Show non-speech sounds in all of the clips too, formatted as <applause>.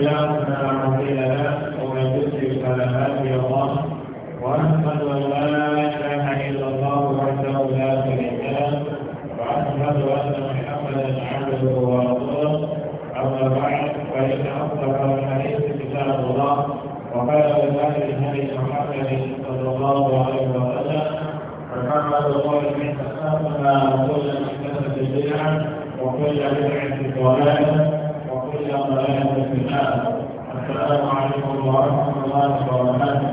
لا فلا مضل له الله وحده لا اما بعد فان اصدق الحديث كتاب الله وقال لله النبي محمد صلى الله عليه وسلم محمد قول من اسلامنا وكل محدثه بدعه وكل بدعه ضلاله وملائكة الله السلام عليكم ورحمة الله وبركاته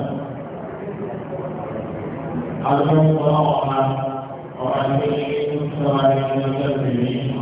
أرجو الله وأن يكون سوى المسلمين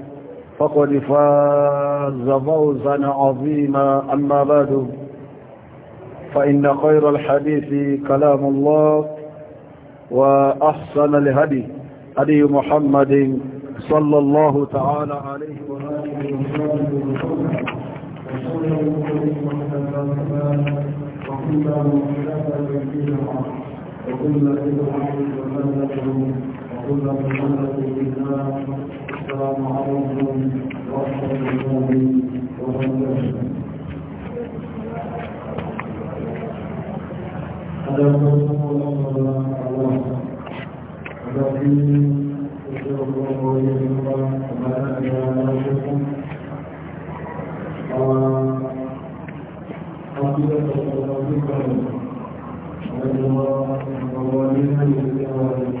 فقد فاز فوزا عظيما أما بعد فإن خير الحديث كلام الله وأحسن الهدي هدي محمد صلى الله تعالى عليه وسلم وكل بدعة ضلالة وكل ضلالة في النار السلام عليكم ورحمة الله وبركاته ada Allah Allah Tapi Rasulullah SAW kepada Rasulullah Tapi Rasulullah SAW kepada Rasulullah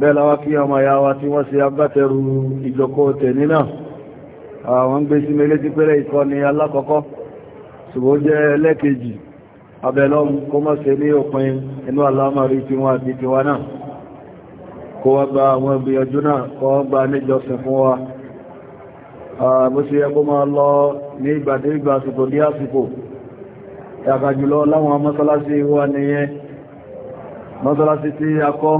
bẹ́ẹ̀ láwá kí ọmọ ya wa tí wọ́n ṣe agbátẹrù ìjọkó tẹ̀ní náà àwọn gbé sí mẹ́lé tí pẹ́lẹ̀ ìkọni alákọ̀ọ́kọ́ ṣùgbọ́n jẹ́ ẹlẹ́kejì abẹ́lọ́m kó mọ́ ṣe ní òpin inú alámàrí tí wọ́n àti tiwa náà kó wá gba àwọn ìgbìyànjú náà kó wá gba níjọsìn fún wa bó ṣe yẹ kó máa lọ ní ìgbàdé àsìkò ní àsìkò ẹ̀ka jùlọ láwọn mọ́sálásí wa nìyẹn mọ́sálásí tí a kọ́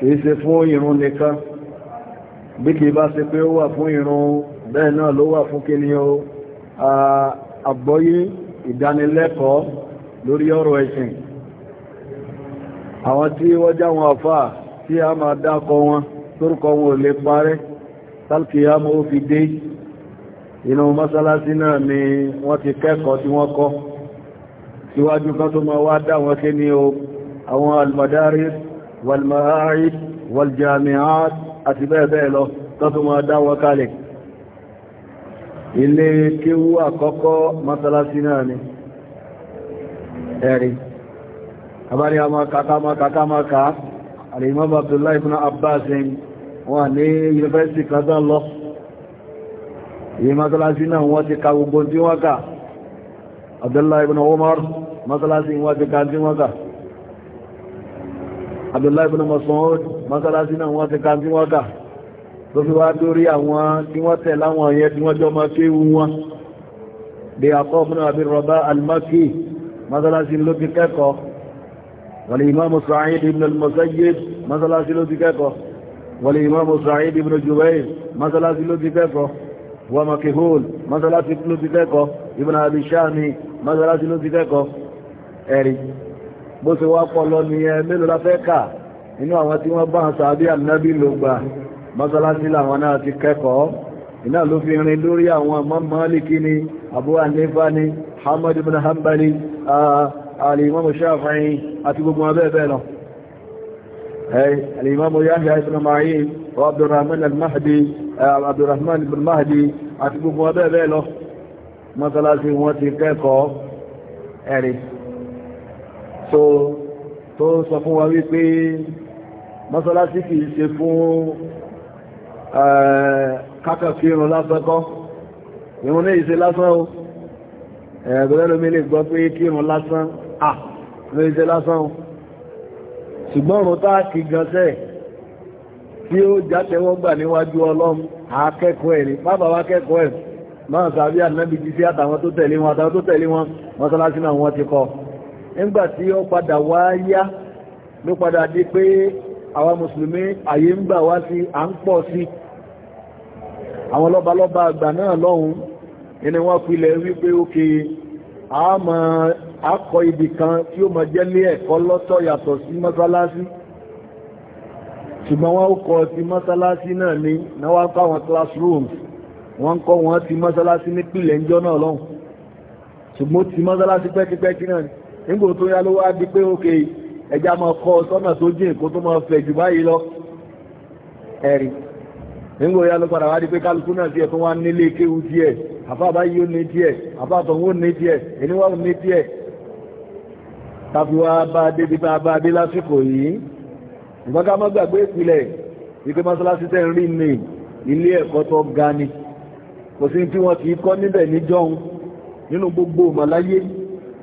kìí ṣe fún ìrun nìkan bí kìí bá ṣe pé ó wà fún ìrun bẹ́ẹ̀ náà ló wà fún kíni o àgbọ́yé ìdánilẹ́kọ̀ọ́ lórí ọ̀rọ̀ ẹ̀sìn àwọn tí wọ́n já wọn àfáà tí a máa dákọ wọn lórúkọ wọn ò lè parẹ́ tálkì ya mọ́ ó fi dé inú mọ́sálásí náà ni wọ́n ti kẹ́kọ̀ọ́ tí wọ́n kọ́ síwájú kan tó máa wá dá wọn kí ni o àwọn almadaris والمعاهد والجامعات أتبابه له تطمى دعوة كالك ilé kí wú àkọ́kọ́ mọ́sálásí náà ni ẹ̀rí abárí àmàkàkàmàkàkàmàkà alìmọ́bà Abdullahi ibn Abbas wà ní yunifásitì kàtà lọ yìí mọ́sálásí náà wọ́n ti ka gbogbo tí wọ́n kà Abdullahi ibn Umar mọ́sálásí wọ́n ti ka tí wọ́n kà Abdullahi ibn Mas'ud masalasi náà wọ́n ti kàntí wọ́n kà tó fi wá dórí àwọn tí wọ́n tẹ̀ láwọn yẹn tí wọ́n jọ máa kéwú wọn bí akọ́ fún àbí rọ̀bá al-Makki masalasi ló ti kẹ́kọ̀ọ́ wàlì imamu Sa'id ibn al-Musayyib masalasi ló ti kẹ́kọ̀ọ́ wàlì imamu Sa'id ibn Jubayr masalasi ló ti kẹ́kọ̀ọ́ wa Makihul masalasi ló bó ṣe wá pọlọ nìyẹn mélòó la fẹ́ kà inú àwọn tí wọ́n bá sàábí ànábì ló gbà mọ́sálásí làwọn náà ti kẹ́kọ̀ọ́ iná ló fi rin lórí àwọn mọ́mọ́lìkì ni Abu Hanifa ni Ahmad ibn Hanbali imam Shafi'i àti gbogbo abẹ́ẹ̀bẹ́ imam Yahya ibn Ma'in al-Mahdi Abdurrahman ibn Mahdi àti gbogbo abẹ́ẹ̀bẹ́ lọ mọ́sálásí wọ́n ti kẹ́kọ̀ọ́ ẹ̀rì tó tó sọ fún wa wípé mọ́sálásí kìí ṣe fún kákàkí irun lásọ́kọ́ irun ní ìṣe lásán o ẹ̀ẹ̀bẹ̀rẹ̀lómi lè gbọ́ pé kí irun lásán à ní ìṣe lásán o ṣùgbọ́n òun tá kì gànṣẹ́ tí ó játẹwọ́ gbà níwájú ọlọ́run akẹ́kọ̀ọ́ ẹ̀rí bàbá wa kẹ́kọ̀ọ́ ẹ̀ máa sàbí ànábìjí sí àtàwọn tó tẹ̀lé wọn àtàwọn tó tẹ̀lé wọn mọ́sálásí náà wọ́n ti kọ́ nígbà tí ó padà wá yá ló padà di pé àwọn mùsùlùmí àyè ń gbà wá sí à ń pọ̀ sí àwọn lọ́balọ́ba àgbà náà lọ́hun ẹni wọ́n filẹ̀ wípé ókè àmọ́ akọ ibì kan tí ó mọ̀ jẹ́ lé ẹ̀kọ́ lọ́tọ̀ yàtọ̀ sí mọ́sálásí ṣùgbọ́n wọ́n kọ́ ti mọ́sálásí náà ní náwà káwọn classrooms wọ́n kọ́ wọ́n ti mọ́sálásí ní pìlẹ̀ ìjọ náà lọ́hun ṣùgbọ́n ti mọ́sálásí pẹ́kipẹ́kí náà nígbò tó yá ló wá di pé òkè ẹja máa kọ́ sọ́nà tó jìn kó tó máa fẹ̀ jù báyìí lọ ẹ̀rì nígbò yá ló padà wá di pé kálukú náà tiẹ̀ tó wá nílé kéwu díẹ̀ àfáàbá yìí ó ní díẹ̀ àfáàtọ̀ ó ní díẹ̀ èníwá ó ní díẹ̀ tàbí wá bá dé bí bá bá dé lásìkò yìí ìgbọ́n ká mọ́ gbàgbé ìpìlẹ̀ ìpé mọ́sálásí tẹ́ ń rí ní ilé ẹ̀kọ́ tó ga ni kò sí tí wọ́n ti kọ́ níbẹ̀ níjọ́un nínú gbogbo màláyé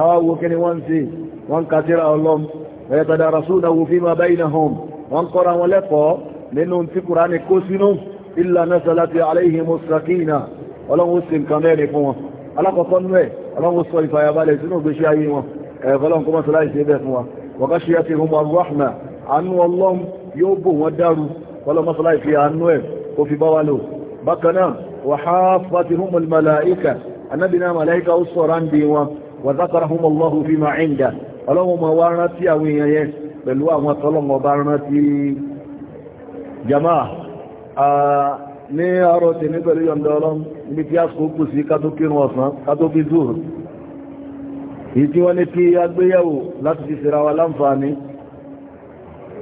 káwàwó kí ni wọ́n sí wọ́n ká tíra ọlọ́m ẹ̀yẹ̀tàdà rasúdà wò fi ma báyìí náà hùn wọ́n kọ́ra wọn lẹ́kọ̀ọ́ nínú tí kùránì kó sínú ilà náà sálàtì aláìhìn mùsàkínà ọlọ́run sì nǹkan mẹ́rin fún wọn alákọ̀ọ́kọ́ nú ẹ̀ ọlọ́run sọ náà wàhálà ó sọ̀rọ̀ ń di wọn وذكرهم الله فيما عنده اللهم وارنتي اوين يس بل وما طلب وبارنتي جماعه ní ọrọ̀ tẹ̀ ní pẹ̀lú yọ̀ndọ̀ ọlọ́m ibi tí a kò kù sí kátó kírun ọ̀sán kátó kí zúrù èyí tí wọ́n ní kí agbéyẹ̀wò láti fi ṣera wa láǹfààní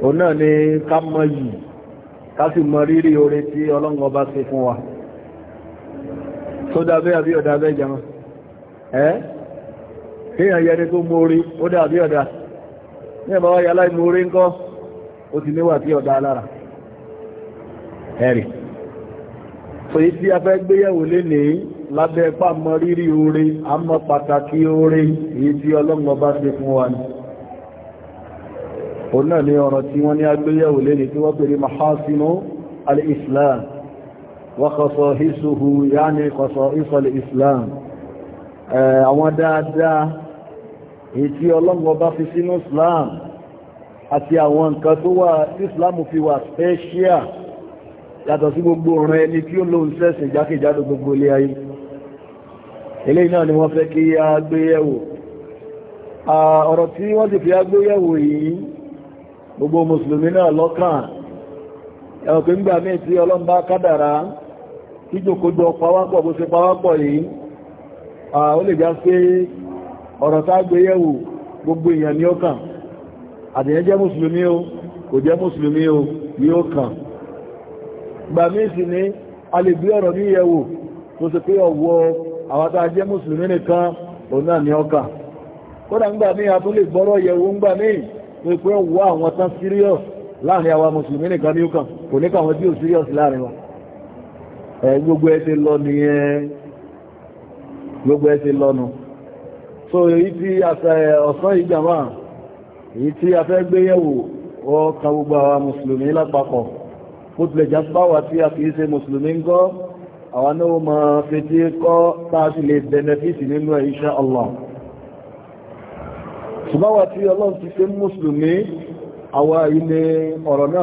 o náà ni ká mọ yìí ká sì mọ rírì oore tí ọlọ́ngọ bá ṣe fún wa tó dábẹ́ àbí ọ̀dábẹ́ jẹun ẹ́ kéèyàn yẹni tó mórí ó dàbí ọ̀dá ní ẹ̀bá wáyé aláìmórí ńkọ́ ó ti níwà tí ọ̀dá alára ẹ̀rì so yí tí a fẹ́ gbéyẹ̀wò lé ní lábẹ́ pàmọ́ rírí oore a mọ́ pàtàkì oore èyí tí ọlọ́mọ bá ṣe fún wa ni òun náà ni ọ̀rọ̀ tí wọ́n ní agbéyẹ̀wò lé ní tí wọ́n pèrè mahasinu al-islam wa khasa'isuhu yáni khasa'is al-islam àwọn dáadáa ètí ọlọ́gbọ́n bá fi sínú islam àti àwọn nǹkan tó wà islam fi wà special yàtọ̀ sí gbogbo ọ̀ràn ẹni tí ó ló ń sẹ́sìn jákèjádò gbogbo ilé ayé eléyìí náà ni wọ́n fẹ́ kí a gbé yẹ̀wò ọ̀rọ̀ tí wọ́n ti fi agbóyẹ̀wò yìí gbogbo mùsùlùmí náà lọ́kàn ẹ̀wọ̀n pé ń gbà mí tí ọlọ́mbá kádàrá tí jòkójọ pàwápọ̀ bó ṣe pàwápọ̀ yìí ó lè já pé ọ̀rọ̀ tá gbéyẹ̀wò gbogbo èèyàn ni ó kàn àtẹ̀yẹ́ jẹ́ mùsùlùmí o kò jẹ́ o ni gbà mí ní a lè bí ọ̀rọ̀ ní tó sì pé ọ̀wọ́ àwọn jẹ́ nìkan òun náà ni ó kódà ńgbà mí a tún lè gbọ́rọ̀ yẹ̀wò ńgbà mí pé àwọn tán serious láàrin nìkan wa gbogbo ẹ ti lọ nìyẹn gbogbo ẹ ti lọ so èyí tí ọ̀sán ìjàmà èyí tí a fẹ́ gbé yẹ̀wò ọkàn gbogbo àwọn mùsùlùmí lápapọ̀ bó tilẹ̀ já báwà tí a kìí ṣe mùsùlùmí ń gọ́ àwọn náà ma fetí kọ́ tààsì lè benefit nínú ẹ̀ insha Allah ṣùgbáwà tí ọlọ́run ti ṣe mùsùlùmí àwa ilé ọ̀rọ̀ náà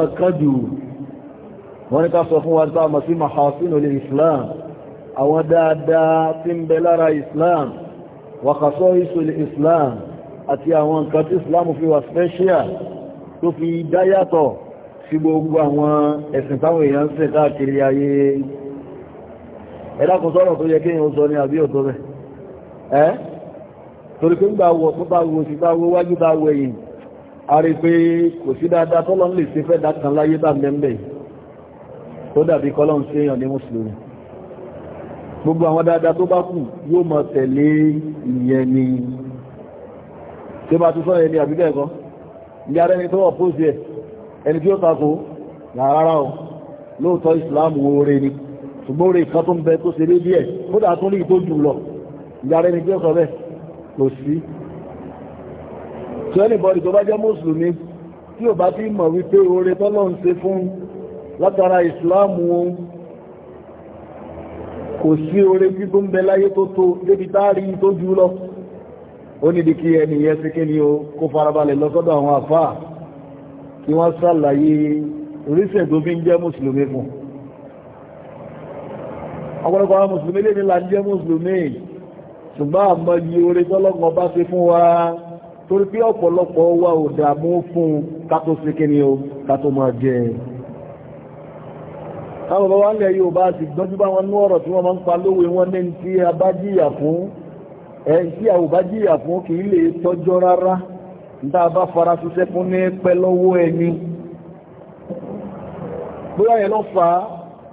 àwọn dáadáa tí ń bẹ lára Islam wàkàsọ́ ìṣòlè islam àti àwọn nǹkan tí islam fi wà special tó fi dáyàtọ̀ sí gbogbo àwọn ẹ̀sìn táwọn èèyàn ṣe káàkiri ayé ẹ̀dàkùn sọ́rọ̀ tó yẹ kéèyàn sọ ní àbí ọ̀tọ́ rẹ̀ ẹ́ torí pé ń gbà wọ̀ fún táwọn òsì táwọn wájú táwọn ẹ̀yìn a rí pé kò sí dáadáa tọ́lọ́ lè ṣe fẹ́ dákan láyé bá mẹ́mẹ́ tó dàbí kọ́lọ́ ń ṣe èèyàn ní mùsùlùmí gbogbo àwọn dáadáa tó bá kù yóò máa tẹ̀lé ìyẹn ni tí ó bá tún sọ́rọ̀ ẹni àbídẹ́ ẹ̀kọ́ ní ara ẹni tó wọ̀ pósí ẹ̀ ẹni tí ó takò rárá o lóòtọ́ ìsìláàmù oore ni ṣùgbọ́n oore ìkan tó ń bẹ tó ṣe lé díẹ̀ ó dà tó ní ìtó jù lọ ní ara ẹni tí sọ bẹ́ẹ̀ kò sí tí ẹnìbọ̀dì tó bá jẹ́ mùsùlùmí tí ò bá ti mọ̀ wípé oore tọ́lọ́ ń ṣe fún látara ìsìláàmù kò sí oore gbígbó ń bẹ láyé tó tó débi táàrí tó jù lọ ó ní dìkí ẹni yẹn sí kí ni ó kó farabalẹ̀ lọ́sọ́dọ̀ àwọn àfáà kí wọ́n sàlàyé orísẹ̀ tó fi ń jẹ́ mùsùlùmí fún ọ̀pọ̀lọpọ̀ àwọn mùsùlùmí lè ní là ń jẹ́ mùsùlùmí ṣùgbọ́n àmọ́ yí oore tọ́lọ́gbọ̀n bá ṣe fún wa torí pé ọ̀pọ̀lọpọ̀ wa ò dààmú fún kátó sí kí ni ó kátó máa jẹ́ àwọn bàbá ilẹ̀ yóò bá ti gbọ́njú bá wọn ní ọ̀rọ̀ tí wọ́n máa ń pa lówe wọn ní tí a bá jìyà fún ẹ̀ tí a ò bá jìyà fún kì í lè tọ́jọ́ rárá níta bá fara ṣiṣẹ́ fún ní pẹ́ lọ́wọ́ ẹni bóyá yẹn lọ fà á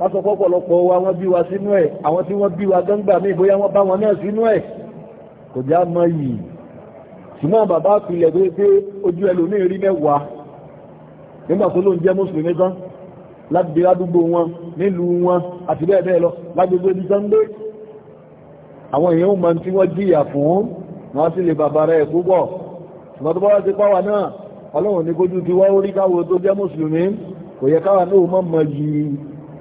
wọ́n sọ pọ́pọ̀lọpọ̀ wa wọ́n bí wa sínú ẹ̀ àwọn tí wọ́n bí wa gángba míì bóyá wọ́n bá wọn náà sínú ẹ̀ kò já mọ́ yìí ṣùgbọ́n bàbá pilẹ̀ tó pé ojú ẹlòmíì rí mẹ́wàá nígbà tó ló ń jẹ́ mùsùlùmí tán láti ládúgbò wọn nílùú wọn àti bẹ́ẹ̀ bẹ́ẹ̀ lọ lágbègbè ibi tó ń gbé àwọn èèyàn mọ̀ tí wọ́n jìyà fún wọ́n sì lè bàbá rẹ̀ púpọ̀ ṣùgbọ́n tó bá wá ti pàwà náà ọlọ́run ní kójú ti wá orí káwo tó jẹ́ mùsùlùmí kò yẹ káwà náà mọ́ mọ́ yìí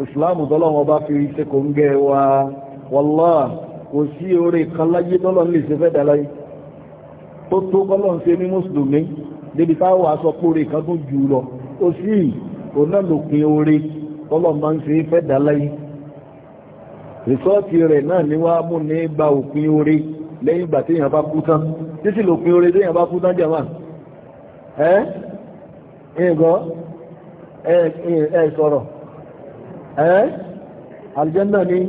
ìsìláàmù tọ́lọ́wọ́ bá fi ṣe kò ń gẹ wa wọ́lá kò sí orí kan láyé tọ́lọ́ lè ṣe fẹ́ dáláyé tó tó kọ́lọ́ ń ṣe ní mùsùlùmí débi táwọn aṣọ kórè kan tó jù lọ kò sí òun náà ló pin oore tọ́lọ̀ máa ń ṣe é fẹ́ dá láyé rìsọ́ọ̀tì rẹ̀ náà ni wá mú ní gba òpin oore lẹ́yìn ìgbà tí èèyàn bá kú tán títí lòpin oore tí èèyàn bá kú tán jẹ̀mà ẹ́ ẹ̀gọ́ ẹ̀ sọ̀rọ̀ ẹ́ àlùjánnà ni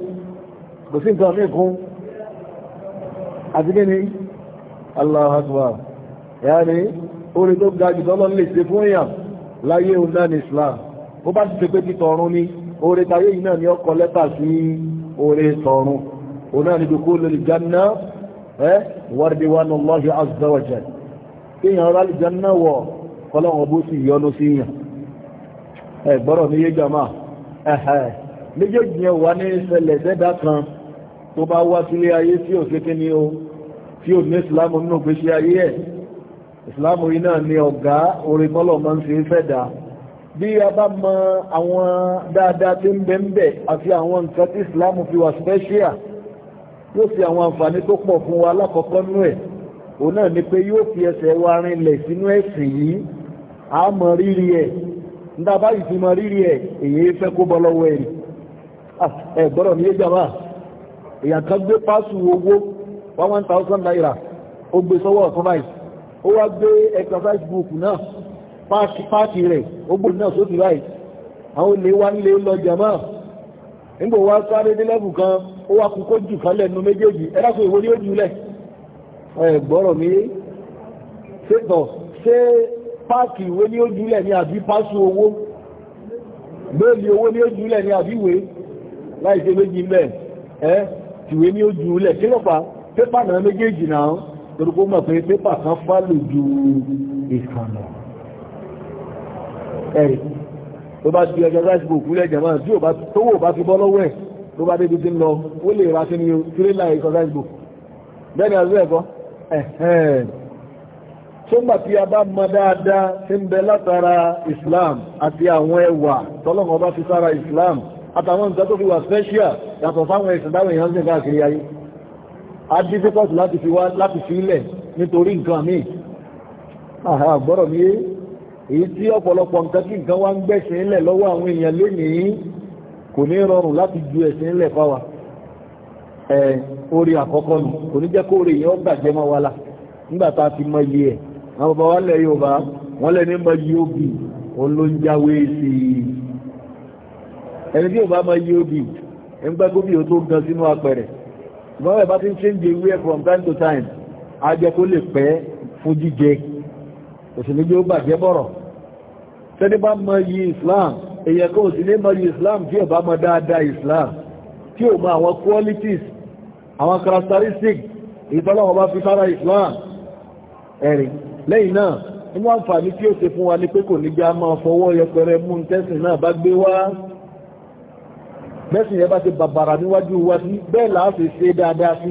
kò sí nǹkan ní ìkún àti kí ni Allahu yáà ni oore tó ga jù tọ́lọ́ lè ṣe fún èèyàn láyé òun náà ní islam bó bá ti ṣe pé ti tọ̀run ní oore tayé yìí náà ni ó kọ lẹ́tà sí oore tọ̀run òun náà ni dukhul al-janna ẹ́ wọ́rdí wa nù lọ́hì azza wa jal kéèyàn rà lè janna wọ̀ kọ́lọ́wọ́ bó sì yọnu sí ìsìláàmù yìí náà ni ọ̀gá orí bọ́lọ̀ máa ń fi fẹ́ dà bí a bá mọ àwọn dáadáa tí ń bẹ ń bẹ àti àwọn nǹkan tí ìsìláàmù fi wà spẹ́ṣíà yóò fi àwọn àǹfààní tó pọ̀ fún wa lákọ̀ọ́kọ́ nú ẹ̀ òun náà ni pé yóò fi ẹsẹ̀ wa rinlẹ̀ sínú ẹ̀sìn yìí a mọ rírì ẹ̀ nígbà bá yìí fi mọ rírì ẹ̀ èyí fẹ́ kó bọ́ lọ́wọ́ ẹ̀rì ẹ̀ gbọ́dọ̀ ní ẹjàmá èyàn kan gbé pásù owó one thousand naira ó gbé sọ́wọ́ ọ̀tún báyìí ó wá gbé exercise book náà páàkì rẹ̀ ó gbòòrò náà sókè láì àwọn olè wá nílé lọ jàmá nígbò wá sáré ní lẹ́bù kan ó wá kú kó jù kan lẹ́nu méjèèjì ẹ dákun ìwé ni ó jùlẹ̀ ẹ gbọ́rọ̀ mi ṣètò ṣé páàkì ìwé ni ó jùlẹ̀ ní àbí pásù owó bẹ́ẹ̀lì owó ni ó jùlẹ̀ ní àbí ìwé láì ṣe méjì mẹ́ẹ̀ ẹ́ tìwé ni ó jùlẹ̀ kí lọ́pàá pépà náà méjèèjì náà torípó mọ̀ pé pépà kan fálù ju ìkànnà ẹ̀rì tó bá ti ọjọ́ rice book fúlẹ̀ jẹ̀mọ́ tí ò bá tówó bá fi bọ́ lọ́wọ́ ẹ̀ tó bá débi ti ń lọ ó lè ra sí ni tírélà ìkọ̀ rice book bẹ́ẹ̀ni àti ẹ̀kọ́ ẹ̀hẹ́n tó gbà tí a bá mọ dáadáa tí ń bẹ látara Islam àti àwọn ẹwà tọ́lọ́mọ bá fi sára Islam àtàwọn nǹkan tó fi wà special yàtọ̀ fáwọn ẹ̀sìn táwọn èèyàn ń sìn káàkiri ayé a difficult láti fi wá láti fi ilẹ̀ nítorí nǹkan míì àgbọ́rọ̀ mi èyí tí ọ̀pọ̀lọpọ̀ nǹkan kí nǹkan wá ń ilẹ̀ lọ́wọ́ àwọn èèyàn lénìí kò ní rọrùn láti ju ẹ̀sìn ilẹ̀ fáwa orí àkọ́kọ́ nù kò ní jẹ́ kó orí èèyàn gbàjẹ́ mọ́ wa la nígbà tá a ti mọ ẹ̀ àwọn bàbá wa lẹ̀ wọ́n lẹ̀ ní mọ iye obì òun ló ń jáwé sí i ẹni tí Yorùbá mọ iye obì ṣùgbọ́n ẹ̀bá tí ń change the wear from time to time a jẹ́ kó lè pẹ́ fún jíjẹ òṣèlú jẹ́ ó bàjẹ́ bọ̀rọ̀ tẹ́ni bá mọ yí Islam èyẹ kó sì ní mọ yí Islam tí ó bá mọ dáadáa Islam tí ó mọ àwọn qualities àwọn characteristics ìtọ́lọ́wọ́ bá fi sára Islam ẹ̀rì lẹ́yìn náà inú àǹfààní tí ó ṣe fún wa ní pé kò ní já máa fọwọ́ yẹpẹrẹ mú tẹ́sìn náà bá gbé wá bẹ́sìn yẹ bá ti bàbàrà níwájú wa sí bẹ́ẹ̀ láàfẹ́ ṣe dáadáa sí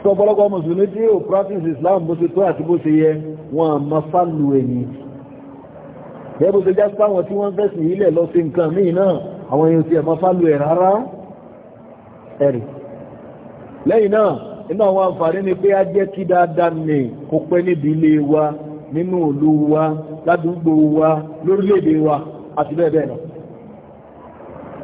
sọ ọ̀pọ̀lọpọ̀ mùsùlùmí tí ó practice Islam bó ṣe tó àti bó ṣe yẹ wọn a ma fálù ẹni bẹ́ẹ̀ bó ṣe já sáwọn tí wọ́n fẹ́sìn ilẹ̀ lọ sí nǹkan míì náà àwọn èèyàn ti ẹ̀mọ́ fálù ẹ̀ rárá ẹ̀rì lẹ́yìn náà inú àwọn àǹfààní ni pé a jẹ́ kí dáadáa nì kó pẹ́ níbi ilé wa nínú ìlú wa ládùúgbò wa lórílẹ̀-èdè wa àti bẹ́ẹ̀ bẹ́ẹ̀ náà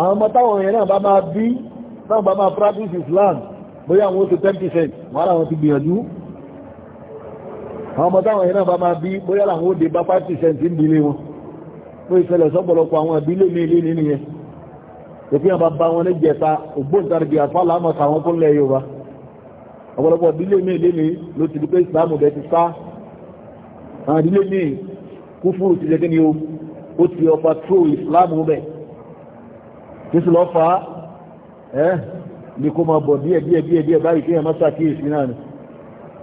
àwọn ọmọ táwọn èèyàn náà bá máa bí táwọn bá máa practice Islam bóyá àwọn oṣù 10% wọ́n láwọn ti gbìyànjú àwọn ọmọ táwọn èèyàn náà bá máa bí bóyá àwọn ó dé bá 5% ń bilé wọn ó ìṣẹ̀lẹ̀ sọ́pọ̀lọpọ̀ àwọn ìbílé ní ilé nínú yẹn òfin àbá bá wọn ní jẹta ògbóǹtarìgì àfáàlà àmọ́ sàwọn tó lẹ́ Yorùbá ọ̀pọ̀lọpọ̀ ìbílé ní ilé ní ló ti di pé Ìsìlámù bẹ kí sì lọ́ fà á ẹ́ ní kó máa bọ̀ díẹ̀ díẹ̀ díẹ̀ díẹ̀ báyìí kí ẹ má ṣàkíyèsí náà ni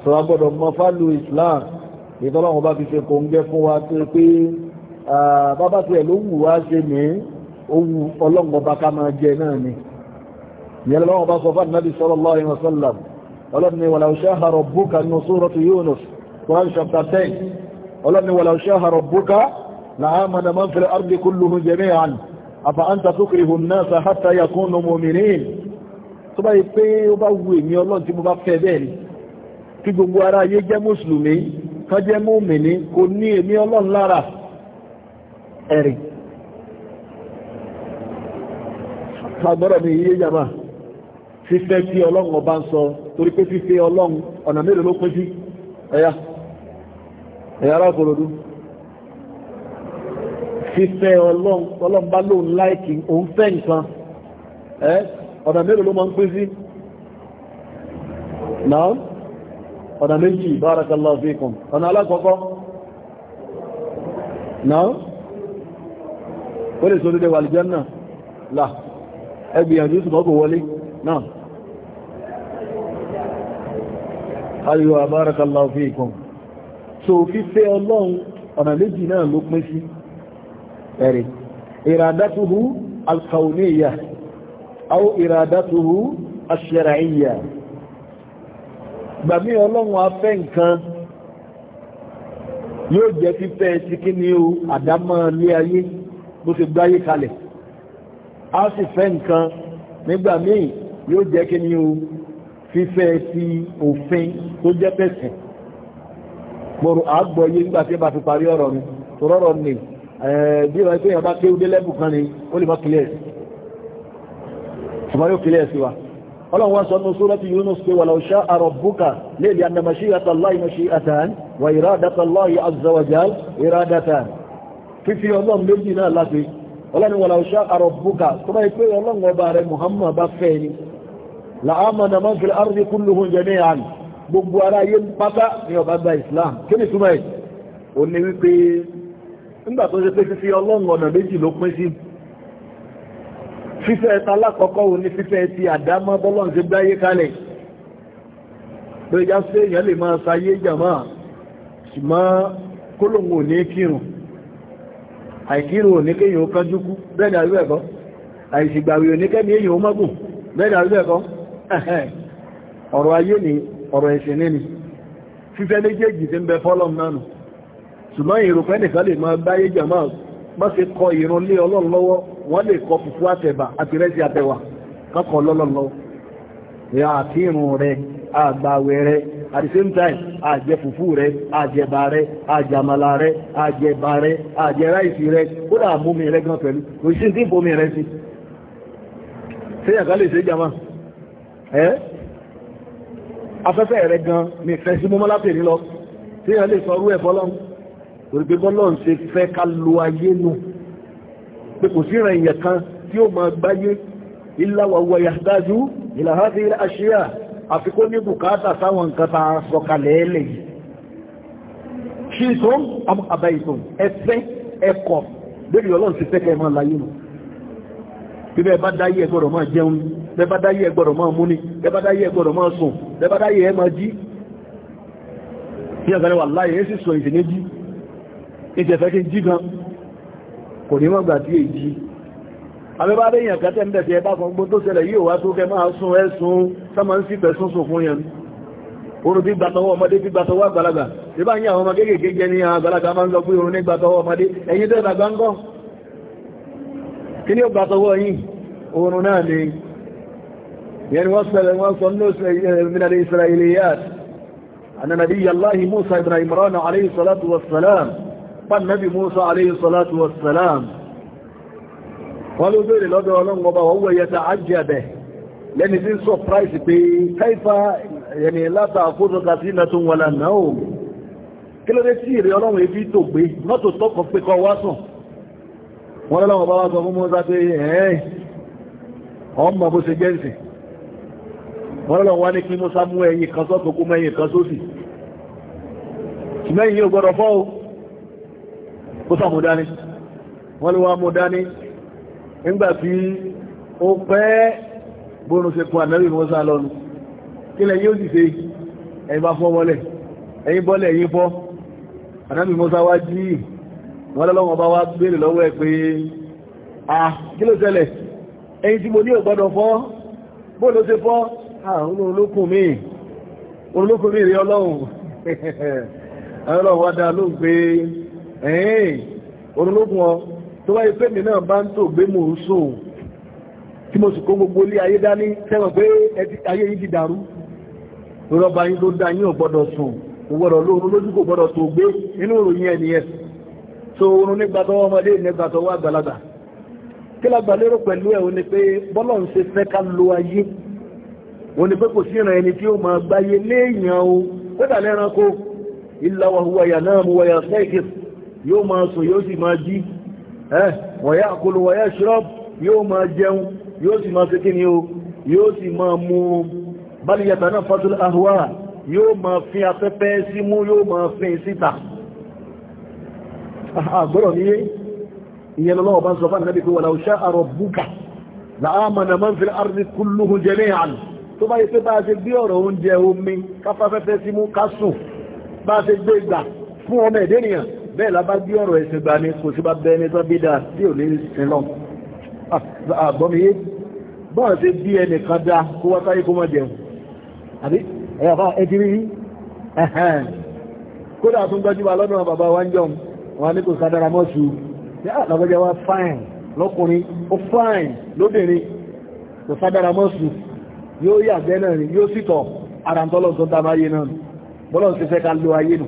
sọ̀rọ̀ gbọ́dọ̀ mọ fálù Islam ìtọ́lọ́wọ́n bá fi ṣe kò ń gẹ́ fún wa tó pé bábá tiẹ̀ ló wù wá ṣe ní owó ọlọ́gbọ̀n bá ká máa jẹ náà ni ìyẹn lọ́wọ́n bá sọ fún Nabi sallallahu alaihi wasallam ọlọ́ni walau shaha rabbuka ní suratu Yunus Quran chapter 10 ọlọ́ni walau shaha rabbuka la'amana man fil ardi kulluhum jami'an àfàáńtà tó kiri hùn náà sàhátà yakún ọmọ mìíràn tó bá yí pé ó bá wu èmi ọlọ́run tí mo bá fẹ́ bẹ́ẹ̀ ni kí gbogbo ara ayé jẹ́ mùsùlùmí kan jẹ́ mùmìnì kò ní èmi ọlọ́run lára ẹ̀rì fagbọ́rọ̀ mi yíyé yàmá fífẹ́ tí ọlọ́run ọba ń sọ torí pé fífẹ́ ọlọ́run ọ̀nà mélòó ló pín sí ẹ̀yà ẹ̀yà arákòròdú fífẹ́ ọlọ́run ọlọ́run bá lóun láìkì òun fẹ́ nǹkan ẹ́ ọ̀nà mélòó ló máa ń pín sí náà ọ̀nà méjì barakallahu fikum ọ̀nà alákọ̀ọ́kọ́ náà ó lè sọ dédé wà aljanna là ẹgbìyànjú ṣùgbọ́n kò wọlé náà ayò barakallahu fikum so fífẹ́ ọlọ́run ọ̀nà méjì náà ló pín sí ẹ̀rẹ̀ ìràdátúhù alkauniya au ìràdátúhù aṣẹ́ràíyà gbàmí ọlọ́run afẹ́ nǹkan yóò jẹ́ fífẹ́ sí kí ni o àdámọ́ lé ayé bó ti gbáyé kalẹ̀ a sì fẹ́ nǹkan nígbà míì yóò jẹ́ kí ni o fífẹ́ sí òfin tó jẹ́ pẹ̀sìn gbòrò àgbọ̀yé nígbà tí bá fi parí ọ̀rọ̀ mi rọ́rọ̀ nìí Eh, bí wọ́n pé ọba kéwú dé lẹ́bù kan ni ó lè mọ́ kílẹ̀ẹ̀sì ṣùgbọ́n yóò kílẹ̀ẹ̀sì wa ọlọ́run wá sọ́nà sórọ́tí Yunus pé walau sha'a rabbuka lè lè anna mashiyata Allahi mashi'atan wa iradata Allahi azza wa jal iradatan fífi ọlọ́run méjì náà láti ọlọ́run walau sha'a rabbuka tó bá nígbà tó ṣe pé fífi ọlọ́run ọ̀nà méjì ló pín sí fífẹ́ ẹta alákọ̀ọ́kọ́ wo ní fífẹ́ ti àdámọ́ bọ́lọ́run ṣe gbáyé kalẹ̀ tó sí èèyàn lè máa sayé jàmá ṣùgbọ́n kólòmù ò ní kírùn àìkírun ò ní kéèyàn ó <laughs> ṣùgbọ́n ìrùn pẹ́ nìkan lè máa báyé jàmá má ṣe kọ ìrùn lé ọlọ́run lọ́wọ́ wọ́n lè kọ fùfú àtẹ̀bà àti rẹ́sì àtẹ̀wà kọ́kọ́ ọlọ́run lọ́wọ́ ìyá àti ìrùn rẹ àgbàwẹ̀ rẹ at the same time àjẹ fùfú rẹ àjẹbà rẹ àjàmàlà rẹ àjẹbà rẹ àjẹ ráìsì rẹ kódà àmúmi rẹ gan pẹ̀lú kò sí afẹ́fẹ́ rẹ gan ní ìfẹ́ sí mọ́mọ́lá pè tí yàn lè sọ rú ẹ̀fọ́ torí pé bọ́lọ́n ṣe fẹ́ ká lo ayé nù pé kò sí ìrìn èèyàn kan tí ó máa gbáyé ìlàwàwà yàtájú ìlàháfí àṣíyà àfikún ní bùkátà sáwọn nǹkan ta sọ̀kalẹ̀ ẹlẹ̀ yìí ṣí ìtàn àbá ìtàn ẹfẹ́ ẹkọ̀ lórí ọlọ́run ti fẹ́ kẹ́ máa láyé nù bí bẹ́ẹ̀ bá ni wà láyé ẹ sì sọ ìsìn ìjẹ̀fẹ́ kí n jí gan kò ní wọ́n gbà tí è jí abẹ́bá rẹ̀ èèyàn kẹtẹ́ ń bẹ̀fẹ́ ẹbá kan gbó tó ṣẹlẹ̀ yíò wá tó kẹ máa sún ẹ̀sùn sọ́mọ́ ń sífẹ́ sún sùn fún yẹn orun bí gbàtọwọ́ ọmọdé bí gbàtọwọ́ àgbàlagbà ìbá ní àwọn ọmọ kéèkéé jẹ ní àgbàlagbà máa ń lọ pé orun ní gbàtọwọ́ ọmọdé ẹ̀yin tẹ́ ìgbàgbà pan nabi musa alayhi salatu wassalam wọ́n ló bèèrè lọ́dọ̀ ọlọ́run ọba wọ́n wọ́n yẹta ajẹ́bẹ̀ lẹ́ni tí ń surprise pé káífà yẹni látà àkójọka sí iná tó ń wọlá náà o kí ló dé sí ìrẹ́ ọlọ́run èbí tó gbé mọ́tò tọ́kọ̀ pé kọ wá sùn wọ́n lọ́wọ́ bá wá sọ fún mọ́sá pé ẹ̀ẹ́ ọmọ bó ṣe jẹ́ǹsì wọ́n lọ́wọ́ wá ní kí mọ́sá mú ẹ̀yìn kan kan sósì mẹ́yìn yóò gbọ́dọ̀ fọ́ o kó sọ mú dání wọ́n ló wá mú dání nígbàtí ó pẹ́ bóòrùn ṣe kún ànábì Mùsá lọ́nu kí lẹ yóò dìde ẹ̀yìn bá fọ́ mọ́lẹ̀ ẹ̀yìn bọ́lẹ̀ ẹ̀yìn fọ́ ànábì Mùsá wá jí wọ́n lọ́lọ́wọ́ bá wá béèrè lọ́wọ́ ẹ̀ pé à kí ló ṣẹlẹ̀ ẹ̀yìn tí mo ní ògbọ́dọ̀ fọ́ bóòrùn ṣe fọ́ àwọn olókùn mi <laughs> ẹ̀yìn onílógún ọ tó wáyé pé mi náà bá ń tò gbé mò ń sòun tí mo sì kó gbogbo ilé ayé dání tẹ́wọ̀n pé ayé yìí ti dàrú rọ́bà yín tó dá yín sùn kò gbọ́dọ̀ lójú kò gbọ́dọ̀ tó gbé inú ìròyìn ẹniyẹn so oorun nígbà tọwọ́ ọmọdé nígbà tọwọ́ àgbàlagbà kí lágbà lérò pẹ̀lú ẹ̀ o ní pé bọ́lọ̀ ń ṣe fẹ́ ká lo ayé o ní pé kò sí ìrìn ẹni tí ó sẹ́ẹ̀kì yóò máa sùn yóò sì máa jí ẹ́ wọ̀yá àkọlù wọ̀yá ṣírọ́p yóò máa jẹun yóò sì máa fẹ́kí ni o yóò sì máa mú báliyàtà náà fatul ahwa yóò máa fi afẹ́fẹ́ sí mú yóò máa fi síta àgbọ́rọ̀ ah, ah, níye ìyẹn lọ́wọ́ bá ń sọ fún ànábì pé walau sha'a rabbuka la'amana man fil ardi kulluhum jami'an tó bẹ́ẹ̀ lábá bí ọ̀rọ̀ ẹ̀sìn gbà ní kò sí bá bẹ́ẹ̀ ní tó bí dáa tí ò ní ìsinlọ́n àgbọ́mìyé bọ́ọ̀ sí bí ẹnì kan dáa kó wá sáyé kó mọ́ jẹun àbí ẹ̀yàfá ẹjìrí ẹ̀hẹ́n kódà tún gbọ́júwà lọ́dún bàbá wa ń jọun wọn ní kò sádára mọ́sù lágbọ́já bọ́lọ̀ sí fẹ́ ká lo ayé nù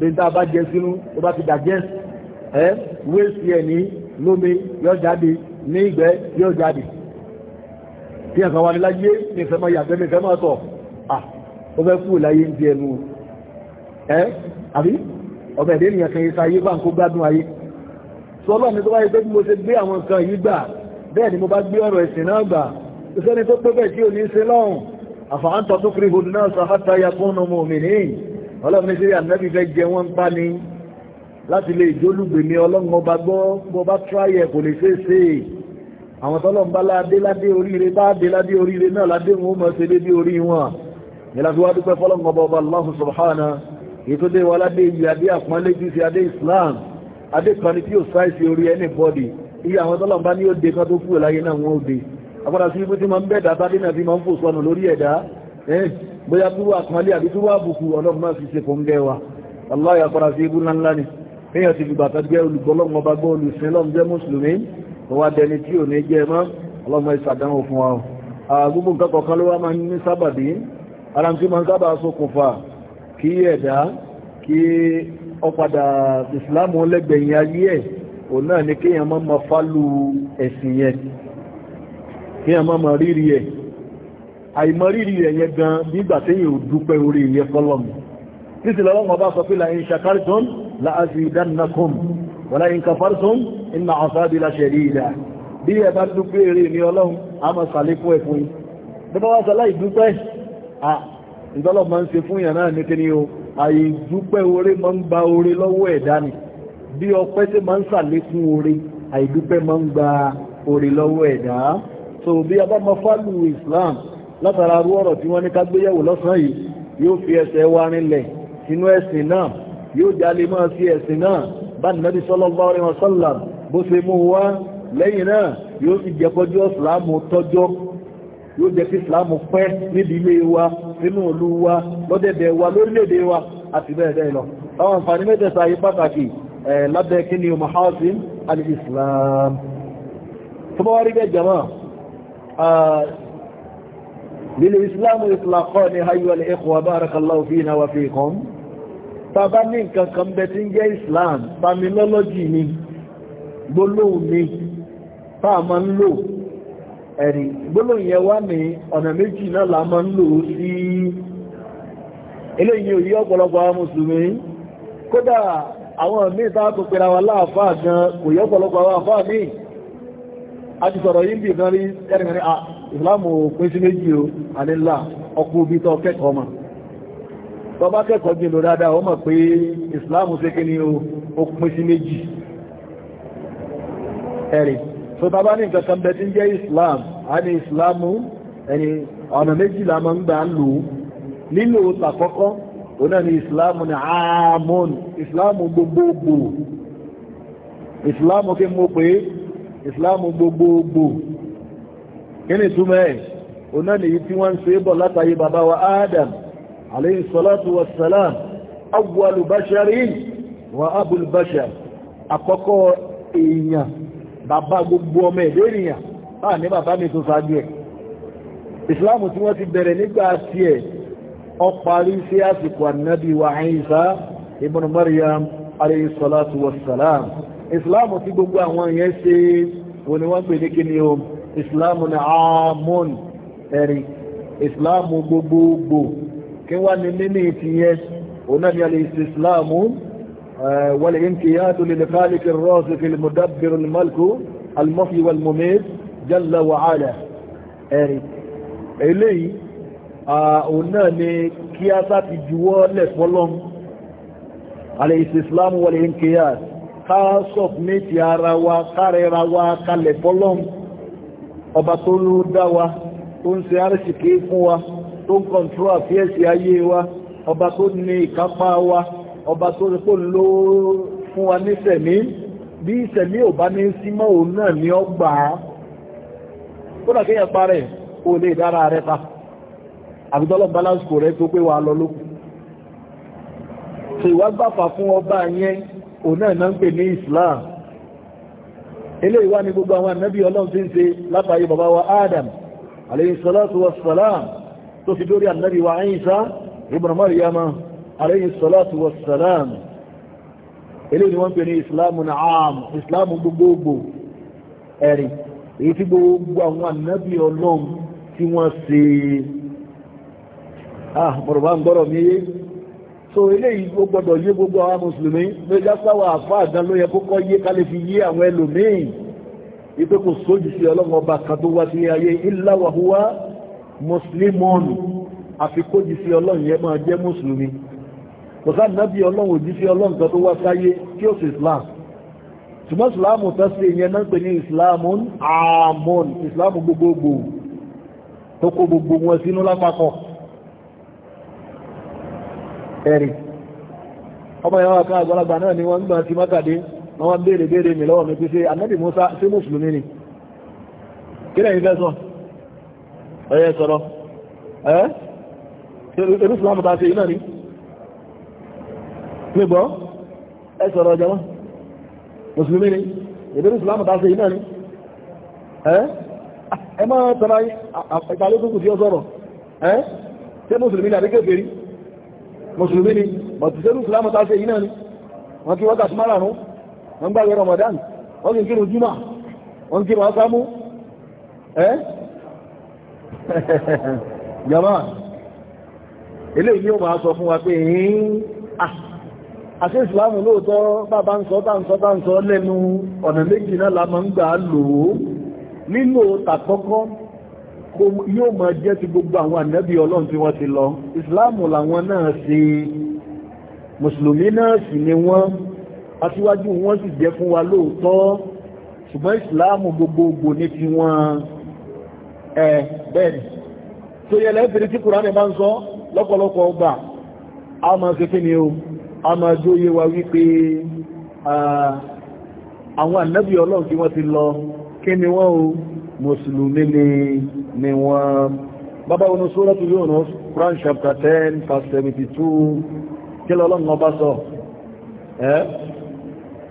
bíntà bá jẹ sínú tó bá ti digest ẹ́ wéṣì ẹ̀ ní lómi yóò jáde ní ìgbẹ́ yóò jáde tí ẹ̀kan wà ní ní ìfẹ́ máa yàgbẹ́ mẹ́fẹ́ tọ̀ ah ó fẹ́ kú láyé ń di ẹnu ẹ́ àbí ọ̀bẹ̀ ìdí ènìyàn kan ìsayé bá ń kó gbádùn ayé sọ́lọ́ mi tó ni mo bá gbé ọ̀rọ̀ ẹ̀sìn náà gbà ìṣẹ́ni tó pé bẹ́ẹ̀ tí ọlọ́run sí ànábì fẹ́ jẹ wọ́n ń pa ni láti lè jólùgbè ní ọlọ́run ọba gbọ́ bọ́ bá tráyẹ̀ kò lè ṣeéṣe àwọn tọ́lọ́run bá ládé ládé oríire bá dé ládé oríire náà ládé wọn ó mọ̀ ṣe dédé orí wọn ìlàfi dúpẹ́ fọ́lọ́run ọba ọba Allah subhanahu ètò dé wa ládé yìí adé àpọ́nlé jù sí adé Islam adé kan ni tí ó sáìsì orí ẹni bọ́dì iye àwọn tọ́lọ́run bá ní ó de kan tó kúrò láyé bóyá túwà àpàlẹ́ àbí túwà àbùkù ọlọ́run máa fi ṣe fún gẹ́wà aláyà fara sí ibú ńláńlá ni fíyàn ti gbàtà jẹ́ olùgbọ́lọ́mọ bá gbọ́ olùsìnlọ́m jẹ́ mùsùlùmí tó wá dẹni tí ò ní jẹ́ mọ́ ọlọ́mọ ìsàdánwò fún wa gbogbo nǹkan kọ̀ọ̀kan ló wá máa ní sábàbí ara tí máa ń sábà ṣokùnfà kí ẹ̀dá kí àìmọ̀rírì ẹ̀yẹ gan nígbà téèyàn ò dúpẹ́ orí ìyẹ fọ́lọ́mù títí lọ́wọ́ bá sọ pé la in shakartum la azidannakum wa la in kafartum inna azabi la shadida bí ẹ bá dúpẹ́ eré ní ọlọ́run a mọ̀ sàlékún ẹ̀ fún yín bí wọ́n wá sọ láì dúpẹ́ à ìdọ́lọ́ máa ń ṣe fún yàn náà ní kíní o so bí a bá mọ fálù Islam látara arú ọ̀rọ̀ tí wọ́n ní ká gbéyẹ̀wò lọ́sàn yìí yóò fi ẹsẹ̀ wa rinlẹ̀ sínú ẹ̀sìn náà yóò jálè máa fi ẹ̀sìn náà bá nàbí sallallahu alaihi wasallam bó ṣe mú wá lẹ́yìn náà yóò sì jẹ́kọjú ọ̀sìlámù tọ́jọ́ yóò jẹ́ kí ìsìlámù pẹ́ níbi ilé wa nínú ìlú wa lọ́dẹ̀dẹ̀ wa lórílẹ̀-èdè wa àti bẹ́ẹ̀ bẹ́ẹ̀ lọ بالإسلام إطلاقان أيها الإخوة بارك الله فينا وفيكم تبنين كمبتين جاء إسلام تامينولوجي ني gbólóhùn ní táà ma ń lò ẹ̀rì gbólóhùn yẹ wá ní ọ̀nà méjì náà la ma ń lò sí eléyìí òyí ọ̀pọ̀lọpọ̀ àwọn mùsùlùmí kódà àwọn mí tàà tó pèrà wà láàfáà gan kò yọ́pọ̀lọpọ̀ àwọn àfáà míì a ti sọ̀rọ̀ yìí bí gan rí ẹ̀rìnrìn à ah, ìsìláàmù pín sí méjì o ànílà ọkù bí tọ kẹ́kọ̀ọ́ mà tọ bá kẹ́kọ̀ọ́ jìn lò dáadáa ó pé ìsìláàmù sí ni ó pín sí méjì ẹ̀rì tó bá bá ní nǹkan kan tí ń jẹ́ ìsìláàmù ìsìláàmù ọ̀nà méjì la máa ń gbà ń ni ìsìláàmù ni ààmùn ìsìláàmù gbogbogbò ìsìláàmù kí ìsìláàmù gbogbogbò kí ni túmọ̀ ẹ̀ oná nìyí tí wọ́n ń ṣe bọ̀ látàyè bàbá wa Adam alayhi salatu wassalam awwalu basharin wa abul bashar àkọ́kọ́ èèyàn bàbá gbogbo ọmọ ẹ̀dẹ́ ènìyàn báà ní bàbá mi tó sáájú ìsìláàmù tí wọ́n ti bẹ̀rẹ̀ nígbà ìsìláàmù tí gbogbo àwọn yẹn ṣe wọ́n ni wọ́n pè ní kí ni o ìsìláàmù ni àmọ́n ẹ̀rí ìsìláàmù gbogbogbò kí wá ní nínú ìtìyẹn òun náà ni a lè ṣe ìsìláàmù والانكيات للخالق الرازق المدبر الملك المحيي والمميت جل وعلا ẹ̀rì eléyìí òun náà ni kí a sáti juwọ́ lẹ̀ fọ́lọ́m alẹ́ ìsìsìlámù wọlé ń kíyàtì ká sọ̀fúnmẹ́tì ara wa kárẹra wa kalẹ̀ fọ́lọ́m ọba tó ló dá wa tó ń ṣe àrísìkí fún wa tó ń kọ̀ntró àfíẹ́sì ayé wa ọba tó ní ìkápá wa ọba tó rí pò ló fún wa ní sẹ̀mí bí sẹ̀mí ò bá ní símọ́ òun náà ní ọgbà á ó dà kéèyàn parẹ̀ kó lè dára rẹ pa àbídọ́lọ́ balance kò rẹ tó pé wà lọ lókun ṣèwádìí bàfà fún ọba yẹn òun náà náà ń pè ní Islam eléyìí wá ní gbogbo àwọn ànábì ọlọ́run tí ń ṣe látàrí bàbá wa Adam alayhi salatu wa salam tó fi dórí ànábì wa Isa ibn Maryama alayhi salatu wa salam eléyìí wọ́n pè ní islamun aam islamu gbogbogbò ẹ̀rì èyí tí gbogbo àwọn ànábì ọlọ́run tí wọ́n ṣe ah so eléyìí ó gbọdọ̀ yé gbogbo àwọn mùsùlùmí ló já sáwà àfá àdán ló yẹ kó kọ́ yé ká lè fi yé àwọn ẹlòmíì ipé kò sójú sí ọlọ́run kan tó wá sí ayé illa wa huwa muslimun àfikójì sí ọlọ́run yẹ máa jẹ́ mùsùlùmí kò sáà nábì ọlọ́run òjì sí ọlọ́run tó wá sáyé kí ó sì islam ṣùgbọ́n islam tó sí ìyẹn náà pè ní islamun àmọ́n islam gbogbogbò tó kó gbogbo wọn sínú lápapọ̀ ẹ̀rì ọmọ ìyá wa kan àgbàlagbà náà ni wọ́n ń gbà ti mákàdé wọ́n wá béèrè mi lọ́wọ́ mi pé ṣe anábì Musa ṣé mùsùlùmí ni kí lẹ́yìn fẹ́ sọ ẹ́ ta ṣe iná ni ẹ ọjọ́ ni ta ṣe iná ni ẹ́ ẹ máa tọ́ra ẹ́ ṣé ni mùsùlùmí ni bọ̀tùsẹ́lù fìlámọ́ta ṣe iná ni wọ́n kí wọ́ta ṣmárà rún wọ́n gbàgbé Ramadan wọ́n kí kírun júmà wọ́n kí wọ́n sámú ẹ́ yàmá ilé yíò máa sọ fún wa pé yìí ah, àṣẹ ìsìlámù lóòtọ́ bàbá ń sọ táǹsọ táǹsọ lẹ́nu ọ̀nà méjì náà la máa ń gbà lòó nílò tàkọ́kọ́ yóò máa jẹ́ ti gbogbo àwọn ànábì ọlọ́run tí wọ́n ti lọ ìsìláàmù làwọn náà ṣe mùsùlùmí náà sì ni wọ́n aṣíwájú wọn sì jẹ́ fún wa lóòótọ́ ṣùgbọ́n ìsìláàmù gbogbogbò ní ti wọn ẹ̀ bẹ́ẹ̀ni tó yẹ lẹ́bìnrin tí kùránì bá ń sọ lọ́pọ̀lọpọ̀ ọgbà a máa ṣe kí o a máa jóye wa wípé àwọn ànábì ọlọ́run tí wọ́n ti lọ kí wọ́n o mùsùlùmí ni ni wọ́n bàbá wọn sóràtù Yunus Quran chapter 10 72 sọ ẹ́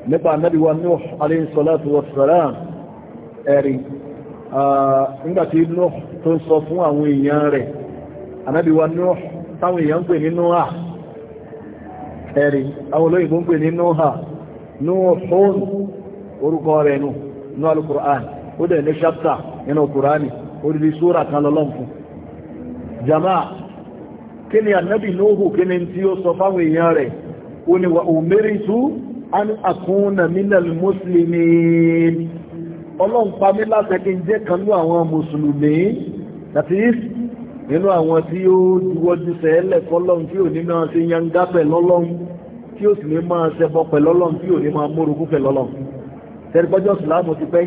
nípa Ànábì wa Nuh alayhi salatu wassalam ẹ̀rí nígbàtí Nuh tó fún àwọn èèyàn rẹ̀ Ànábì wa Nuh táwọn èèyàn ń orílẹ̀ sóra kan lọ́lọ́n fún jama kí ni annabi nóhù kí ni tí ó sọ fáwọn èèyàn rẹ̀ ó ní wa umiritu an akuna minal muslimin ọlọ́run pa mí láṣẹ kí n jẹ́ kan ní àwọn mùsùlùmí that is nínú àwọn tí ó juwọ́jú sẹ́ẹ̀lẹ̀ fọ́lọ́run tí ò ní máa ṣe yanga pẹ̀lọ́lọ́run tí ó sì ní máa ṣẹbọ pẹ̀lọ́lọ́run tí ò ní máa mórogún pẹ̀lọ́lọ́run tẹ́rìgbọ́jọ́ sùlámù ti pẹ́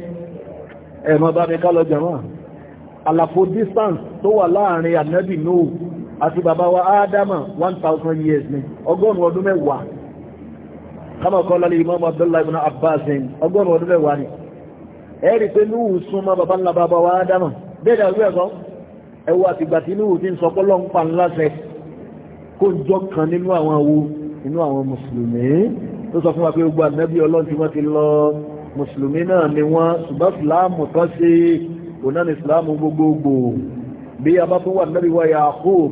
ẹ̀mọ́ bá mi ká lọ jẹ̀wọ́n àlàfo distance tó wà láàrin ànábì Nuhu àti bàbá wa ádámà 1000 years ni ọgọ́rùn ọdún mẹ́wàá kama kọ́lá lè imam abdullahi ibn abbas ni ọgọ́rùn ọdún mẹ́wàá ni ẹ̀rí pé Nuhu súnmọ́ bàbá ńlá bàbá wa ádámà bẹ́ẹ̀dà rú ẹ̀kọ́ ẹwọ́ àtìgbà tí Nuhu ti ń sọ pọ́lọ́ ń pa ńláṣẹ kó jọ kan nínú àwọn awo nínú àwọn mùsùlùmí wa pé gbogbo ànábì òun náà ni islam gbogbogbò bí a bá tó wà nábì wa yaqub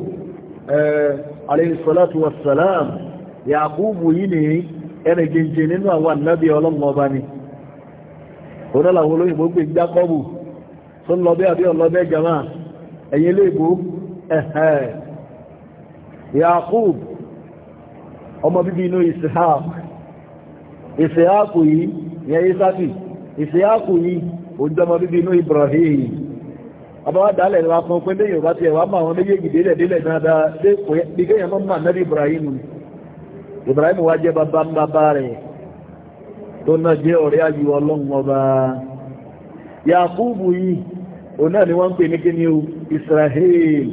alayhi salatu wassalam yaqub yìí ni ẹni jíjìn nínú àwọn nábì ọlọ́mọ ọba ni òun náà làwọn olóyìnbó gbé jákọ́bù tó ń lọ bí àbí ọlọ́bẹ́ jama ẹ̀yìn ilé ìbò yaqub ọmọ bíbí inú ishaq ishaq yìí yẹn isaaki ishaq yìí ojúmọ́ bíbí inú Ibrahim ọba wá dálẹ̀ wá fún pé lẹ́yìn ọba ti ẹ̀wà máa wọn méjèèjì délẹ̀ délẹ̀ dáadáa dé kò yẹ bí kéèyàn máa nàbí Ibrahim Ibrahim wá jẹ́ bàbá ń bàbá rẹ̀ tó náà jẹ́ ọ̀rẹ́ ayò ọlọ́run Yakubu yìí o náà ni wọ́n pè ní kí ni o Israel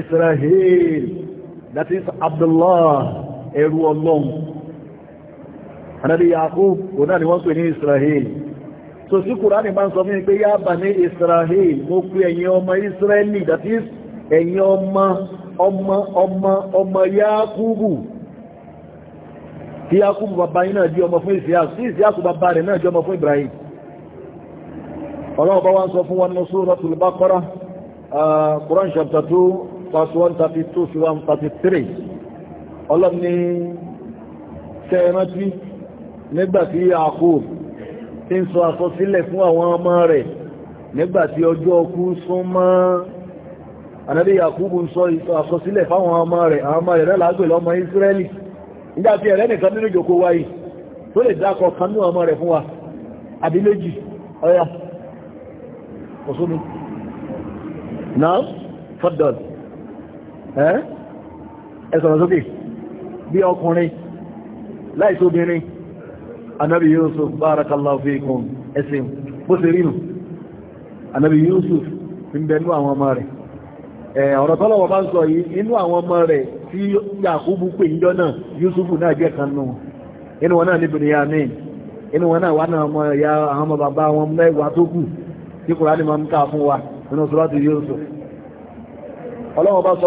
Israel that is Abdullah ẹrú ọlọ́run anábí Yakubu o náà ni wọ́n pè ní Israel so sí kùránì máa ń sọ fún pé yá bà ní israel mo pé ẹ̀yin ọmọ israeli that is ẹ̀yin ọmọ ọmọ ọmọ ọmọ yakubu tí yakubu bàbá yìí náà di ọmọ fún isiaku tí isiaku bàbá rẹ̀ náà di ọmọ fún ibrahim ọlọ́wọ́ wá ń sọ fún wọn ní suratul baqara quran chapter 2 verse 132 sí 133 tí ń sọ àsọsílẹ̀ fún àwọn ọmọ rẹ̀ nígbàtí ọjọ́ ọkú súnmọ́ anábí yakubu ń sọ àsọsílẹ̀ fáwọn ọmọ rẹ̀ àwọn ọmọ rẹ̀ lágbèlè ọmọ israeli nígbàtí ẹ̀rẹ́ nìkan nínú ìjòkó wáyìí tó lè dákọ kan ní ọmọ rẹ̀ fún wa àbí méjì ọya ọ̀sọ́mi náà fọ́dọ̀d ẹ́ ẹ̀sọ̀rọ̀ sókè bí ọkùnrin láìsí obìnrin anabi yusuf barakallahu fikum ẹ̀sìn bó ṣe anabi yusuf ń bẹ nú ọmọ rẹ̀ ọ̀rọ̀ tọ́lọ̀wọ̀ bá ń sọ yìí inú àwọn ọmọ rẹ̀ tí pè náà yusufu náà jẹ́ kan nù inú wọn náà ní inú wọn náà wà náà ọmọ ìyá àwọn ọmọ bàbá wọn mẹ́wàá tó kù tí kùránì máa ń yusuf ọlọ́wọ́ bá sọ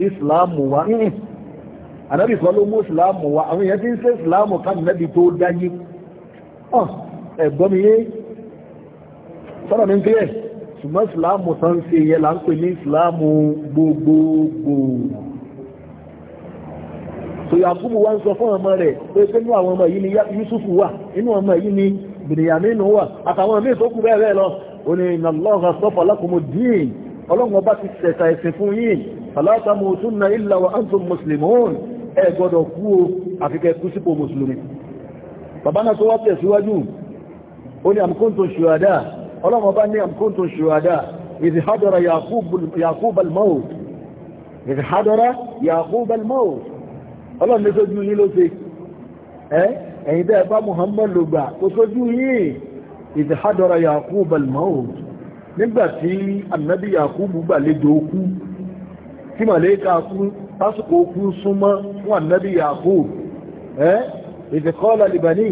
ìsìláàmù wa ànábì kan ló mú ìsìláàmù wa àwọn èèyàn ti ń ṣe ìsìláàmù káàmù nẹ́bi tó dáyé ẹ̀gbọ́n mi yé sọ́dọ̀ mi ń kílẹ̀ ṣùgbọ́n ìsìláàmù tán ṣe yẹ là ń pè ní ìsìláàmù gbogbogbò so yakubu wa ń sọ fún ọmọ rẹ̀ pé ni yusufu wà nínú ọmọ yìí ni bìnìyàmínú wà àtàwọn míì tó kù bẹ́ẹ̀ bẹ́ẹ̀ lọ ó ní ìnàlọ́ọ̀gá sọ́fọ̀ ọlọ́run ọba ti ṣẹ̀ta ẹ̀sìn fún yín aláàtàmù túnà ìlà wa antum muslimun ẹ gbọ́dọ̀ kú o àfikẹ́ kú sípò mùsùlùmí bàbá náà tó wá tẹ̀síwájú ó ní àmkóntò ṣùwádà ọlọ́run ọba ní àmkóntò ṣùwádà idh hadara yaqub al-maut idh hadara yaqub al-maut ọlọ́run ní sójú nígbàtí annabi yakubu gbàlejò okú tí màlẹ́kà kú tásìkò okú súnmọ́ fún annabi yakubu ẹ́ ìfẹ̀kọ́lá libani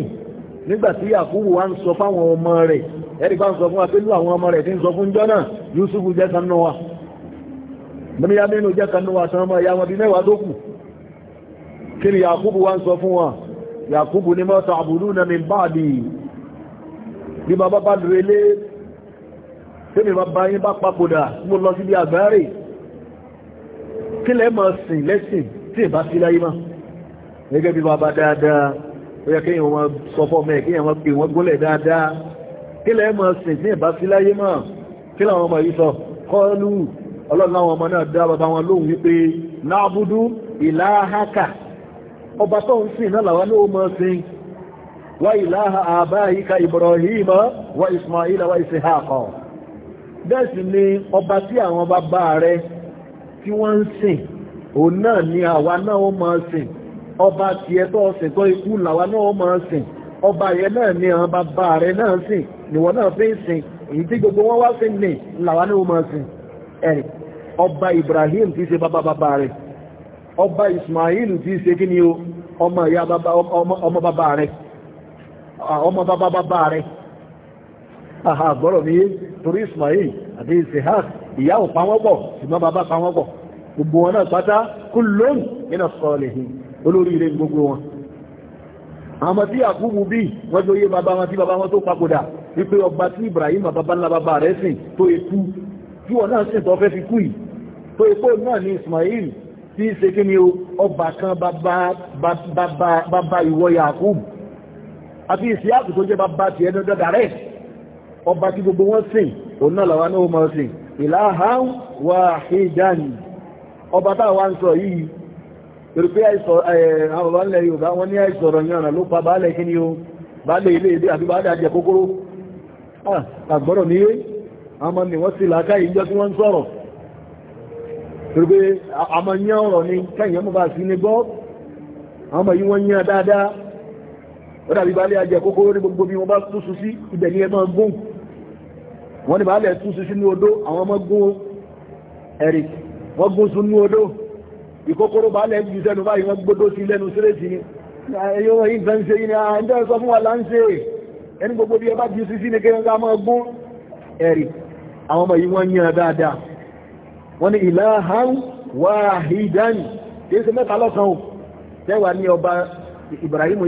nígbàtí yakubu wá ń sọ fáwọn ọmọ rẹ̀ ẹ̀rí bá ń sọ fún apẹ́lú àwọn ọmọ rẹ̀ tí ń sọ fún jọ́nà yusufu jẹ́ kan náà mẹ́rin ya mẹ́rin jẹ́ kan náà sanwó ya tẹ́mi bàbá yín bá papòdà mo lọ sí bí àgbáre kí lẹ́ máa sìn lẹ́sìn tí ìbá sí láyé máa gẹ́gẹ́ bí bàbá dáadáa ó yẹ kéèyàn wọn sọ fọ́ mẹ́ kéèyàn wọn pè wọ́n gúnlẹ̀ dáadáa kí lẹ́ máa sìn tí làwọn ọmọ yìí sọ kọ́ọ̀lù ọlọ́run àwọn ọmọ náà dá bàbá wọn lóhùn wípé sí wa ìlàáhà bẹ́ẹ̀ sì ni ọba tí àwọn bàbá rẹ tí wọ́n ń sìn òun náà ni àwa náà ó máa sìn ọba tí ẹ tó sìn tó ikú làwa náà ó máa sìn ọba yẹn náà ni àwọn bàbá rẹ náà sìn níwọ̀n náà fi ń sìn èyí tí gbogbo wọn wá sìn ní làwa náà ó máa sìn ẹ̀rì ọba Ibrahim tí í ṣe bàbá bàbá rẹ̀ ọba Ismail tí í ṣe kí ni o ọmọ ìyá ọmọ bàbá rẹ̀ ọmọ bàbá bàbá rẹ̀ àgbọ́rọ̀ mi torí Ismail àti Ishaq ìyá ò pa wọ́n pọ̀ ṣùgbọ́n bàbá pa wọ́n pọ̀ gbogbo wọn náà pátá kú lónìí nínú sọ́ọ̀lẹ̀hìn olórí ilé gbogbo wọn àmọ́ tí àkúbù bí wọ́n tó yé bàbá wọn tí bàbá wọn tó papòdà wípé ọba tí Ibrahim bàbá ńlá bàbá rẹ̀ sìn tó ekú tí wọn náà sìn tó fẹ́ fi kú yìí tó ekú náà ní Ismail tí í ṣe kí ni ọba kan bàbá ìwọ Yakub àti Ishaq tó jẹ́ bàbá tiẹ̀ dandan direct ọba tí gbogbo wọ́n sìn òun náà làwa náà mọ́ sìn ilahan wahidan ọba táwa ń sọ yìí torí pé àwọn ọba ńlẹ̀ Yorùbá wọ́n ní àìsọ̀rọ̀ yànrà ló pa baálẹ̀ kí ni o baálẹ̀ ilé ni wọ́n sì làákà ìjọ tí wọ́n ń sọ̀rọ̀ torí pé ni kẹ́yìn ọmọ bá sí ní gbọ́ àmọ́ yí wọ́n yán dáadáa ó dàbí baálẹ̀ ajẹ kókóró wọ́n ni bá lẹ̀ tún sí sínú odó àwọn ọmọ gún ẹ̀rì wọ́n gún sínú odó ìkókóró bá lẹ̀ jù sẹ́nu báyìí wọ́n gbódó sí lẹ́nu sírèsì ni ẹ̀yọ́ yìí nǹkan ṣe yìí ni àjọ sọ fún wa láńṣe ẹni gbogbo bí ẹ bá jù sí sí ni kéwọn ká mọ́ gún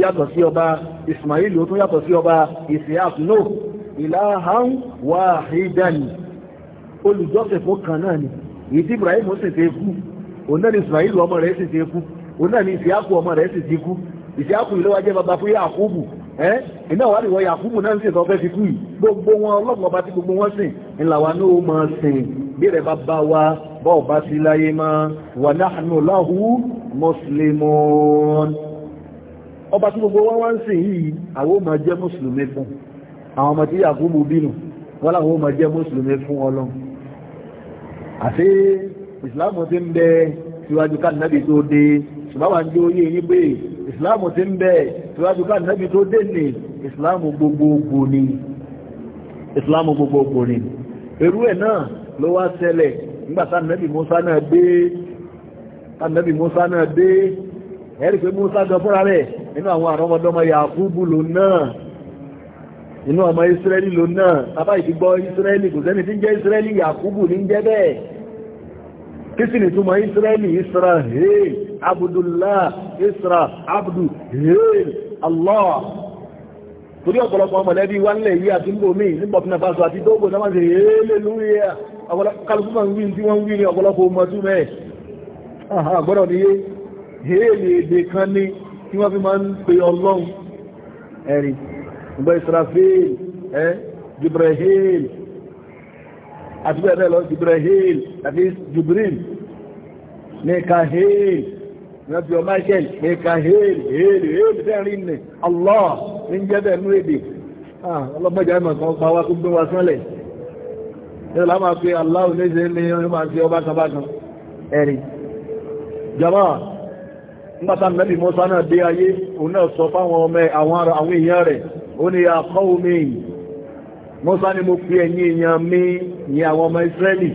yàtọ̀ sí ọba Ismail tún yàtọ̀ sí ọba Isiaq náà ìlàhán wàhídánì olùjọ́sìn fún kan náà ni èyí tí Ibrahim sì ti kú òun náà ni Ismail ọmọ rẹ̀ sì ti kú òun náà ni ìsìákù ọmọ rẹ̀ sì ti kú ìsìákù ìlú wájẹ́ bàbá fún Yakubu ẹ́ iná wà níwọ̀ Yakubu náà sì sọ fẹ́ fi kú yìí gbogbo wọn ọlọ́pàá ọba tí gbogbo wọn sìn ńláwa ní ó máa sìn bí rẹ̀ bá bá wa bọ́ ọba sí láyé máa wà nahnu ọba tí gbogbo wọn wá ń sìn yìí àwọn ó jẹ́ mùsùlùmí fún àwọn ọmọ tí Yakubu bínú wọ́n láwọn ọmọ jẹ́ mùsùlùmí fún ọlọ́run àti ìsìláàmù ti ń bẹ síwájú ká nàbì tó dé ṣùgbọ́n wà ń jó yé ní pé ìsìláàmù ti ń bẹ síwájú ká nàbì tó dé ní ìsìláàmù gbogbogbò ni ìsìláàmù gbogbogbò ni irú ẹ̀ náà ló wá ṣẹlẹ̀ nígbàtá nàbì Musa náà dé ẹ̀rí pé Musa jọ fúnra rẹ̀ nínú àwọn àrọ́mọdọ́mọ Yakubu lò náà inú ọmọ israeli ló náà bàbá ìdígbọ́ israeli kò sẹ́ni tí ń jẹ́ israeli yakubu ní jẹ́ bẹ́ẹ̀ kí sì ní túnmọ̀ israeli israel abdullah isra abdu hel allah torí ọ̀pọ̀lọpọ̀ mọ̀lẹ́bí wá nílẹ̀ yìí àti mbòmí ní burkina faso àti togo náà wọ́n ṣe hélè lórí ẹ̀ kálùkù máa ń wí tí wọ́n ń wí ní ọ̀pọ̀lọpọ̀ ọmọ tún mẹ́ àgbọ́dọ̀ ní hélè èdè kan ní tí wọ́n fi máa ń pe ọlọ́run ẹ̀rìn ṣùgbọ́n Israfil ẹ́ Jibrahil àti bẹ́ẹ̀ bẹ́ẹ̀ lọ Jibrahil àti Jibril Mikahil Rabbi Michael Mikahil Hil Hil tẹ́rin ní Allah ní jẹ́ bẹ́ẹ̀ nú èdè ah, ọlọ́gbọ́jà ẹ̀mọ̀ kan pa wá kó gbé wa ní ọlá máa ó ní ya qaumi Mùsá ni mo pè ẹ̀yin èèyàn mi ní àwọn ọmọ Ísírẹ́lì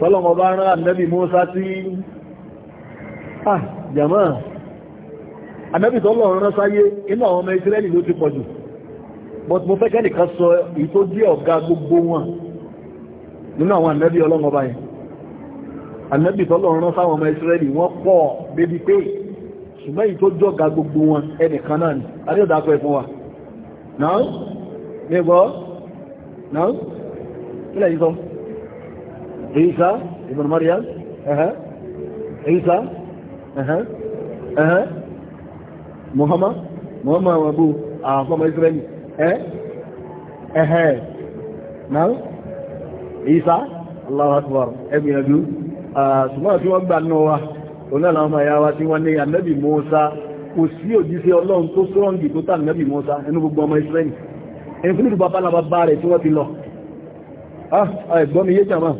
tọ́lọ́mọ rán ànábì Mùsá sí ah jàmá ànábì tọ́lọ́ rán sáyé inú àwọn ọmọ Ísírẹ́lì ló ti pọ̀jù but mo fẹ́ kẹ́nìkan sọ èyí tó jẹ́ ọ̀gá gbogbo wọn nínú àwọn ànábì ọlọ́mọba yẹn ànábì tọ́lọ́ rán sáwọn ọmọ Ísírẹ́lì wọ́n pọ̀ débi pé ṣùgbọ́n èyí tó jọ́ga gbogbo wọn ẹnìkan náà ni adéòdàpọ̀ ẹ̀fún wa náà nígbọ́ náà ilẹ̀ yìí sọ Ìsá ibn Maryam ẹ̀hẹ́ Ìsá ẹ̀hẹ́ ẹ̀hẹ́ Muhammad Muhammad wabu àfọmọ Israeli ẹ̀hẹ́ náà Ìsá Allahu Akbar ẹgbìyànjú ṣùgbọ́n tí wọ́n gbà náà wa onáàlá ọmọ ìyá wa tí wọ́n ní ànábì Mùsá kò sí òjíṣẹ́ ọlọ́run tó sọ́rọ̀ǹgì tó tà ànábì Mùsá ẹnu gbogbo ọmọ Israẹli ẹni fún ìdúbà bálaba bá rẹ̀ tí wọ́n ti lọ ah, ẹ̀gbọ́n mi yé jàmá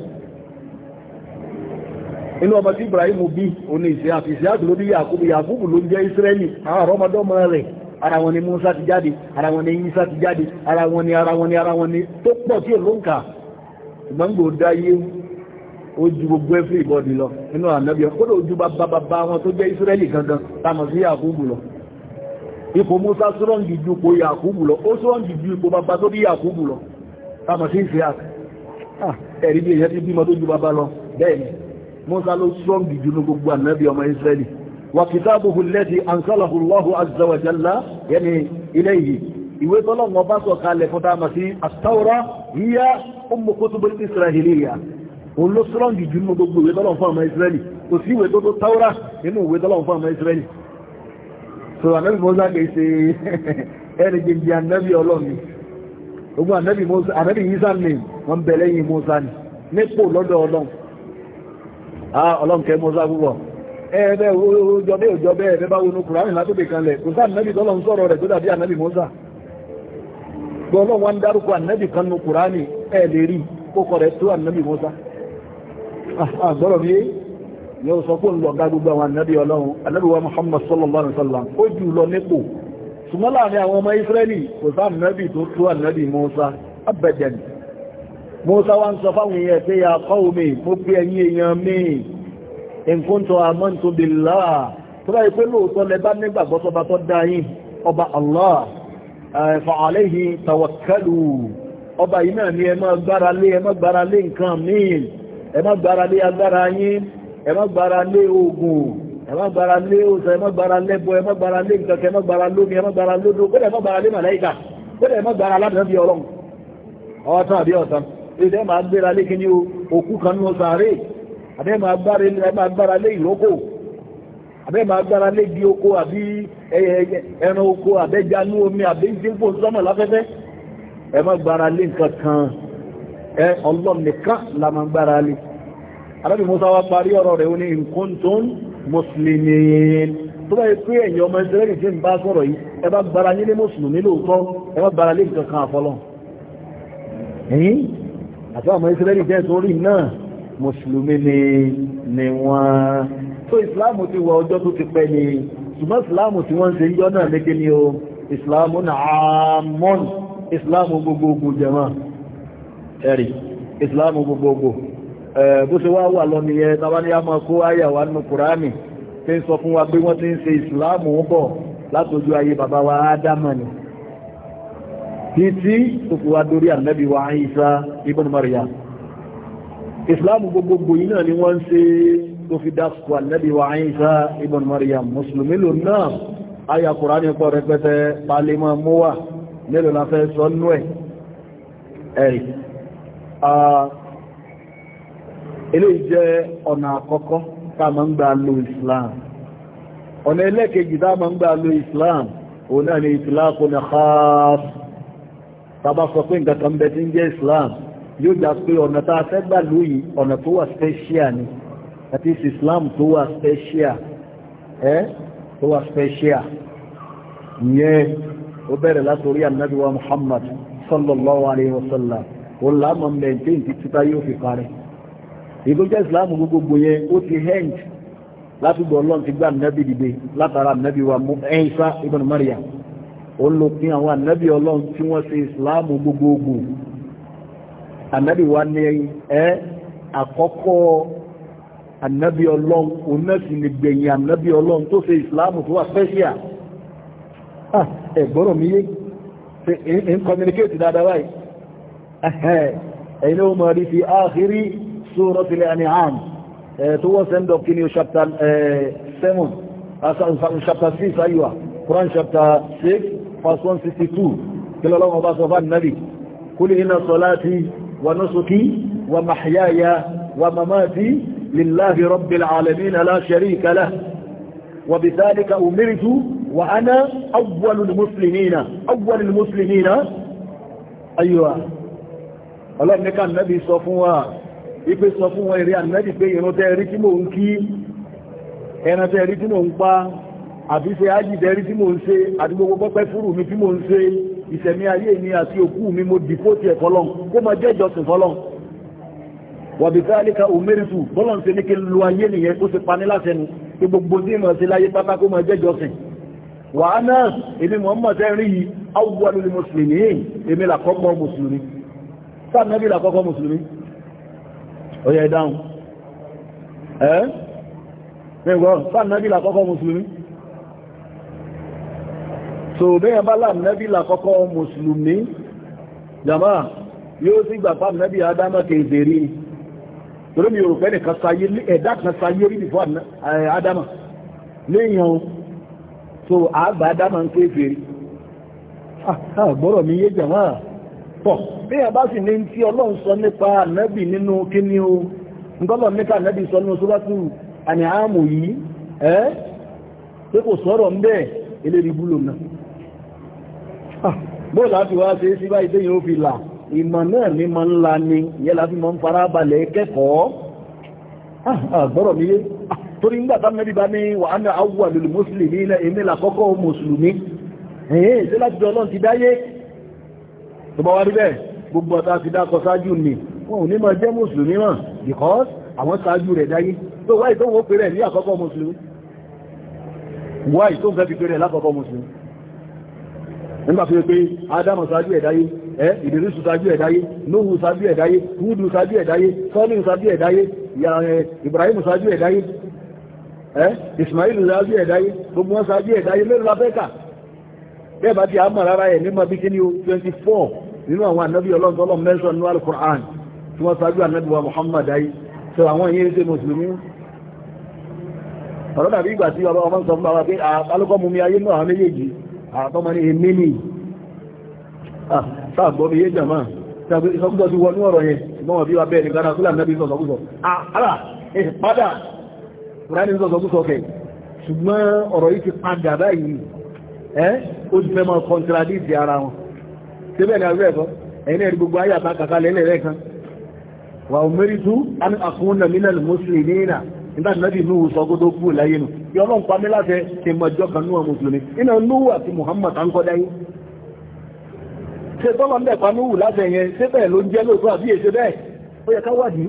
inú ọmọ tí Ibrahim bí oní ìṣẹ́ àti ìṣẹ́ àdúró bí Yakubu Yakubu ló ń jẹ́ Israẹli àwọn ọmọdọ́mọ rẹ̀ ara wọn ni Mùsá ti jáde ara wọn ni Isa ti jáde ara wọn ni ara wọn ni ara wọn ni tó pọ̀ tí ò ló ń kà ìgbọ́ngbò dáyé ó ju gbogbo everybody lọ nínú ànábì kódà ó ju bàbá bàbá wọn tó jẹ́ Ísírẹ́lì gangan táwọn sí Yakubu lọ ipò Musa sọ́rọ̀ǹgì ju ipò Yakubu lọ ó sọ́rọ̀ǹgì ju ipò bàbá tó bí Yakubu lọ táwọn sí Isiaq ah, ẹ̀rí bí èyàn ti bímọ tó ju bàbá lọ bẹ́ẹ̀ni Musa ló sọ́rọ̀ǹgì ju ní gbogbo ànábì ọmọ Ísírẹ́lì wa kitabuhu alladhi anzalahu Allahu azza wa jalla yani ilayhi ìwé bá sọ kalẹ̀ fún táwọn sí at-Tawra hiya ummu kutubul israhiliya òun ló sọ́rọ̀ǹgì jù nínú gbogbo ìwé tọ́lọ̀ fún ọmọ Israeli kò sí ìwé tó tó táwọ́rà nínú ìwé tọ́lọ̀ fún ọmọ Israeli so anabi Musa kì í ṣe <laughs> ẹni jẹjẹ anabi ọlọ́ni ogun anabi Musa anabi Isa ni wọ́n bẹ̀ lẹ́yìn Musa ah ọlọ́n kẹ́ Musa púpọ̀ ẹ̀ẹ́bẹ́ òjọ́bẹ́ òjọ́bẹ́ ẹ̀ẹ́bẹ́ bá wọnú Kùránì látòkè kanlẹ̀ kò sáà nẹ́bì tọ́lọ̀ ń sọ̀rọ̀ rẹ̀ tó dàbí ànẹ́bì Musa gbọ́ọ̀lọ́ wọn dárúkọ ànẹ́bì kan nú Kùránì ẹ̀ẹ́lẹ́rí kókọ̀ rẹ̀ tó ànẹ́bì Musa àgbọ́rọ̀ ah, ah, bí ni ó sọ pé ń lọ gá gbogbo àwọn ànábì ọlọ́run ànábì wa Muhammad sallallahu alaihi wasallam ó jù lọ nípò ṣùgbọ́n láàrin àwọn ọmọ Israẹli kò sá ànábì tó tó ànábì Musa abadan Musa wá ń sọ fáwọn èèyàn pé eh, ọba yìí náà ni ẹ gbára lé ẹ gbára lé nǹkan míì ẹ má gbára lé agbára yín ẹ má gbára lé oògùn ẹ má gbára lé oṣù ẹ má gbára lẹ́bọ ẹ má gbára lé nǹkan ẹ má gbára lómi ẹ má gbára lódò kódà ẹ má gbára lé màláìkà kódà ẹ má gbára ládàbí ọlọ́run ọ̀tán àbí ọ̀tán èdè máa gbéra lé kíní òkú kan ní ọ̀sàárè àbẹ́ máa ẹ ọlọ́nìkan lamagbára lè arábì musa wá parí ọ̀rọ̀ rẹ̀ ní nkúntún mùsùlùmí tó bá ikú ẹ̀yìn ọmọ ìsirẹ́lì tí ń bá sọ̀rọ̀ yìí ẹ bá gbára nílé mùsùlùmí lóòótọ́ ẹ bá gbára lé nǹkan kan àfọlọ́ ẹ̀yìn àti ọmọ ìsirẹ́lì jẹ́ torí náà mùsùlùmí ni ni wọ́n tó ìsìláàmù ti wọ ọjọ́ ẹ̀rì Islamu gbogbogbò bó ṣe wá wà lọ́nà yẹ tàbáníyà máa kó àyà wà nínú kùránì tí ń sọ fún wa pé wọ́n ti ń ṣe ìsìláàmù ń bọ̀ látojú ayé bàbá wa ádámà ni títí tó fi wá dórí ànábì wa Ìsá ibn Maryam ìsìláàmù gbogbogbò yìí náà ni wọ́n ń ṣe tó fi dásùkò ànábì wa Ìsá ibn Maryam mùsùlùmí lò náà àyà kùránì pọ̀ rẹpẹtẹ palimọ̀ mọ́wà mélòó la fẹ́ sọ ẹ̀ eléyìí jẹ́ ọ̀nà àkọ́kọ́ tá a máa ń gbà lo Islam ọ̀nà ẹlẹ́kejì tá a ń gbà lo Islam òun náà ni ìtìláàkù ní khas tàbá sọ pé nǹkan kan bẹ̀tí ń jẹ́ Islam yóò já pé ọ̀nà tá a fẹ́ gbà lóyìí ọ̀nà tó wà special ni àti Islam tó wà special ẹ́ tó wà special yẹn ó bẹ̀rẹ̀ látorí annabiwa Muhammad sallallahu alaihi wasallam òun láàmọ́ mẹ́ntẹ́ǹ tí títà yóò fi parẹ́ ìgbójẹ́ ìsìláàmù gbogbo yẹn ó ti hẹ́ǹd látúgbọ̀ ọlọ́run ti gbá nẹ́bì dìde látara nẹ́bì wa mú Ìsá ibn Maryam òun ló pin àwọn ànẹ́bì ọlọ́run tí wọ́n ṣe ìsìláàmù gbogbogbò ànẹ́bì wa ní ẹ àkọ́kọ́ ànẹ́bì ọlọ́run òun náà sì ní gbẹ̀yìn ànẹ́bì ọlọ́run tó ṣe ìsìláàmù tó wà special ah, ẹ̀gbọ́rọ̀ mi yé ń communicate dáadáa báyìí اي اينو مالي في اخر سوره الانعام تو سند اوف كينيو شابتر سيمون اصلا شابتر 6 ايوه قران شابتر 6 فاس 162 كل لو باصوا فان النبي قل ان صلاتي ونسكي ومحياي ومماتي لله رب العالمين لا شريك له وبذلك امرت وانا اول المسلمين اول المسلمين ايوه ọlọ́mẹ́ká nẹ́bí sọ fún wa ipé sọ fún wọn èrè ànẹ́bí pé ìran tẹ́ rí tí mò ń kí ẹran tẹ́ rí tí mò ń pa àbí ṣe ájìdẹ́ rí tí mò ń ṣe àti gbogbo pẹ́pẹ́ fúrù mi tí mò ń ṣe ìṣẹ̀mí ayé mi àti òkú mi mo dìpó ti ẹ̀kọ́lọ́n kó ma jẹ́jọ sí fọ́lọ́n wàbí káàlíkà òmérìtù bọ́lọ̀n ṣe ní kí lu ayé nìyẹn ó sì paní látẹnu kí gbogbo tí mọ̀ sí láyé pátá kó ma jẹ́jọ sí wàá náà èmi mọ̀ mọ̀ sáà nẹ́bí làkọ́kọ́ Musulmi, ó yẹ dáhùn ẹ́ ẹgbọ́n sáà nẹ́bí làkọ́kọ́ mùsùlùmí so bẹ́yẹn bá láà nẹ́bí làkọ́kọ́ mùsùlùmí jàmá yóò sì gbà fáà nẹ́bí adámọ́ kèzèrí torí mi rò pẹ́ nìkan sáyé ẹ̀dá kan sáyé rí bìfọ́ adámọ́ léèyàn so àgbà adámọ́ ń kéfèrí ah, ah gbọ́rọ̀ mi yé jàmáà pọ̀ bí i àbá sì ní tí ọlọ́run sọ nípa ànábì nínú kíní o ngọ́lọ̀ nípa ànábì sọ nínú sọ́lọ́tù àní àmù yìí ẹ́ pé kò sọ̀rọ̀ ń bẹ́ẹ̀ eléri búlò náà ah, bó láti wá ṣe sí báyìí tẹ́yìn ó fi là ìmọ̀ náà ní mọ́ ńlá ni ìyẹ́ láti mọ́ ń fara balẹ̀ kẹ́kọ̀ọ́ àgbọ́rọ̀ ah, mi yé ah, torí ń gbàtà mẹ́rin bá ní wà ní awwalul muslimin ilẹ̀ èmi làkọ́kọ́ mùsùlùmí ẹ̀yẹ́ ìṣẹ́lá ti ọlọ́run ti dáyé tó bá wá rí bẹ́ẹ̀ gbogbo ọ̀tá ti dákọ sáájú ni wọn ò ní máa jẹ́ mùsùlùmí mọ̀ because àwọn sáájú rẹ̀ dáyé tó wáyé tó wọ́n pèrè ní àkọ́kọ́ mùsùlùmí wáyé tó ń fẹ́ fi pèrè lákọ́kọ́ mùsùlùmí nígbà fi pé Ádámù sáájú ẹ̀ dáyé ẹ́ ìdìrísù sáájú ẹ̀ dáyé Nóhù sáájú ẹ̀ dáyé Húdù sáájú ẹ̀ dáyé Ibrahim sáájú ẹ̀ dáyé Ismail sáájú ẹ̀ dáyé gbogbo wọn sáájú ẹ̀ mẹ́rin láfẹ́kà bẹ́ẹ̀ bá ti a mọ̀ rárá ẹ̀ mímọ̀ bí kíní o 24 nínú àwọn ànábì ọlọ́ntọ́lọ́ mẹ́sàn ní alukur'an tí wọ́n sáájú ànábì wa Muhammad ayé sọ àwọn èyí ṣe mùsùlùmí ọ̀rọ̀ dàbí ìgbà tí ọba ọmọ sọ fún bàbá pé alúkọ́ mú mi ayé náà àwọn méjèèjì àtọ́mọ ní èmi ni sáàgbọ́ mi yé jàmá ìsọkúsọ ti wọnú ọ̀rọ̀ yẹn ìgbọ́n wọn bí wa bẹ́ẹ̀ ní gánà kúlà nẹ́bí sọ̀sọ̀kúsọ̀ àrà padà kùránì ẹ́ ó ti fẹ́ mọ́ kọntradíìtì ara wọn tí bẹ́ẹ̀ ni a rẹ̀ fọ́ ẹ̀yìn ẹ̀rí gbogbo ayé àbá kàkà lẹ́lẹ̀ rẹ̀ kan wà ó mérí tú àmì àkúnnà mílẹ̀ mùsùlùmí nínà nígbà tí nàbì núhù sọ gbọdọ̀ kú láyé nu bí ọlọ́run pa mí láti ṣe mọ ọjọ́ kan núhù mùsùlùmí iná núhù àti Muhammad à ń kọ́ dáyé ṣe tọ́lọ́ ń dẹ̀pa núhù láti ẹ̀yẹn ṣé bẹ́ẹ̀ ló ń jẹ́ lóòótọ́ àbí èṣe bẹ́ẹ̀ ó yẹ ká wádìí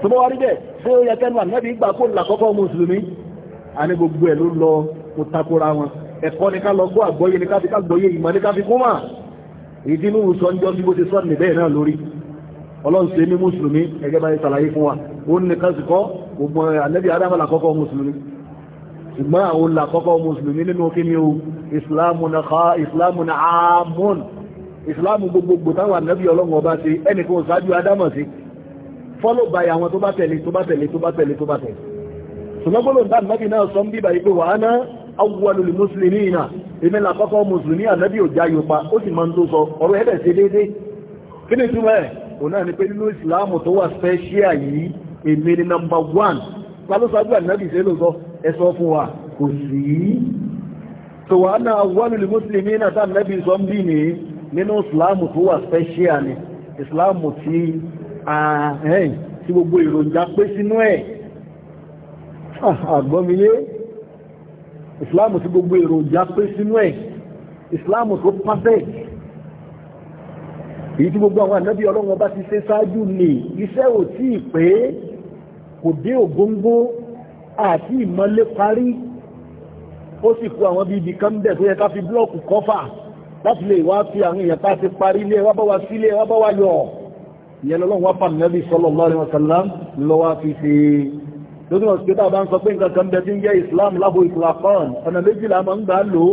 tó bá wá rí bẹ́ẹ̀ ṣé ó yẹ kẹ́nu ànábì gbà kó làkọ́kọ́ mùsùlùmí àní gbogbo ẹ̀ ló lọ kò takora wọn ẹ̀kọ́ ní ká lọ gbọ́ àgbọ́yé ní ká fi kágbọ́yé ìmọ̀ ní ká fi kúmà ìdínú sọ ń jọ bí bó ti sọ ní bẹ́ẹ̀ náà lórí ọlọ́run ṣe ní mùsùlùmí ẹgẹ́ bá ṣàlàyé fún wa ó ní ká sì kọ́ gbogbo ànẹ́bí adámọ́ làkọ́kọ́ mùsùlùmí ṣùgbọ́n àwọn làkọ́kọ́ mùsùlùmí nínú kí ni o ìsìláàmù na àmún ìsìláàmù gbogbogbò táwọn ànẹ́bí follow by àwọn tó bá tẹ̀lé tó bá tẹ̀lé tó bá tẹ̀lé tó bá tẹ̀lé ṣùgbọ́n gbọ́dọ̀ awwalul muslimina èmi làkọ́kọ́ mùsùlùmí ànábì ò já yópa ó sì máa ń tó sọ ọ̀rọ̀ ẹ̀dẹ̀ sí dédé kí ni túmọ̀ ẹ̀ òun náà ni pé nínú ìsìláàmù tó wà spẹ́ṣíà yìí èmi ni nọmba wán lálọ́sàájú ànábì sí ló sọ ẹ sọ fún wa kò sí tó wà náà awwalul muslimina tá ànábì sọ ń bì ní nínú ìsìláàmù tó wà spẹ́ṣíà ni ìsìláàmù tí ààrẹ tí gbogbo èròjà pé sínú ẹ̀ <laughs> àgbọ́miyé ìsìláàmù tí gbogbo èròjà pé sínú ẹ̀ ìsìláàmù tó perfect èyí tí gbogbo àwọn ànábì ọlọ́run bá ti ṣe ṣáájú ní iṣẹ́ ò tí ì pé kò dé ògóngó àti ìmọ̀lé parí ó sì kó àwọn bíbí kan bẹ̀ tó yẹ ká fi blọ́ọ̀kù kọ́fà láti lè wá fi àwọn èèyàn pàṣẹ parí ilé wá bá wa sílé wá bá wa yọ ìyẹn lọ́lọ́run wá pàmìlẹ́bí sallallahu alaihi wasallam lọ́wọ́ fi ṣe lórí ọ̀sìkítà bá ń sọ pé nǹkan kan bẹ tí ń jẹ́ Islam lábò ìtìlàfán ọ̀nà méjìlá máa ń gbà lò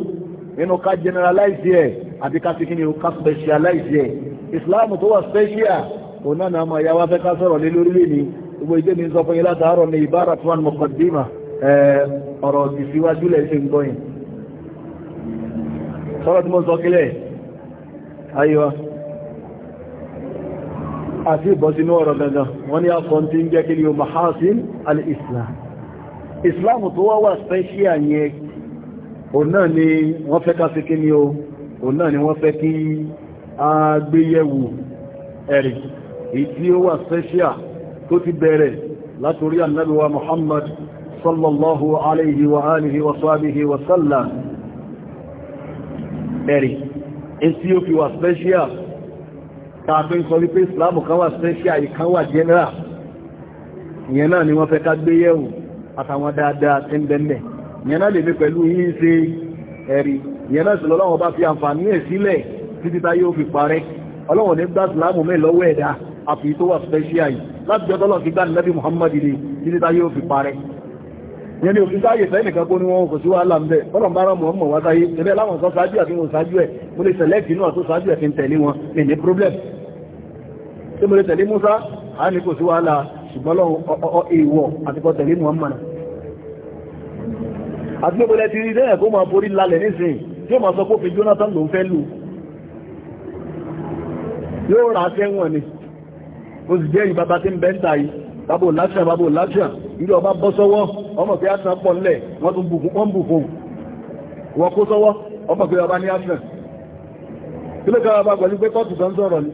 nínú ká generalize ẹ̀ àti ká ti kíni ká specialize ẹ̀ Islam tó wà special òun náà náà máa yáwá fẹ́ ká sọ̀rọ̀ lé lórílẹ̀ ni gbogbo ìdé mi ń sọ fún yín látàárọ̀ ní ìbára tí wọ́n muqaddima ọ̀rọ̀ ìsíwájú lẹ̀ ṣe ń gbọ́yìn sọ́rọ̀ tí mo sọ kílẹ̀ ayọ́ àti ìbọ̀sínú ọ̀rọ̀ gangan wọ́n ni a kọ́ tí ń jẹ́ kí ni o mahasin al-islam islam tó wá wà special yẹn òun náà ni wọ́n fẹ́ ká sí kí ni o òun náà ni wọ́n fẹ́ kí a gbéyẹ̀wò ẹ̀rì èyí ó wà special tó ti bẹ̀rẹ̀ látorí annabi muhammad sallallahu alaihi wa alihi wa sahbihi wa sallam ẹ̀rì èyí ó fi wà special tààfin sọ wípé islamu kan wà special ìkan wà general ìyẹn náà ni wọ́n fẹ́ ká gbé yẹ̀wò àtàwọn dáadáa tí ń bẹ́ẹ̀ ìyẹn náà lè fi pẹ̀lú yìí ṣe ẹ̀rí ìyẹn náà sì lọ́wọ́ bá fi àǹfààní ẹ̀ sílẹ̀ títí tá yóò fi parẹ́ ọlọ́wọ̀n ní gbá ìsìlámù mẹ́ lọ́wọ́ ẹ̀dá àfi tó wà special yìí láti jọ tọ́lọ̀ ni títí tá yóò fi parẹ́ ìyẹn ni òfin sáyè fẹ́ nìkan kó ní mo lè sẹ̀lẹ́kì náà tó sáájú ẹ̀kí ń tẹ̀lé wọn ní ní problem tí mo lè tẹ̀lé Musa a ní kò sí wàhálà ṣùgbọ́n lọ́wọ́ èèwọ̀ àti kọ́ tẹ̀lé Muhammad àti pé bọ́lẹ̀ ti rí lẹ́yìn kó máa borí lálẹ̀ nísìn tí ó máa sọ pófin Jonathan ló ń fẹ́ lù yóò rà sẹ́wọ̀n ni ó sì jẹ́ ìbàbá tí ń bẹ́ńtà yìí bàbá òláṣà bàbá òláṣà ilé ọba bọ́ sọ́wọ́ ọmọ pé àṣà pọ̀ nílẹ̀ wọ́n tún bù fún wọ́n bù fún wọ́n kó sọ́wọ́ ọmọ pé ọba ní àṣà kí ló kára bá pẹ̀lú pé tọ́tù kan sọ̀rọ̀ ni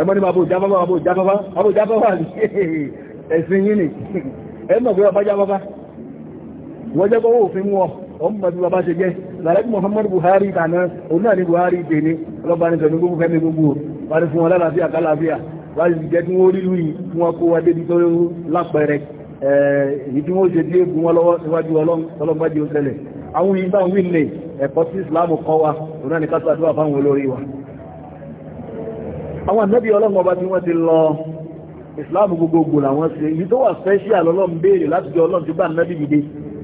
ẹmọ́ ni ma bó jábábá ma bó jábábá ma bó jábábá ni ẹ̀sìn yìí ni ẹmọ̀ pé ọba jábábá wọ́n jẹ́ kọ́wọ́ òfin wọ́ ọmọ bí bàbá ṣe jẹ́ làrẹ́kì Muhammadu Buhari tàná òun náà ni Buhari dè ní ọlọ́ba ní tẹ̀lú gbogbo fẹ́mi gbogbo wà ní fún wọn lálàáfíà kálàáfíà wà ní jẹ́ kí wọ́n rí lùyìn kí wọ́n kó wa débi tó lápẹẹrẹ èyí àwọn ìgbà wílẹ̀ ẹ̀kọ́ tí islamu kọ́ wa òun ní kásàdúwà fáwọn olórí wa àwọn ànábì ọlọ́mọba tí wọ́n ti lọ islamu gbogbogbò làwọn ṣe èyí tó wà special ọlọ́m béèrè láti jọ ọlọ́m tó bá ànábì dìde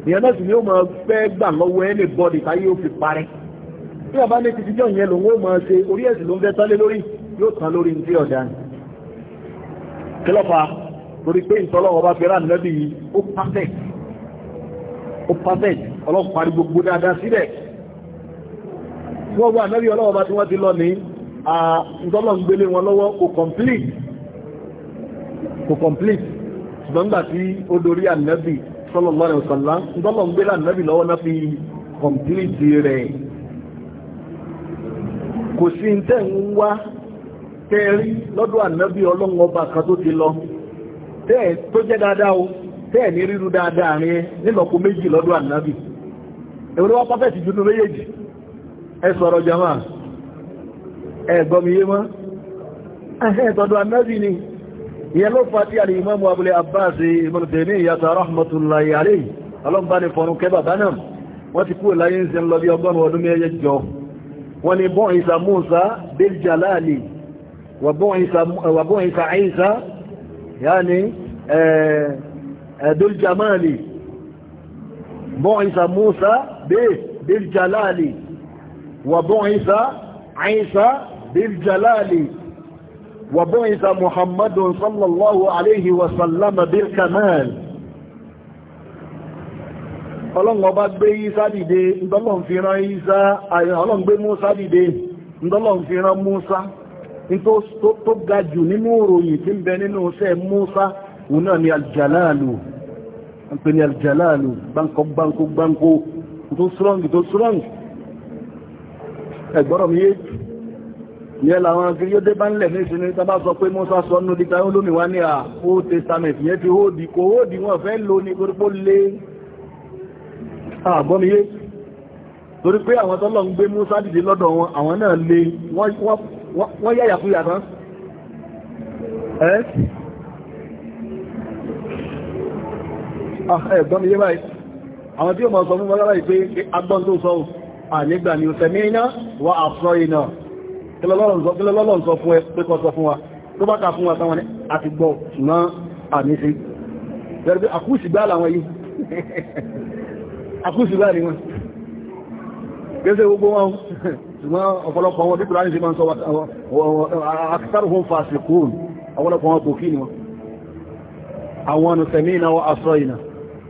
ìyẹn náà sì ni ó máa fẹ́ gbà lọ́wọ́ ẹni bọ́dì táyé ó fi parẹ́ tí àbá ní títí jọ ìyẹn lòun ó perfect ọlọ́run parí gbogbo dáadáa sílẹ̀ wọ́n wà náà rí ọlọ́wọ́ bá tí wọ́n ti lọ ní àtọ́lọ́n gbélé wọn lọ́wọ́ kò complete kò complete ṣùgbọ́n nígbà tí ó dorí ànábì sallallahu alaihi wasallam ntọ́lọ́n gbélé ànábì lọ́wọ́ náà fi complete rẹ̀ kò sí ń tẹ́ ń wá tẹ́rí lọ́dọ̀ ànábì ọlọ́run ọba kan tó ti lọ tẹ́ tó jẹ́ dáadáa o tẹ́ẹ̀ ní ríru dáadáa rin nílọ̀kú méjì lọ́dọ̀ ànábì ẹ̀wọ́n wá pọ́fẹ́tì jùlọ méjèèjì ẹ sọ̀rọ̀ jama ẹ̀gbọ́mìyé mọ́ ẹ̀tọ̀dọ̀ ànábì ni ìyẹn ló fa tí a lè Imam Abul Abbas Ibn Taymiyyah rahmatullahi alayhi ọlọ́mbáni fọ́nù kẹba bánàm wọ́n ti kúrò láyé ń se lọ bí ọgbọ́n ni bọ́n Isa Musa bil jalali بالجمال بعث موسى بالجلال وبعث عيسى بالجلال وبعث محمد صلى الله عليه وسلم بالكمال ọlọ́run ọba gbé Ìsá dìde ìdọ́lọ́n fi rán Ìsá ọlọ́run gbé Músá dìde ìdọ́lọ́n fi rán Músá tó ga jù nínú òròyìn tí ń bẹ nínú iṣẹ́ Músá òun ni aljalalu ń pè ní aljalalu gbáǹkọ gbáǹkọ gbáǹkọ tó strong tó strong ẹgbọ́rọ̀ mi yé ní ẹ̀là àwọn akiri yóò dé bá ń lẹ̀ ní ìsinmi tàbá sọ pé mọ́sá sọ nínú díta olómi wá ní à ó testament yẹn ti hóòdì kò hóòdì wọn fẹ́ lò ní torípó lé àgbọ́mi yé torí pé àwọn tọ́lọ̀ ń gbé mọ́sá dìde lọ́dọ̀ wọn àwọn náà lé wọ́n yáyà fún Ah, ẹ̀gbọ́n mi yé báyìí àwọn tí ó mọ̀ sọ fún mọ́lára ìpé agbọ́n tó sọ ànígbà ni òsẹ̀mí iná wà àfọ́ iná kílọ́lọ́lọ́n sọ fún ẹ pé kọ́ sọ fún wa tó bá ká fún wa táwọn àti gbọ́ ṣùgbọ́n <laughs> <laughs> àwọn ọ̀nà sẹ̀mí iná wà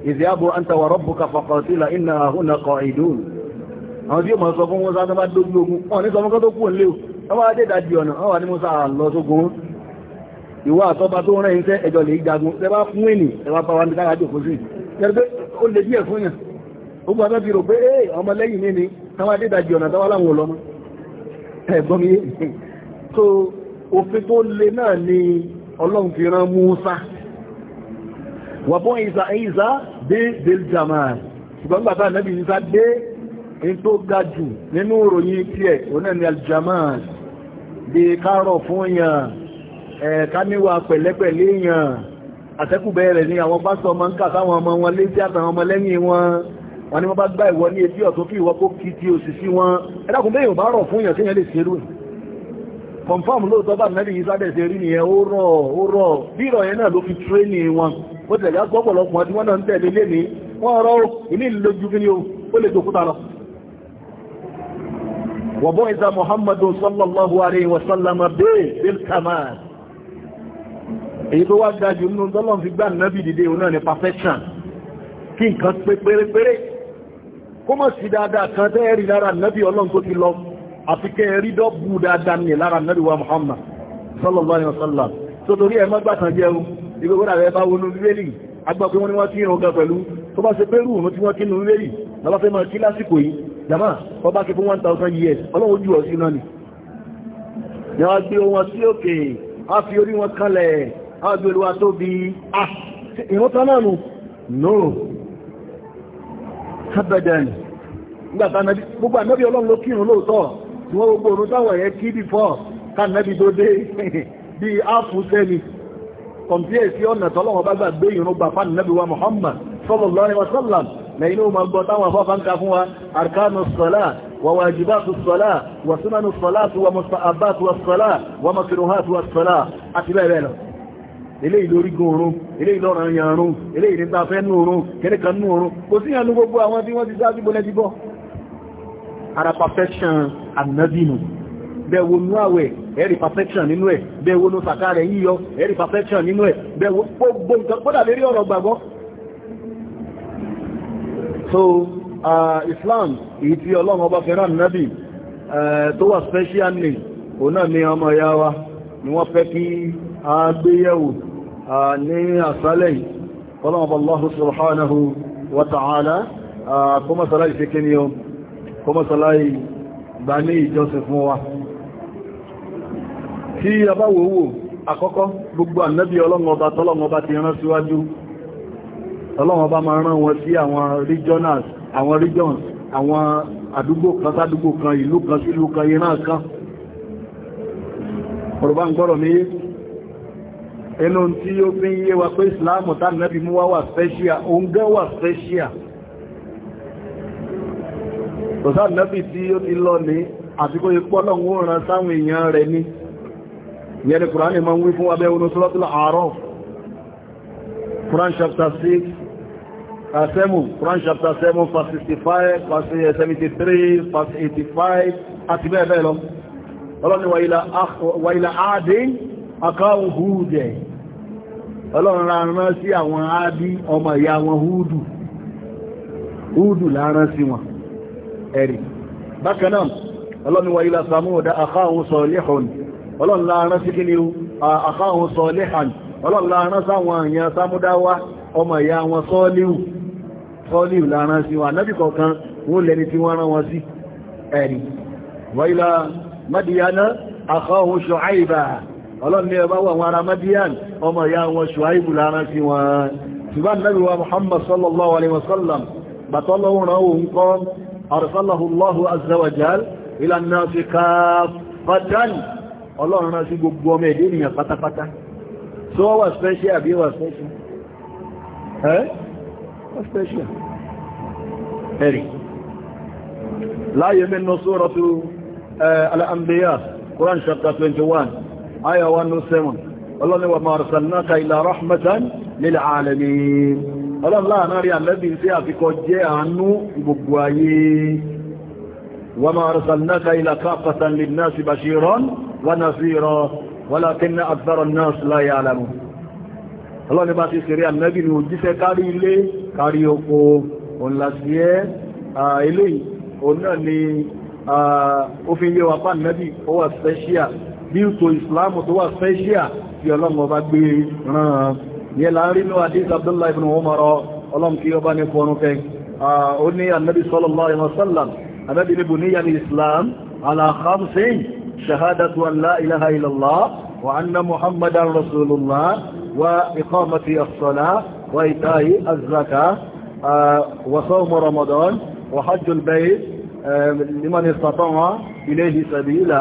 ìdíyàbò anta أنت وربك faqatila inna huna qa'idun àwọn tí ó máa sọ fún wọn sáà bá dójú ogun wọn ní sọmọ́kọ́ tó kú ń léò wọ́n wá dé dájí ọ̀nà wọ́n wà ní mọ́sá lọ sógun ìwọ́ àtọ́bá tó rẹ̀ iṣẹ́ ẹjọ́ lè jagun tẹ bá fún ènì ẹwà bá wà ní kára jòkó sí jẹ́rẹ́ ó lè díẹ̀ fún wàbọ́n ìsà ìsà dé beljaman ṣùgbọ́n bàbá nẹ́bí ìsà dé in tó ga jù nínú ìròyìn tí ẹ̀ oná ni aljaman dé kárọ̀ fún yàn ẹ̀ẹ̀ká níwà pẹ̀lẹ́pẹ̀lẹ́ yàn àtẹ́kùbẹ̀ rẹ̀ ni àwọn pásọ ọmọ ń kà sáwọn ọmọ wọn létí àtàwọn ọmọ lẹ́yìn wọn wọn Confirm lóòtọ́ bá mẹ́rin yìí sábẹ̀ ṣe rí nìyẹn ó rọ̀ ó rọ̀ bí ìrọ̀ yẹn náà ló fi tírénì wọn ó tẹ̀lé agbọ́pọ̀lọpọ̀ tí wọ́n náà ń tẹ̀lé lé ní wọ́n rọ́ ìní ìlójú kí ni ó lè tòkúta lọ وبعث محمد صلى الله عليه وسلم بالكمال èyí tó wá dájú nínú tọ́lọ́n fi gbá náàbì dìde òun náà ni perfection kí nǹkan pé pérépéré kó mọ̀ sí dáadáa kan tẹ́ẹ̀rí lára náàbì ọlọ́run tó ti lọ àti kẹ́ rí dọ́bù dáadáa ní lára Ànábì wa Muhammad sallallahu alaihi wasallam tó torí ẹ mọ́gbàtàn jẹ́ o ibi gbọ́dà rẹ bá wọnú bíbélì agbọ́pé wọ́n ni wọ́n tí ìrùn ga pẹ̀lú tó bá ṣe pẹ́rù òun tí wọ́n kí nù bíbélì lọ́bá fẹ́ máa kí lásìkò yìí jama ọba kí fún 1000 years ọlọ́run jù ọ sí náà ni yàwá gbé wọn sí òkè á fi orí wọn kalẹ̀ á gbé olúwa tó bí ìrántá náà nù no abadan gbogbo ànábì ọlọ́run ló kírun lóòótọ́ tí wọ́n gbogbo orun táwọn yẹn kí before kánàbí tó dé <laughs> bí áàfù sẹ́ni kọ̀m̀píẹ̀ sí ọ̀nà tọ́lọ́wọ́ bá gbà gbé ìrún gbà fún nàbí wa Muhammad sallallahu alaihi wasallam lẹ́yìn ó ma gbọ́ táwọn afọ́fà وواجبات الصلاة وسنن الصلاة ومستعبات الصلاة ومكروهات الصلاة أتباع ذلك ilé ìlórí gúnrún ilé ìlọ́rọ̀ yanrún ilé ìrìntafẹ́ núurún kẹ́lẹ́kan núurún kò sí ànú gbogbo àwọn tí wọ́n ti sáájú bọ́lẹ́ ti ara perfection ànábìnù bẹ̀wò nú àwẹ̀ ẹ̀rì perfection nínú ẹ̀ bẹ̀wò nú sàkà rẹ̀ yíyọ ẹ̀rì perfection nínú ẹ̀ bẹ̀wò gbogbo nǹkan kódà lérí ọ̀rọ̀ gbàgbọ́ so uh, Islam èyí tí ọlọ́run ọba fẹ́ràn nábì uh, tó wà special name òun náà ni ọmọ ìyá wa ni wọ́n fẹ́ kí a gbéyẹ̀wò uh, ní àsálẹ̀ yìí Allah subhanahu wa ta'ala kó mọ́sálá ìṣẹ́kẹ́ ni kọmọ́sọláì gbà ní ìjọsìn fún wa tí a bá wò wò àkọ́kọ́ gbogbo ànábí ọlọ́run ọba tọ́lọ́run ọba ti rán síwájú ọlọ́run ọba máa rán wọn sí àwọn regionals àwọn regions àwọn àdúgbò kan sádúgbò kan ìlú kan sí ìlú kan ìran kan ọ̀rọ̀bá ń gbọ́rọ̀ ní ẹnu tí ó fi ń yé wa pé ìsìláàmù tánàbí mú wá wà special kò sáà nẹ́bì tí ó ti lọ ní àsìkò ìpọ́lọ̀wọ́ ran sáwọn èèyàn rẹ̀ ní yẹni kùránì ma ń wí fún abẹ́ oní suratul A'raf Quran chapter 6 uh, 7 Quran chapter 7 verse 65 verse 73 uh, verse 85 àti bẹ́ẹ̀ bẹ́ẹ̀ lọ ọlọ́ni wa ila Adin akáhùn ọlọ́run rán sí àwọn Adi ọmọ ìyá wọn húdù húdù láàrán sí wọn ẹ̀rì bákanáà ọlọ́ni wa ila Samuda akhahum salihun ọlọ́n láàrán sí kíni akhahum salihan ọlọ́n láàrán sáwọn èèyàn Samudawa ọmọ ìyá wọn sọ́ọ̀líù sọ́ọ̀líù láàrán sí wọn anábì kọ̀ọ̀kan wọ́n lẹni tí wọ́n rán wọn sí ẹ̀rì wa ila Madiyana akhahum Shu'aiba ọlọ́ni ẹbá wà wọn ara Muhammad sallallahu alaihi wasallam bàtọ́lọ́wọ́n rán òun kọ́ أرسله الله عز وجل إلى الناس كافة الله الناس قبومي دينيا فتا فتا سوى واسبيشي أبي واسبيشي ها واسبيشي هري لا يمن سورة آه قرآن شقة 21 آية 107 والله وما أرسلناك إلا رحمة للعالمين ọlọ́run láàrin rí àlẹ́bí sí àfikọ́ jẹ́ àánú gbogbo ayé wa ma arsalnaka ila kaffatan linnasi bashiran wa nazira walakinna akthara an-nas la ya'lamun ọlọ́run bá ti ṣeré àlẹ́bí ni òjíṣẹ́ kárí ilé kárí oko òǹlàṣíẹ́ eléyìí òun náà ni ó fi yé wa pa àlẹ́bí ó yẹ láàrin ní àdíz abdullahi ibn umar ọlọ́m kí ọba ní fọ́nù kẹ́ ó ní annabi sallallahu alaihi wasallam annabi ní buniya ní islam ala khamsin shahadatu an la ilaha illallah wa anna muhammadan rasulullah wa iqamati as-salah wa ita'i az-zakah wa sawm ramadan wa hajj bayt liman istata'a ilayhi sabila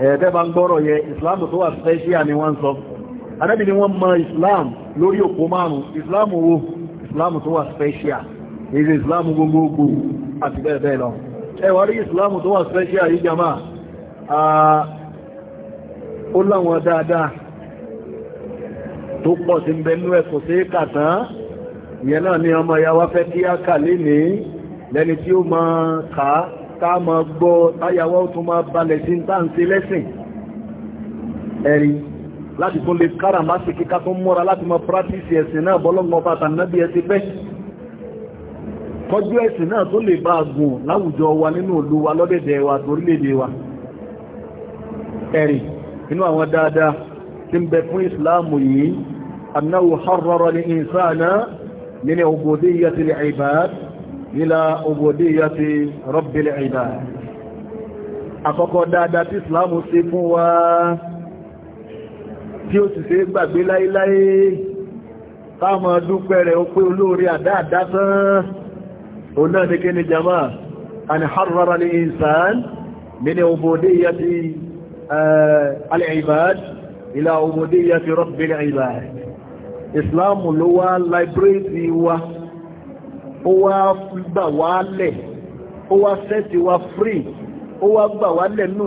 ẹ̀ẹ́dẹ́bà yẹ islam tó wà special ni wọ́n sọ anábì ni wọ́n mọ islam lórí òpó márùn islam wo islam tó wà special èdè islam gbogbogbò àti bẹ́ẹ̀ bẹ́ẹ̀ lọ ẹwà rí islam tó wà special yìí jama ó láwọn dáadáa tó pọ̀ sí bẹnú ẹ̀kọ́ sí kàtán ìyẹn náà ni ọmọ ìyá wa fẹ́ kí á kà lé ní lẹ́ni tí ó máa kàá ká ma gbọ́ táyàwó tó máa balẹ̀ sí ń tàǹsí lẹ́sìn ẹ̀rin láti tó lè kára má sí kíká tó múra láti mọ pírátìsì ẹ̀sìn náà bọ́lọ́gbọ́n bá tàbí ẹ̀sìn pẹ́ kọjú ẹ̀sìn náà tó lè bá gùn láwùjọ wa nínú ìlú wa lọ́dẹ̀dẹ̀ wa torílẹ̀-èdè wa ẹ̀rìn inú àwọn dáadáa tí ń bẹ fún ìsìláàmù yìí annáwò harrara ní ìsáàná nínú ubudiyyati al-ibad ila ubudiyyati rabbil ibad àkọ́kọ́ dáadáa tí ìsìláàmù sí fún wa tí ó sì ṣe gbàgbé láíláí káàmọ̀ dúpẹ́ rẹ̀ ó pé olóorí àdáàdá tán ó náà ní kí ni jama àni harrara ní insan nínú ubudiyyati eh, al-ibad ila ubudiyyati rabbil ibad islam ló wá láìbírẹ́sì wa ó wá gbà wá ó wá sẹ́ẹ̀tì wa free ó wá gbà wá lẹ̀ nù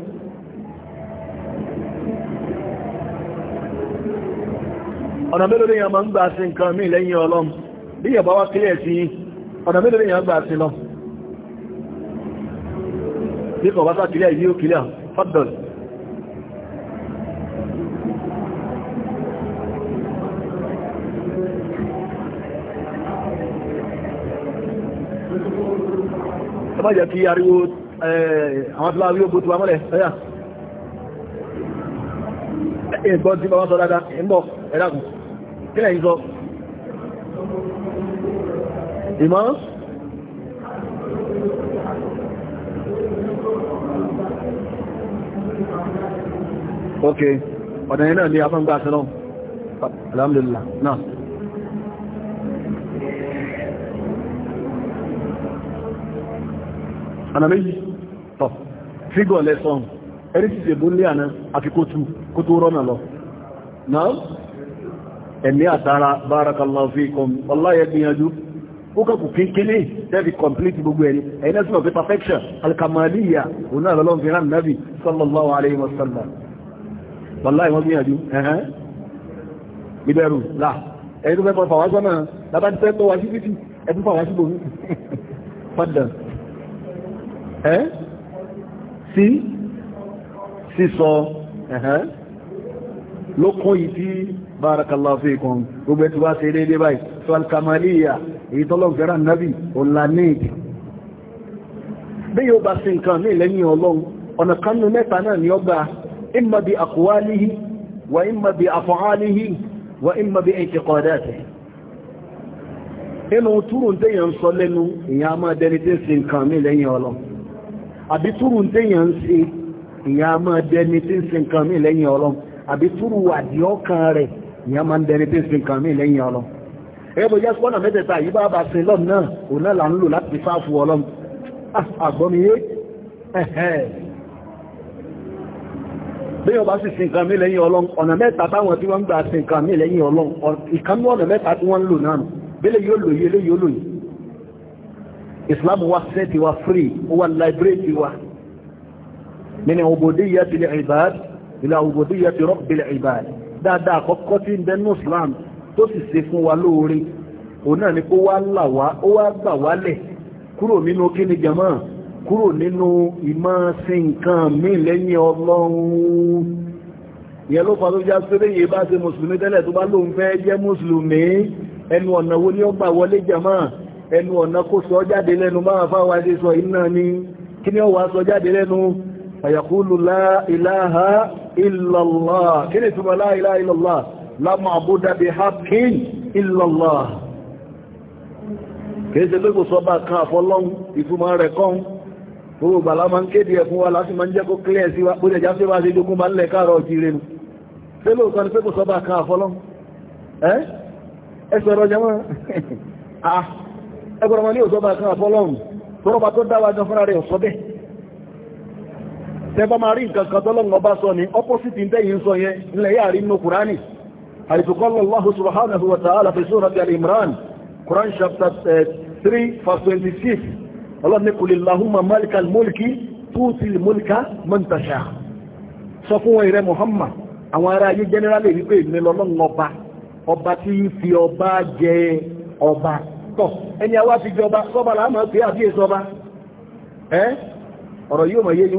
ọ̀nà mélòó lèyàn máa ń gbà sí nǹkan mí lẹ́yìn ọlọ́m bí yẹ̀bá wá kílẹ̀ sí ọ̀nà mélòó lèyàn gbà sí lọ bí kọ̀ bá sàkílẹ̀ yí ó kílẹ̀ fọ́dọ̀l ẹ má jẹ́ kí ariwo àwọn tíwá rí ogun tí bá wá sọ dáadáa ẹ̀mọ́ ẹ̀dàkùn kílẹ̀ yìí sọ ìmọ̀ ok ọ̀dọ̀ yẹn náà ní afọ́ngbà sínú alhamdulillah náà ọ̀nà méjì tọ̀ fígọ̀ lẹ́sọ̀n ẹ̀rí ti ṣe bó ní àná àfikótú kó tó rọ́nà lọ náà ẹ̀mí àtara barakallahu fikum wallahi gbìyànjú ó kàkù kíkíní tẹ́bí complete gbogbo ẹni ẹ̀yìn náà sọ̀rọ̀ pé perfection alkamaliya òun náà lọ́lọ́ fi rán nàbì sallallahu alayhi wa sallam wallahi wọ́n gbìyànjú ẹ̀hẹ́n ìbẹ̀rù là ẹ̀yìn tó fẹ́ fọwọ́ sọ́nà lábá ti fẹ́ tó wá sí <laughs> yìí tí barakallahu fikum gbogbo ẹ̀tí wá sí déédé báyìí tó alkamaliya èyí tọ́lọ́n fẹ́ràn nábì ọ̀lànìkì bí yóò bá sí nǹkan ní lẹ́yìn ọlọ́run ọ̀nà kanú mẹ́ta náà ni ó gbà imma bi aqwalihi wa imma bi af'alihi wa imma bi i'tiqadatihi inú túrù tẹ́yàn sọ lẹ́nu ìyàn a máa dẹni tí ń nǹkan mí lẹ́yìn ọlọ́run àbí túrù tẹ́yàn ṣe ìyàn rẹ̀ ìyẹn máa ń dẹni tí ń sin kan mí lẹ́yìn ọlọ ẹgbẹ́ jẹ́ pọ́nà mẹ́tẹ̀ẹ̀ta yìí bá bá sin lọ́m náà òun náà là ń lò láti fáfù ọlọ́m ah, àgbọ́miyé ẹ̀hẹ́ bí ọba sì sin kan mí lẹ́yìn ọlọ́m ọ̀nà mẹ́ta táwọn tí wọ́n gbà sin kan mí lẹ́yìn ọlọ́m ìkanú ọ̀nà mẹ́ta tí wọ́n ń lò náà bẹ́lẹ̀ yóò ti lè ìbáàdì dáadáa àkọ́kọ́ tí ń bẹnú Islam tó sì ṣe fún wa lóore òun náà ni kó wá là wá ó wá gbà wálẹ̀ kúrò nínú kíni jama kúrò nínú ìmọ̀ sí nǹkan míì lẹ́yìn Ọlọ́run ìyẹn ló fàájú já sí léyìn bá ṣe mùsùlùmí tẹ́lẹ̀ tó bá lóun fẹ́ jẹ́ mùsùlùmí ẹnu ọ̀nà wo ni ó gbà wọlé jama ẹnu ọ̀nà kó sọ jáde lẹ́nu máa fáwọn adé sọ iná ni kí ó wá sọ jáde lẹ́nu fàyàkúlù láìláha ìlàlá kí ni túnmọ̀ láìláha ìlàlá lámà àbúdá bí haqqin ìlàlá kìí ṣe lókò sọba kan àfọlọ́n ìtumọ̀ rẹ̀ kan gbogbo gbàlá máa ń kéde ẹ̀fún wa láti máa ń jẹ́ kó clear sí wa bójẹ̀ tẹba ma rí nǹkan kan tọ́lọ́nà ọba sọ ní ọpọ́sìtì tẹ́yìn sọ yẹn ilẹ̀ yà rí inú kùránì àìsùkọ́lọ́lọ́hù subhanahu wa ta'ala fi surati al-imran quran chapter 3 eh, verse 26 ọlọ́ni kulillahumma malikal mulki tuuti mulka man tasha sọ fún wọn ìrẹ muhammad àwọn ará ayé general èyí pé ìmìnira ọlọ́nà ọba ọba tí ń fi ọba jẹ ọba ọ̀rọ̀ yóò mọ̀ yé ni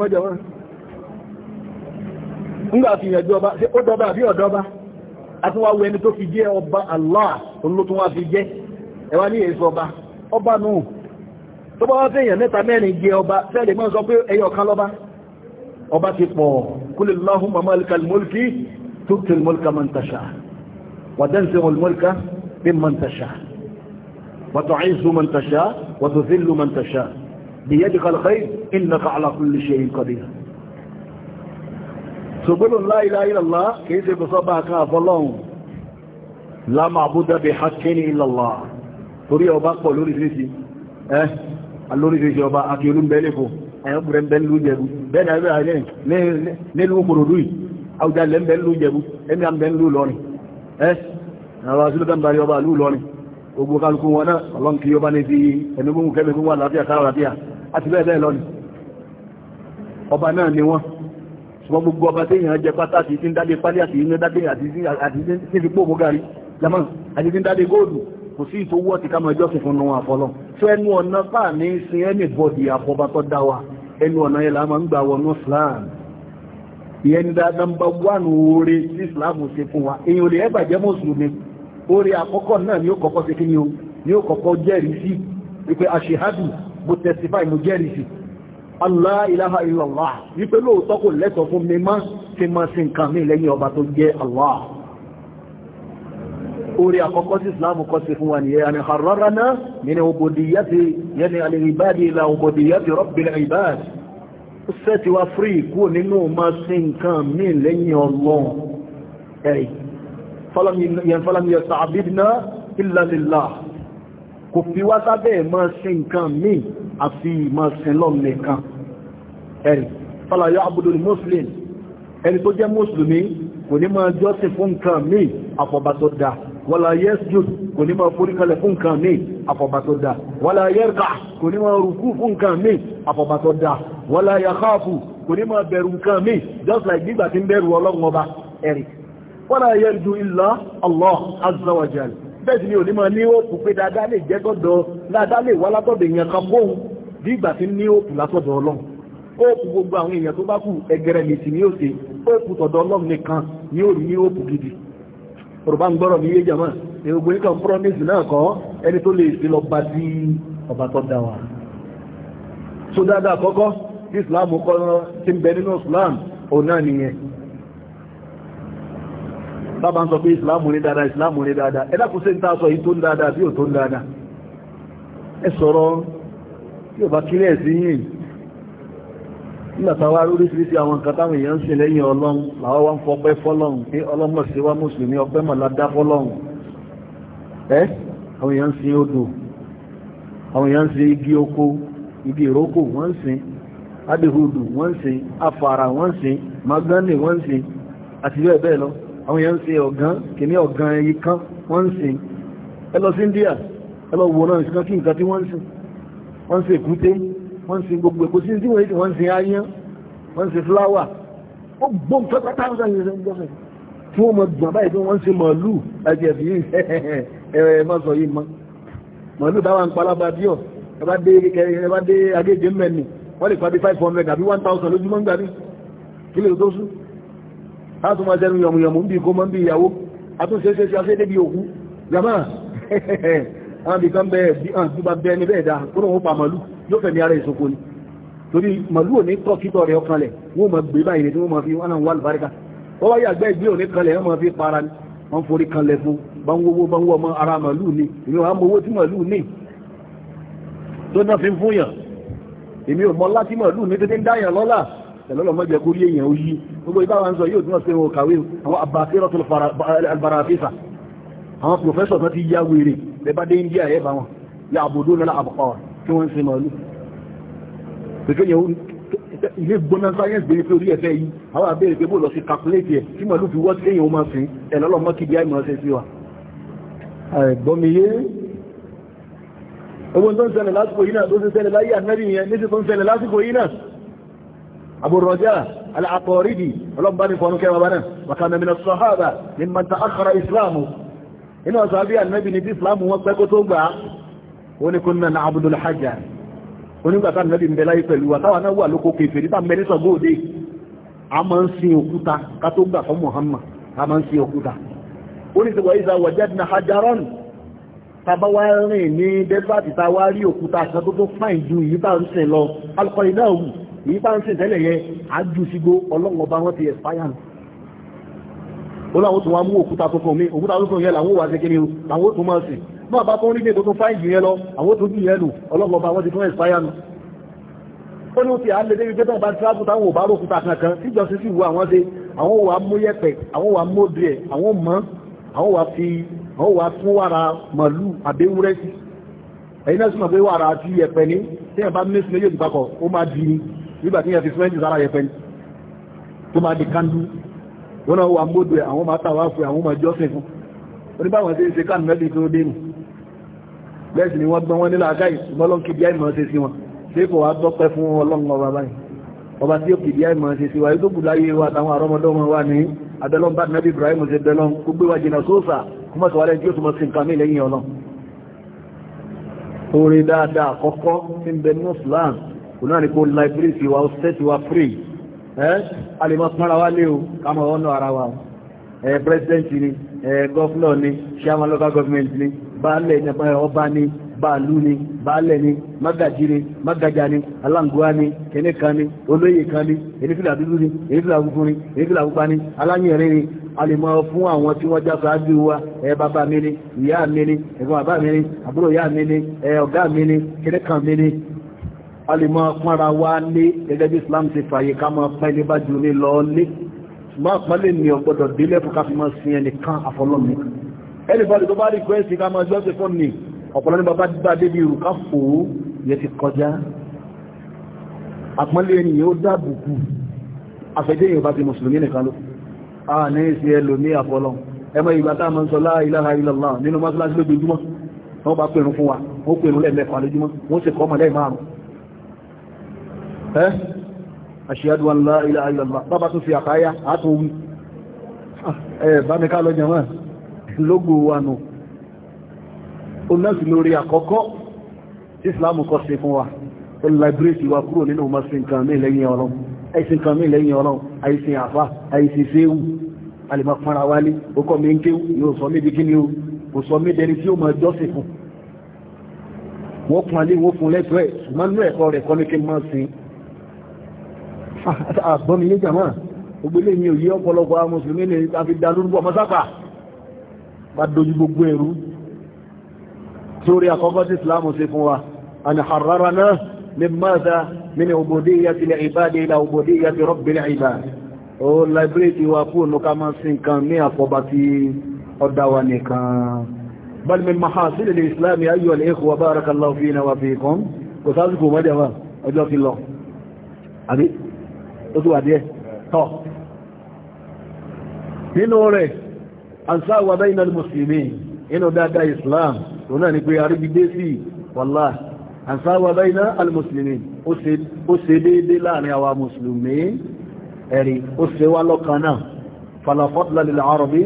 ńgbà fi yẹn jọba ṣe ó dọba àbí ọ̀dọba àtúnwáwọ ẹni tó fi jẹ́ ọba Allah olótún wá fi jẹ́ ẹwà ní èso ọba ọba nù tó bá wá fẹ́ èèyàn mẹ́ta mẹ́rin jẹ ọba fẹ́lẹ̀ mọ́ sọ pé ẹyọ kan lọ́ba ọba ti pọ̀ kúlẹ̀ lọ́hùn mọ́mọ́ alkalmọ́lùkì tó tẹ̀lmọ́lùkà mọ́ntàṣà وتنزع الملك ممن تشاء وتعز من تشاء وتذل من تشاء بيدك الخير إنك على كل شيء قدير ṣògbónà láìláìlàlá kìí ṣe bọ̀ sọ́bà kan àfọ́lọ́hun láàmà àbúdábì hakini ìlàlá torí ọba pọ̀ lóríṣiríṣi ẹ́ alóríṣiríṣi ọba àti olúmbẹ́lẹ́kọ̀ ẹ̀yọ́kùnrin bẹ́ẹ̀lú jẹ̀bú bẹ́ẹ̀ náà rẹ̀ nílùú kòròdú yìí àwùjalẹ̀ ń bẹ́ẹ̀lú jẹ̀bú ẹ̀mí ẹ́ àwọn asílùkàn ọba àti bẹ́ẹ̀ ọba náà ni wọ́n ṣùgbọ́n gbogbo ọba tí èèyàn jẹ pátá sí ti ń dádé pálí àti iná dádé àti sí fi pò bógarí jamani àti ti ń dádé góòdù kò sí ìtò wọ́ọ̀tì ká máa jọ́sìn fún wọn àfọlọ́ tó ẹnu ọ̀nà pà ní sin ẹni bọ́dì àfọba tó dá wa ẹnu ọ̀nà yẹn la máa ń gbà wọnú Islam ìyẹn ni dáadáa ń bá wánu oore tí Islam ṣe fún wa èèyàn lè ẹgbàjẹ́ mùsùlùmí oore àkọ́kọ́ náà ni ó kọ́kọ́ ṣe kí ni ó kọ́kọ́ jẹ́rìí sí wípé aṣèhádù bó testify mo jẹ́rìí sí Allah ilaha illallah wípé lóòótọ́ kò lẹ́tọ̀ fún mi mọ́ tí mọ́ sí nǹkan mí lẹ́yìn ọba tó jẹ́ Allah orí àkọ́kọ́ sí islamu kọ́ sí fún wa nìyẹn àni hararana nínú ubudiyati yẹni alìbádi ilá ubudiyati rabbil ibad ó sẹ́ ti wá frí ikú nínú mọ́ sí nǹkan mí lẹ́yìn ọlọ́run ẹ̀rì falam yasta'bidna illa lillah kò fi wá sábẹ́ mọ́ sí nǹkan mí àfi mọ́ sí lọ́nà nìkan ẹ̀rì fọ́lá yọ abúdó ni muslim ẹni tó jẹ́ mùsùlùmí kò ní máa jọ́sìn fún nǹkan míì àfọ̀bà tó dá wọ́lá yẹ́sùd kò ní máa foríkalẹ̀ fún nǹkan míì àfọ̀bà tó dá wọ́lá yẹ́rkà kò ní máa rùkú fún nǹkan míì àfọ̀bà tó dá wọ́lá yàkáàfù kò ní máa bẹ̀rù nǹkan míì just like nígbà tí ń bẹ̀rù ọlọ́run ọba ẹ̀rì wọ́lá yẹ́rù ilá allah azza wa jal bẹ́ẹ̀ sì ni ò ní máa ní òkú pé dáadáa lè jẹ́ gọ́dọ̀ dáadáa óòpù gbogbo àwọn èèyàn tó bá kù ẹgẹrẹ lèsì ní òsè óòpù tọ̀dọ̀ ọlọ́run nìkan ni ó rí ní óòpù gidi ọ̀rọ̀bá ń gbọ́rọ̀ ní iye jama ní gbogbo nǹkan promise náà kọ́ ẹni tó lè sí lọ bá sí ọba tó dá wa so dáadáa kọ́kọ́ tí islam kọ́ ti ń bẹ nínú islam òun náà nìyẹn bàbá ń sọ pé islam ní dáadáa islam ní dáadáa ẹ dákun sí ń tàṣọ yìí tó ń dáadáa bí ò tó ń dáadáa ẹ sọ̀rọ̀ tí bá kílẹ̀ sí yìí nígbàtà wá rúrí sí ti àwọn nǹkan táwọn èèyàn ń ṣe lẹ́yìn ọlọ́run làwọn wá ń fọpẹ́ fọ́lọ́run pé ọlọ́mọ̀ sí wá mùsùlùmí ọpẹ́ mọ̀ ládá fọ́lọ́run ẹ́ àwọn èèyàn ń sin odò àwọn èèyàn ń sin igi oko igi ìrókò wọ́n ń sin adìhudù wọ́n ń sin afara wọ́n ń sin magani wọ́n India ẹ lọ wòran ìsinkan kí nǹkan tí wọ́n ń sin wọ́n ń sin èkúté wọ́n ń sin gbogbo èkó sí tí wọ́n ti wọ́n ń sin ayán wọ́n ń sin fúláwà ó gbó ń tọ́ta táwọn sáà yẹn sẹ́yìn gbọ́sẹ̀ tí wọ́n mọ gbọ̀n báyìí tí wọ́n ń sin màálù ẹ̀jẹ̀ bí <laughs> ẹ̀rẹ̀ mọ́ sọ yìí mọ́ màálù táwọn ń bí ọ̀ ẹ bá dé ẹ wọ́n lè <laughs> yóò fẹ̀mí ara ìsoko ni torí màlúù òní tọ́ kítọ́ rẹ̀ ọkànlẹ̀ wọ́n ma gbé báyìí tí wọ́n ma fi wọ́n wà lùbáríkà wọ́n wáyé àgbẹ́ ìgbé òní kanlẹ̀ wọ́n ma fi para ni wọ́n forí kanlẹ̀ fún bá ń wọ́wọ́ bá ń wọ́ ọmọ ara ni èmi wọ́n á mọ owó tí màlúù ní tó náà fi ń fún yàn èmi ò mọ láti màlúù ní tètè ń dáyàn lọ́lá ẹ̀lọ́lọ́ mọ́jẹ kó rí èèyàn ó yí gbogbo ibá wa ń sọ yóò wọn yá ya àbòdó lọ́la àbùkọ́ kí wọ́n ń ṣe màálù pẹ̀fẹ́ yẹ̀wó ilé gbóná sáyẹ́nsì bèèrè pé orí ẹ̀fẹ́ yìí àwọn àbẹ̀rẹ̀ pé bó lọ sí calculate ẹ̀ tí màálù fi wọ́n tí èèyàn máa sìn ẹ̀ lọ́lọ́ mọ́ kí bí àìmọ̀ ṣe sí wa àìgbọ́miyé ogun tó ń ṣẹlẹ̀ lásìkò yìí náà tó ń ṣẹlẹ̀ láyé ànẹ́bì yẹn ní tó ń ṣẹlẹ̀ lásìkò yìí náà Abu Raja al mina sahaba mimman ta'akhara islamu inú ọ̀sán bí ànẹ́bì ní bí islamu wọn pẹ́kó tó gbà oníkúnnà náà abúdúlù hajjá onígbàtà nàbí ń bẹ̀láyé pẹ̀lú àtàwà náà wà lókò kèfè nípa mẹ́rìsọ̀ góòdé a ma ń sin òkúta ká tó gbà fún Muhammad a ma ń sin òkúta oníṣẹ́wà ìzà wajadna hajaran tàbá wá rìn ní desert ta wá rí òkúta kan tó tó fáìn ju èyí bá ń sìn lọ alukọ iná òwú èyí bá ń sìn tẹ́lẹ̀ yẹn á ju sígbó ọlọ́wọ́ bá wọ́n ti expire máa bá tó rí gbé tó tún fáìlì yẹn lọ àwọn tó jù yẹn lò ọlọ́gbọ̀ba wọ́n ti tún ẹ̀sáyà nù ó ní ó ti àálẹ́ débi pé tó bá tíráàbù táwọn ò bá rókú ta kankan tíjọ sí sí wo àwọn ṣe àwọn wà mú yẹ̀pẹ̀ àwọn wà mú obì ẹ̀ àwọn mọ́ àwọn wà fi àwọn wà tún wàrà màlúù àbẹ́wúrẹ́ sí ẹ̀yìn náà sì mọ̀ pé wàrà àti yẹ̀pẹ̀ ní tí yẹn bá mẹ́sì méjèèjì papọ̀ ó máa di ni nígbà tí yẹn fi sẹ́ńtì sára yẹ̀pẹ̀ ni tó máa di kándú wọn náà wà mú obì àwọn máa tàwá fún àwọn máa jọ́sìn fún oníbàwọn ṣe é ṣe káàmù mẹ́lì tó dé nù bẹ́ẹ̀sì ni wọ́n gbọ́n wọn nílò àgáyì ṣùgbọ́n kìdí àìmọ̀ ṣe sí wọn ṣé kò wá gbọ́pẹ́ fún ọlọ́run ọba báyìí ọba tí ó kìdí àìmọ̀ ṣe sí wa yóò gbùdá yé wa àtàwọn àrọ́mọdọ́mọ wa ní abẹ́lọ́n bá nàbí Ibrahim ṣe bẹ́lọ́n kó gbé wa jìnà sóòsà kó mọ̀ sọ́wọ́lẹ́ tí ó túnmọ̀ sí nǹkan mí lẹ́yìn ọlọ́run orí dáadáa àkọ́kọ́ tí ń bẹ ní Islam kò náà ni kò la ìpírí sí o ká mọ̀ ọ́nà ara wa ẹ̀ pírẹsidẹ́ntì ni ẹ̀ gọ́fúnọ̀ ni ṣíàmà local government ni baálẹ̀ ní ọba ni báàlú ni baálẹ̀ ni mágàjí ni mágàjá ni aláǹgbá ni kẹ́ní kan ni olóyè kan ni enífìlà dúdú ni enífìlà funfun ni enífìlà pupa ni aláyẹ̀rẹ́ ni a lè fún àwọn tí wọ́n já sáájú wa ẹ mi ni ìyá mi ni ẹ̀gbọ́n bàbá mi ni àbúrò ìyá mi ni ẹ ọ̀gá mi ni kẹ́ní kan mi ni a lè máa pọ́nra wá lé bí Islam ti fààyè ká máa pẹ́ ní bájú ní lọ lé máa pọ́nlé ni ọgbọ́dọ̀ délẹ̀ fún ká máa sin ẹnìkan àfọlọ́mìkan anybody tó bá rí pé sí ká máa jọ́sẹ̀ fún ní ọ̀pọ̀lọ́ ní bàbá dídá débi ìrù ká fò ó yẹ ti kọjá àpọ́nlé ènìyàn ó dábùkù àfẹ́dé èèyàn bá ti mùsùlùmí nìkan ló a ní ìsì ẹlòmí àfọlọ́ a máa ń sọ la ilaha illallah nínú mọ́sálásí lójoojúmọ́ wọ́n ah, bá mi ká lọ jẹ̀mọ́ lógo wa nù onáàsì lórí àkọ́kọ́ tí kọ́ sí fún wa ó láìbírèsì wa kúrò nínú ọmọ sí nǹkan mí lẹ́yìn ọlọ́run ẹ̀sìn kan mí lẹ́yìn ọlọ́run àìsìn àfá àìsìn séwù alìmọ̀ fara wálé ó kọ́ mi ń kéwù yóò sọ mí di kí ni o kò sọ mí dẹni tí ó mọ jọ́sìn fún wọ́n fún alé wọ́n fún lẹ́tọ́ ẹ̀ ṣùgbọ́n ní ẹ̀kọ́ rẹ̀ kọ́ ní kí máa sin ah, àgbọ́n mi ní jàmáà ògbélé mi ò yí ọ̀pọ̀lọpọ̀ àwọn mùsùlùmí ní àfi dalúrúbọ̀ mọ́sápàá bá dojú gbogbo ẹ̀rú sórí àkọ́kọ́ sí islam ṣe fún wa an harrarana min maza min ubudiyyati al-ibadi ila ubudiyyati rabbil ibad o laibireti wa kú ònú ká máa sí nǹkan ní àfọba tí ọdá wa nìkan bal min mahasil al-islam ayyuha al-ikhwa barakallahu fina wa fikum kò sásìkò mọ́jẹ̀wà nínú rẹ̀ ansáwà bẹ́yìnà mùsùlùmí inú dáadáa islam tó náà ni pé arígbidé sí wàlá ansáwà bẹ́yìnà alìmùsùlùmí ó ṣe déédé láàrin àwa mùsùlùmí ẹ̀rí ó ṣe wá lọ́kan náà falafọ́tla lil arabi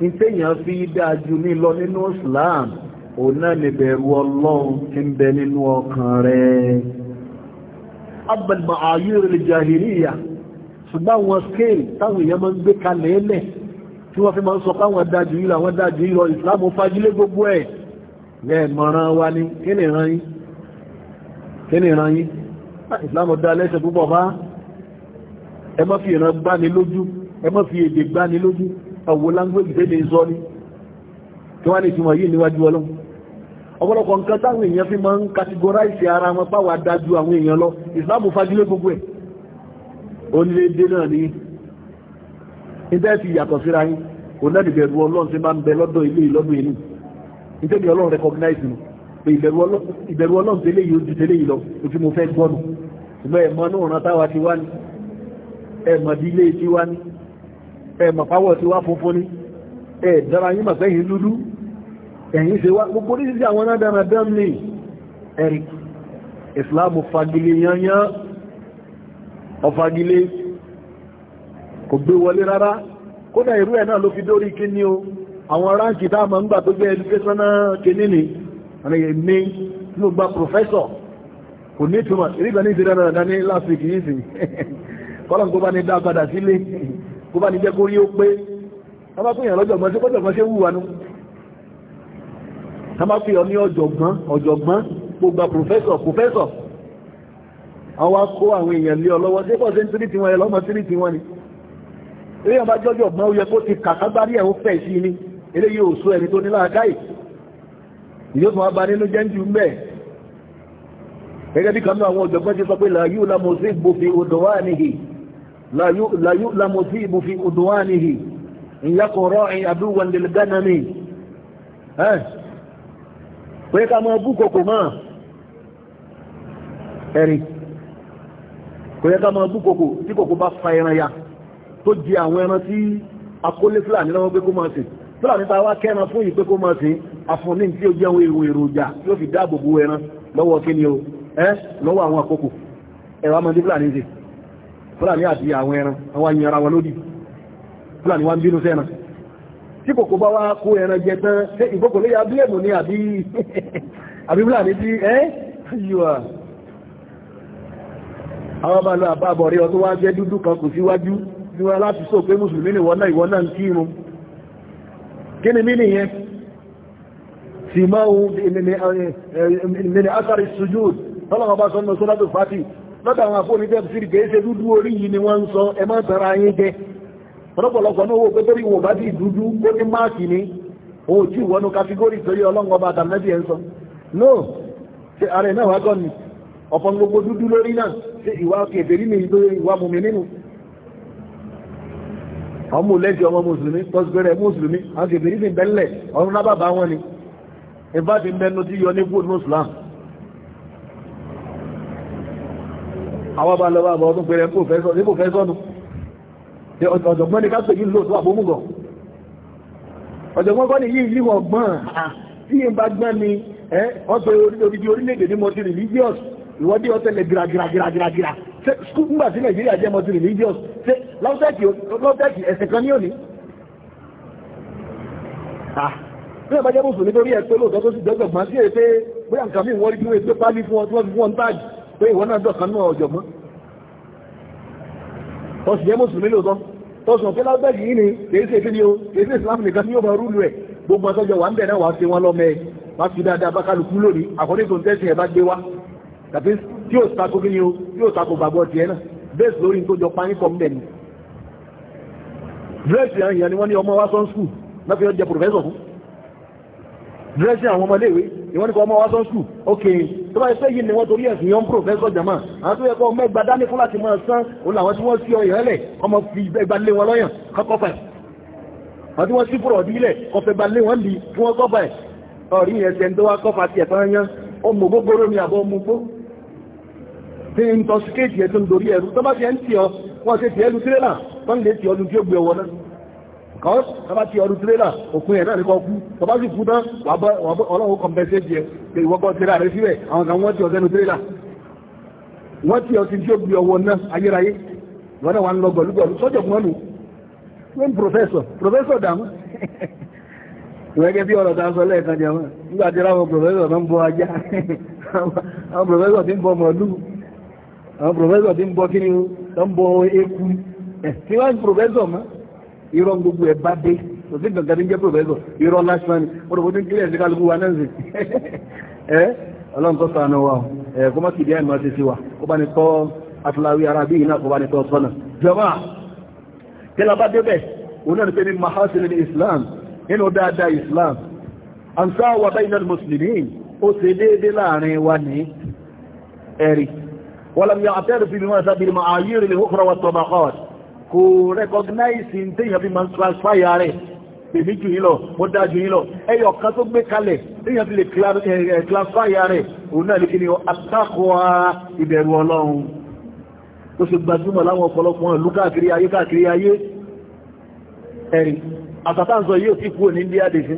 ìtẹ̀yàn fi dájú ní lọ nínú Islam òun náà ni bẹ̀rù ọlọ́run tí ń bẹ nínú ọkàn rẹ̀ abẹ̀lmọ̀ ayúrò lè jahiliya ṣùgbọ́n wọn scale táwọn èèyàn máa ń gbé kalẹ̀ ẹlẹ̀ tí wọ́n fi máa ń sọ káwọn dájú ìlọ àwọn dájú ìlọ Islam fagilé gbogbo ẹ̀ lẹ́ẹ̀mọ̀ràn wa ni kí ni ìran yín kí àwọ̀ language tẹ́lẹ̀ sọ ní kí wọ́n ní ìtumọ̀ yìí níwájú ọlọ́run ọ̀pọ̀lọpọ̀ nǹkan táwọn èèyàn fi máa ń categorize ara wọn páwà dájú àwọn èèyàn lọ ìsìláàmù fagilé gbogbo ẹ̀ onílédé náà ní ìdẹ́ẹ̀tì yàtọ̀ síra yín onẹ́dìbẹ̀rù ọlọ́run ti máa ń bẹ lọ́dọ̀ ilé ìlọ́dún ìlú nítorí ọlọ́run recognize mi pé ìbẹ̀rù ọlọ́run tẹ́lẹ̀ yìí ojú tẹ́lẹ̀ yìí lọ ojú mo fẹ́ gbọ́nù ṣùgbọ́n ẹ̀mọ́ náà rán táwa wá ní ẹ̀mọ̀dílé ti wá ní ẹ̀mọ̀páwọ̀ ti wá funfun ní ẹ̀dára yí màfẹ́ yìí dúdú ẹ̀yìn ṣe wá gbogbo ní sí àwọn adáradán ní ẹ̀rì ìsìláàmù fagilé yányá ọfagilé kò gbé wọlé rárá kódà irú ẹ̀ náà ló fi dórí kí ní o àwọn ráǹkì tá ma ń gbà tó jẹ́ educational kìíní ni àríyẹ̀ ní tí ó gba professor kò ní túnmà ìrígbà ní ìsìnrẹ́ náà dání last week yìí sí <laughs> kọ́lọ̀ <laughs> kó bá ní jẹ́ kó rí ó pé wọ́n bá pèèyàn lọ́jọ̀gbọ́n tí kọ́jọ̀gbọ́n ṣe wùwà nú wọ́n bá pèèyàn ní ọ̀jọ̀gbọ́n ọ̀jọ̀gbọ́n gbogbo professor professor àwọn akó àwọn èèyàn lé ọlọ́wọ́ tí pọ̀ sí ń tírìtì wọn ẹlọ́mọ tírìtì wọn ni èèyàn bá jọ́jọ́ ọ̀gbọ́n ó yẹ kó ti kàkágbárí ẹ̀hún ni eléyìí ò sọ ẹni tó ní láàkáì ìyóò tún wá ba nínú jẹ́ǹjù mẹ́ gẹ́gẹ́ bí kan náà àwọn ọ̀jọ̀gbọ́n ti sọ لا يؤلم ثيب في أدوانه إن يكن راعي عدوا للغنم ها ويكا ما بوكوكما ẹ̀rí kò yẹ ká máa bú kòkò tí kòkò bá fa ẹran ya tó jẹ àwọn ẹran tí akólé fúlàní lọ́wọ́ pé kó máa sìn fúlàní ta wá kẹ́ran fún yìí pé kó máa sìn afúnní tí ó jẹ́ àwọn èrò èròjà tí ó fi dáàbò bo ẹran lọ́wọ́ kí ni o ẹ́ lọ́wọ́ àwọn àkókò ẹ̀rọ amọ̀dé fúlàní sìn fúlàní àti àwọn ẹran àwọn àyànra wọn lódì fúlàní wá ń bínú sẹ́ran tí kòkó bá wá kó ẹran jẹ tán ṣe ìgbókò lóyà abúlẹ̀mù ní <laughs> àbí fúlàní tí ẹ́ yíwa àwọn bá lọ àbábọ̀ rí ọdún wá jẹ́ dúdú kan kò síwájú ní wọn láti sọ pé mùsùlùmí ni wọ́n náà ìwọ́n náà ń kírun kí ni mí nìyẹn sì máa ń mẹ́ni asàrí sujúd tọ́lọ́wọ́ bá sọ́nà sọ́lá lọ́dọ̀ àwọn afọ́ oníjẹ́ sí ìgbé ṣe dúdú orí yìí ni wọ́n ń sọ ẹ má tara yín jẹ ọ̀pọ̀lọpọ̀ náà owó pé torí wọn bá ti dúdú ó ní máàkì ni o ò tí ìwọ́nú kátígórì torí ọlọ́ngọ́ bá tàbí ẹ̀ ń sọ no ṣe ààrẹ náà wá gọ́ni ọ̀pọ̀ gbogbo dúdú lórí náà ṣe ìwà kèfèrí ní ìgbé ìwà mùmí nínú ọmọ lẹ́jọ ọmọ mùsùlùmí tọ́sùgbẹ́rẹ̀ mùsùlùmí àwọn kèfèrí sì bẹ́lẹ̀ ọ̀run lábàbà wọn ni ìbá ti mẹ́nu àwọn bá lọ́wọ́ àbọ̀ ọdún pẹ̀rẹ̀ ní pòfẹ́sọ́nù ọ̀jọ̀gbọ́n ni ká pè yí lóòtú àbómúgọ̀ ọ̀jọ̀gbọ́n kọ́ ni yí ìlíwọ̀ gbọ́n ah, tí yí ń bá gbọ́n ni ọ̀pẹ̀ orílẹ̀-èdè orílẹ̀-èdè ní multi religious ìwọ́dí ọ̀tẹ̀lẹ̀ gíragíragíragíra nígbà tí Nàìjíríà jẹ́ multi religious lọ́tẹ̀kì ẹ̀sẹ̀ kan ní òní ah, bí ẹ̀bá jẹ́ mùsùlùmí torí ẹ̀ pé lóòtọ́ tó sì dọ́gbọ̀gbọ́n sí èé pé bóyá nǹkan mí wọ́n rí bí wọ́n èé pé pálí fún ọ tí wọ́n fi wọ́n ń báàgì pé ìwọ náà dọ̀kan náà ọ̀jọ̀gbọ́n tó sì jẹ́ mùsùlùmí lóòótọ́ tó sùn pé lágbẹ́gì yìí ni kìí ṣe kíni o kìí ṣe ìsìlámù nìkan ní yóò bá rúlu ẹ̀ gbogbo àtọ́jọ wà ń bẹ̀ náà wà ṣe wọn lọ́mọ ẹ̀ wá fi dáadáa bá kálukú lónìí àkọ́dé tó ń tẹ́sí ẹ̀ bá gbé wá tàbí tí yóò tako kíni o yóò tako gbàgbọ́ tiẹ̀ náà bẹ́ẹ̀sì lórí tó jọ pa nípa mẹ́ni dírẹ́sì àyàn ni wọ́n ní ọmọ wá sọ́n skul láti ọjọ́ pòfẹ́sọ̀ fún dírẹ́sì àwọn ọmọléèwé ìwọ́n ní kọ́ ọmọ wáṣọ́ skù ok tó bá ẹgbẹ́ yìí ni wọ́n torí ẹ̀sùn yọ́n pòfẹ́sọ̀ jama àwọn tó yẹ kọ́ ọmọ ẹgbà dání fún láti máa sán òun làwọn tí wọ́n sí ọyàn ẹlẹ̀ ọmọ fi ẹgbà lé wọn lọ́yàn kọ́kọ́fẹ́ àwọn tí wọ́n sí fúrọ̀ ọdí ilẹ̀ kọfẹ́ gbà lé wọn lì fún wọn kọ́fẹ́ ọ̀rí ẹsẹ̀ ń tó wá kọ́fà ti ẹ̀tàn yan ọmọ gbogbo ni àbọ̀ ọmọ gbó tí ń tọ́ síkéètì ẹ̀ tó ń dorí ẹ̀rú tó bá ti ẹ̀ ń tì ọ wọ́n ti ti ẹ̀lú tírélà tó ń lè tì ọdún tí ó gbé ọwọ́ náà kọ́s tọba ti ọdún tírélà òkun ẹ̀ náà ní kọ́ kú tọba sì kú náà ọlọ́wọ́ kọ̀m̀pẹ́sẹ̀ jẹ ìwọ́gbọ́ tírélà rẹ síbẹ̀ àwọn kan wọ́n ti ọ̀sẹ́nu tírélà wọ́n ti ọtí tí ó gbé ọwọ́ náà ayérayé wọ́n náà wà ń lọ gọ̀lúgọ̀lú sọ́jọ̀ mọ́nu wọ́n professor professor dàmú <laughs> ìwẹ́gẹ́ bí ọ̀rọ̀ ta sọ lẹ́ẹ̀kan jẹ́ wọn nígbà tí láwọn professor tó ń bọ ajá <laughs> àwọn professor tí ń bọ mọ̀lú àwọn professor tí ń bọ kíni tó ń bọ eku tí wọ́n professor mọ́ irọ́ gbogbo ẹ̀ bá dé kò sí gbọ̀ngàn ní jẹ́ pòfẹ́sọ̀ irọ́ lásán ni wọ́n rò wọ́n ní kílẹ̀ sí kálukú wa náà sí <laughs> ẹ́ ọlọ́run tó sànù wa ẹ̀ kó má sì dé àìmọ́ títí wa kó bá ní tọ́ afúláwí ara bí iná kó bá ní tọ́ sọ́nà jọba tẹ́lá bá débẹ̀ òun náà ní wọ́n lọ́mọ yà kò recognize ní tẹ́yàn fi máa ń transfer ya rẹ̀ pèmí jù yín lọ mo dá jù yín lọ ẹyọ kan tó gbé kalẹ̀ tẹ́yàn fi lè transfer ya rẹ̀ òun náà lè kí ni àtàkùn ìbẹ̀rù ọlọ́run ó ṣe gbajúmọ̀ láwọn ọ̀pọ̀lọpọ̀ ìlú káàkiri ayé káàkiri ayé ẹ̀rì àtàtàǹsọ yóò fi kúrò ní india dèṣe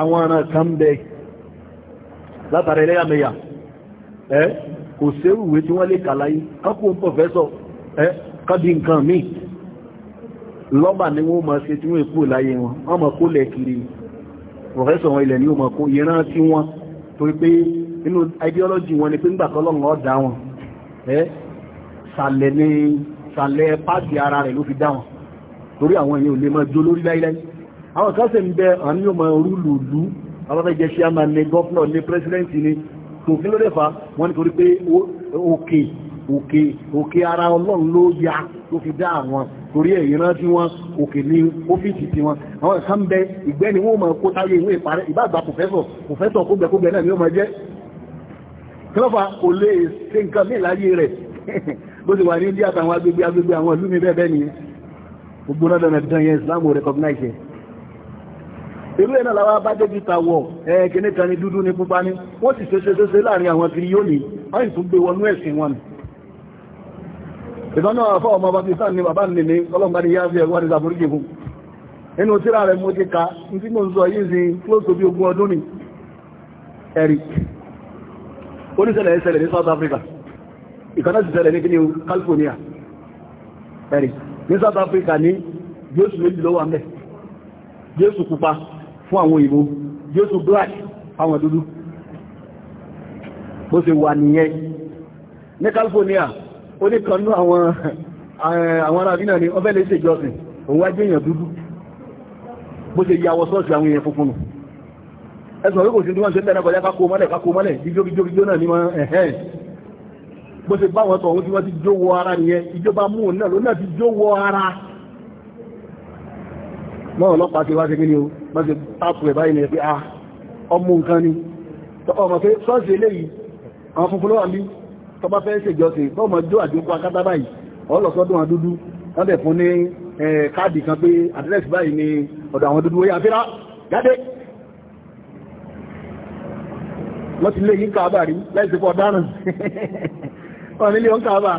àwọn ará kan bẹ látàrí ẹlẹ́yàmẹ̀yà ẹ́ kò séwùwé tí wọ́n lè kàláyé kápò ń pọ̀ fẹ́ ẹ́ kọ́dí nǹkan míì lọ́bà ni wọ́n máa ṣe tí wọ́n èkó láyé wọn wọ́n máa kó lẹ̀ kiri professor wọn ilẹ̀ ni wọ́n máa kó ìran tí wọ́n torí pé inú ideology wọn ni pé nígbà kọ́lọ́run ọ̀dá wọn ẹ́ sàlẹ̀ ni sàlẹ̀ pàtì ara rẹ̀ ló fi dá wọn torí àwọn èèyàn ò ma máa jó lórí láíláí àwọn kan sì ń bẹ àwọn yóò máa rú lùlú àwọn fẹ́ òkè òkè ara ọlọ́run ló ya ló fi dá àwọn torí ẹ̀yìn rán tí wọ́n òkè ní ọ́fíìsì tí wọ́n àwọn ẹ̀kan bẹ ìgbẹ́ni wọ́n mọ̀ kó táyé ìwé ìparẹ́ ìbáàgbà pòfẹ́sọ̀ pòfẹ́sọ̀ kógbẹ̀kógbẹ̀ náà ni ó mọ̀ jẹ́ kílọ́fà kò lè ṣe nǹkan mí láyé rẹ̀ <laughs> bó ti wà ní India àtàwọn agbègbè agbègbè àwọn ìlú mi bẹ́ẹ̀ bẹ́ẹ̀ ni gbogbo náà dáná dán yẹn Islam ò recognize ìlú ẹ̀ náà láwá bá débi tàwọ̀ ẹ̀ẹ́kẹ́ni kan ní dúdú ní pupa ní wọ́n sì ṣe ṣe ṣe láàrin àwọn kiri yóò ní wọ́n sì tún gbé wọnú ẹ̀sìn wọn ìtọ́nà àfọ́ ọmọ Pakistan ni bàbá nìní ọlọ́mbà ni yáfẹ́ ẹgbẹ́ àti ìsàforíjì fún inú tíra rẹ̀ mo ti ka tí mo ń sọ yìí sí close to bí ogún ọdún ni eric oníṣẹ́lẹ̀ ẹsẹ̀lẹ̀ ní South Africa ìkaná ti ṣẹlẹ̀ ní kí California eric ní South Africa ní Jésù méjì ló wà ń bẹ̀ Jésù pupa fún àwọn òyìnbó Jésù black fáwọn dúdú bó ṣe wà nìyẹn ní California oníkanú àwọn eh, ará àdínà ni ọbẹ̀ lè ṣe ìjọsìn òun wá jẹ́yàn dúdú bó ṣe yàwọ sọ́ọ̀sì àwọn èèyàn funfun ẹ̀sùn orí kò sí níwọ̀n ṣe ń tẹ́lẹ̀ kọjá kákó mọ́lẹ̀ kákó mọ́lẹ̀ jíjógíjógíjó náà ní ẹ̀hẹ́n bó ṣe bá wọn tọ̀hún tí wọ́n ti jó wọ ara nìyẹn ìjọba mú òun náà ló náà ti jó wọ ara náà ọlọ́pàá ti wá ṣe kí ah, ọmọ nǹkan ni ọmọ pé sọ́ọ̀sì eléyìí àwọn funfun ló wà tó bá fẹ́ ṣèjọsìn tó mọ̀ jó àdínkù akátá báyìí ọlọ́sọ́dún àdúdú wọ́n dẹ̀ fún ní káàdì kan pé àdírẹ́sì báyìí ni ọ̀dọ̀ àwọn dúdú wáyà fíra jáde wọ́n ti lé yí káàbà rí láìsí pọ̀ dáràn <laughs> wọ́n nílé ọ́n káàbà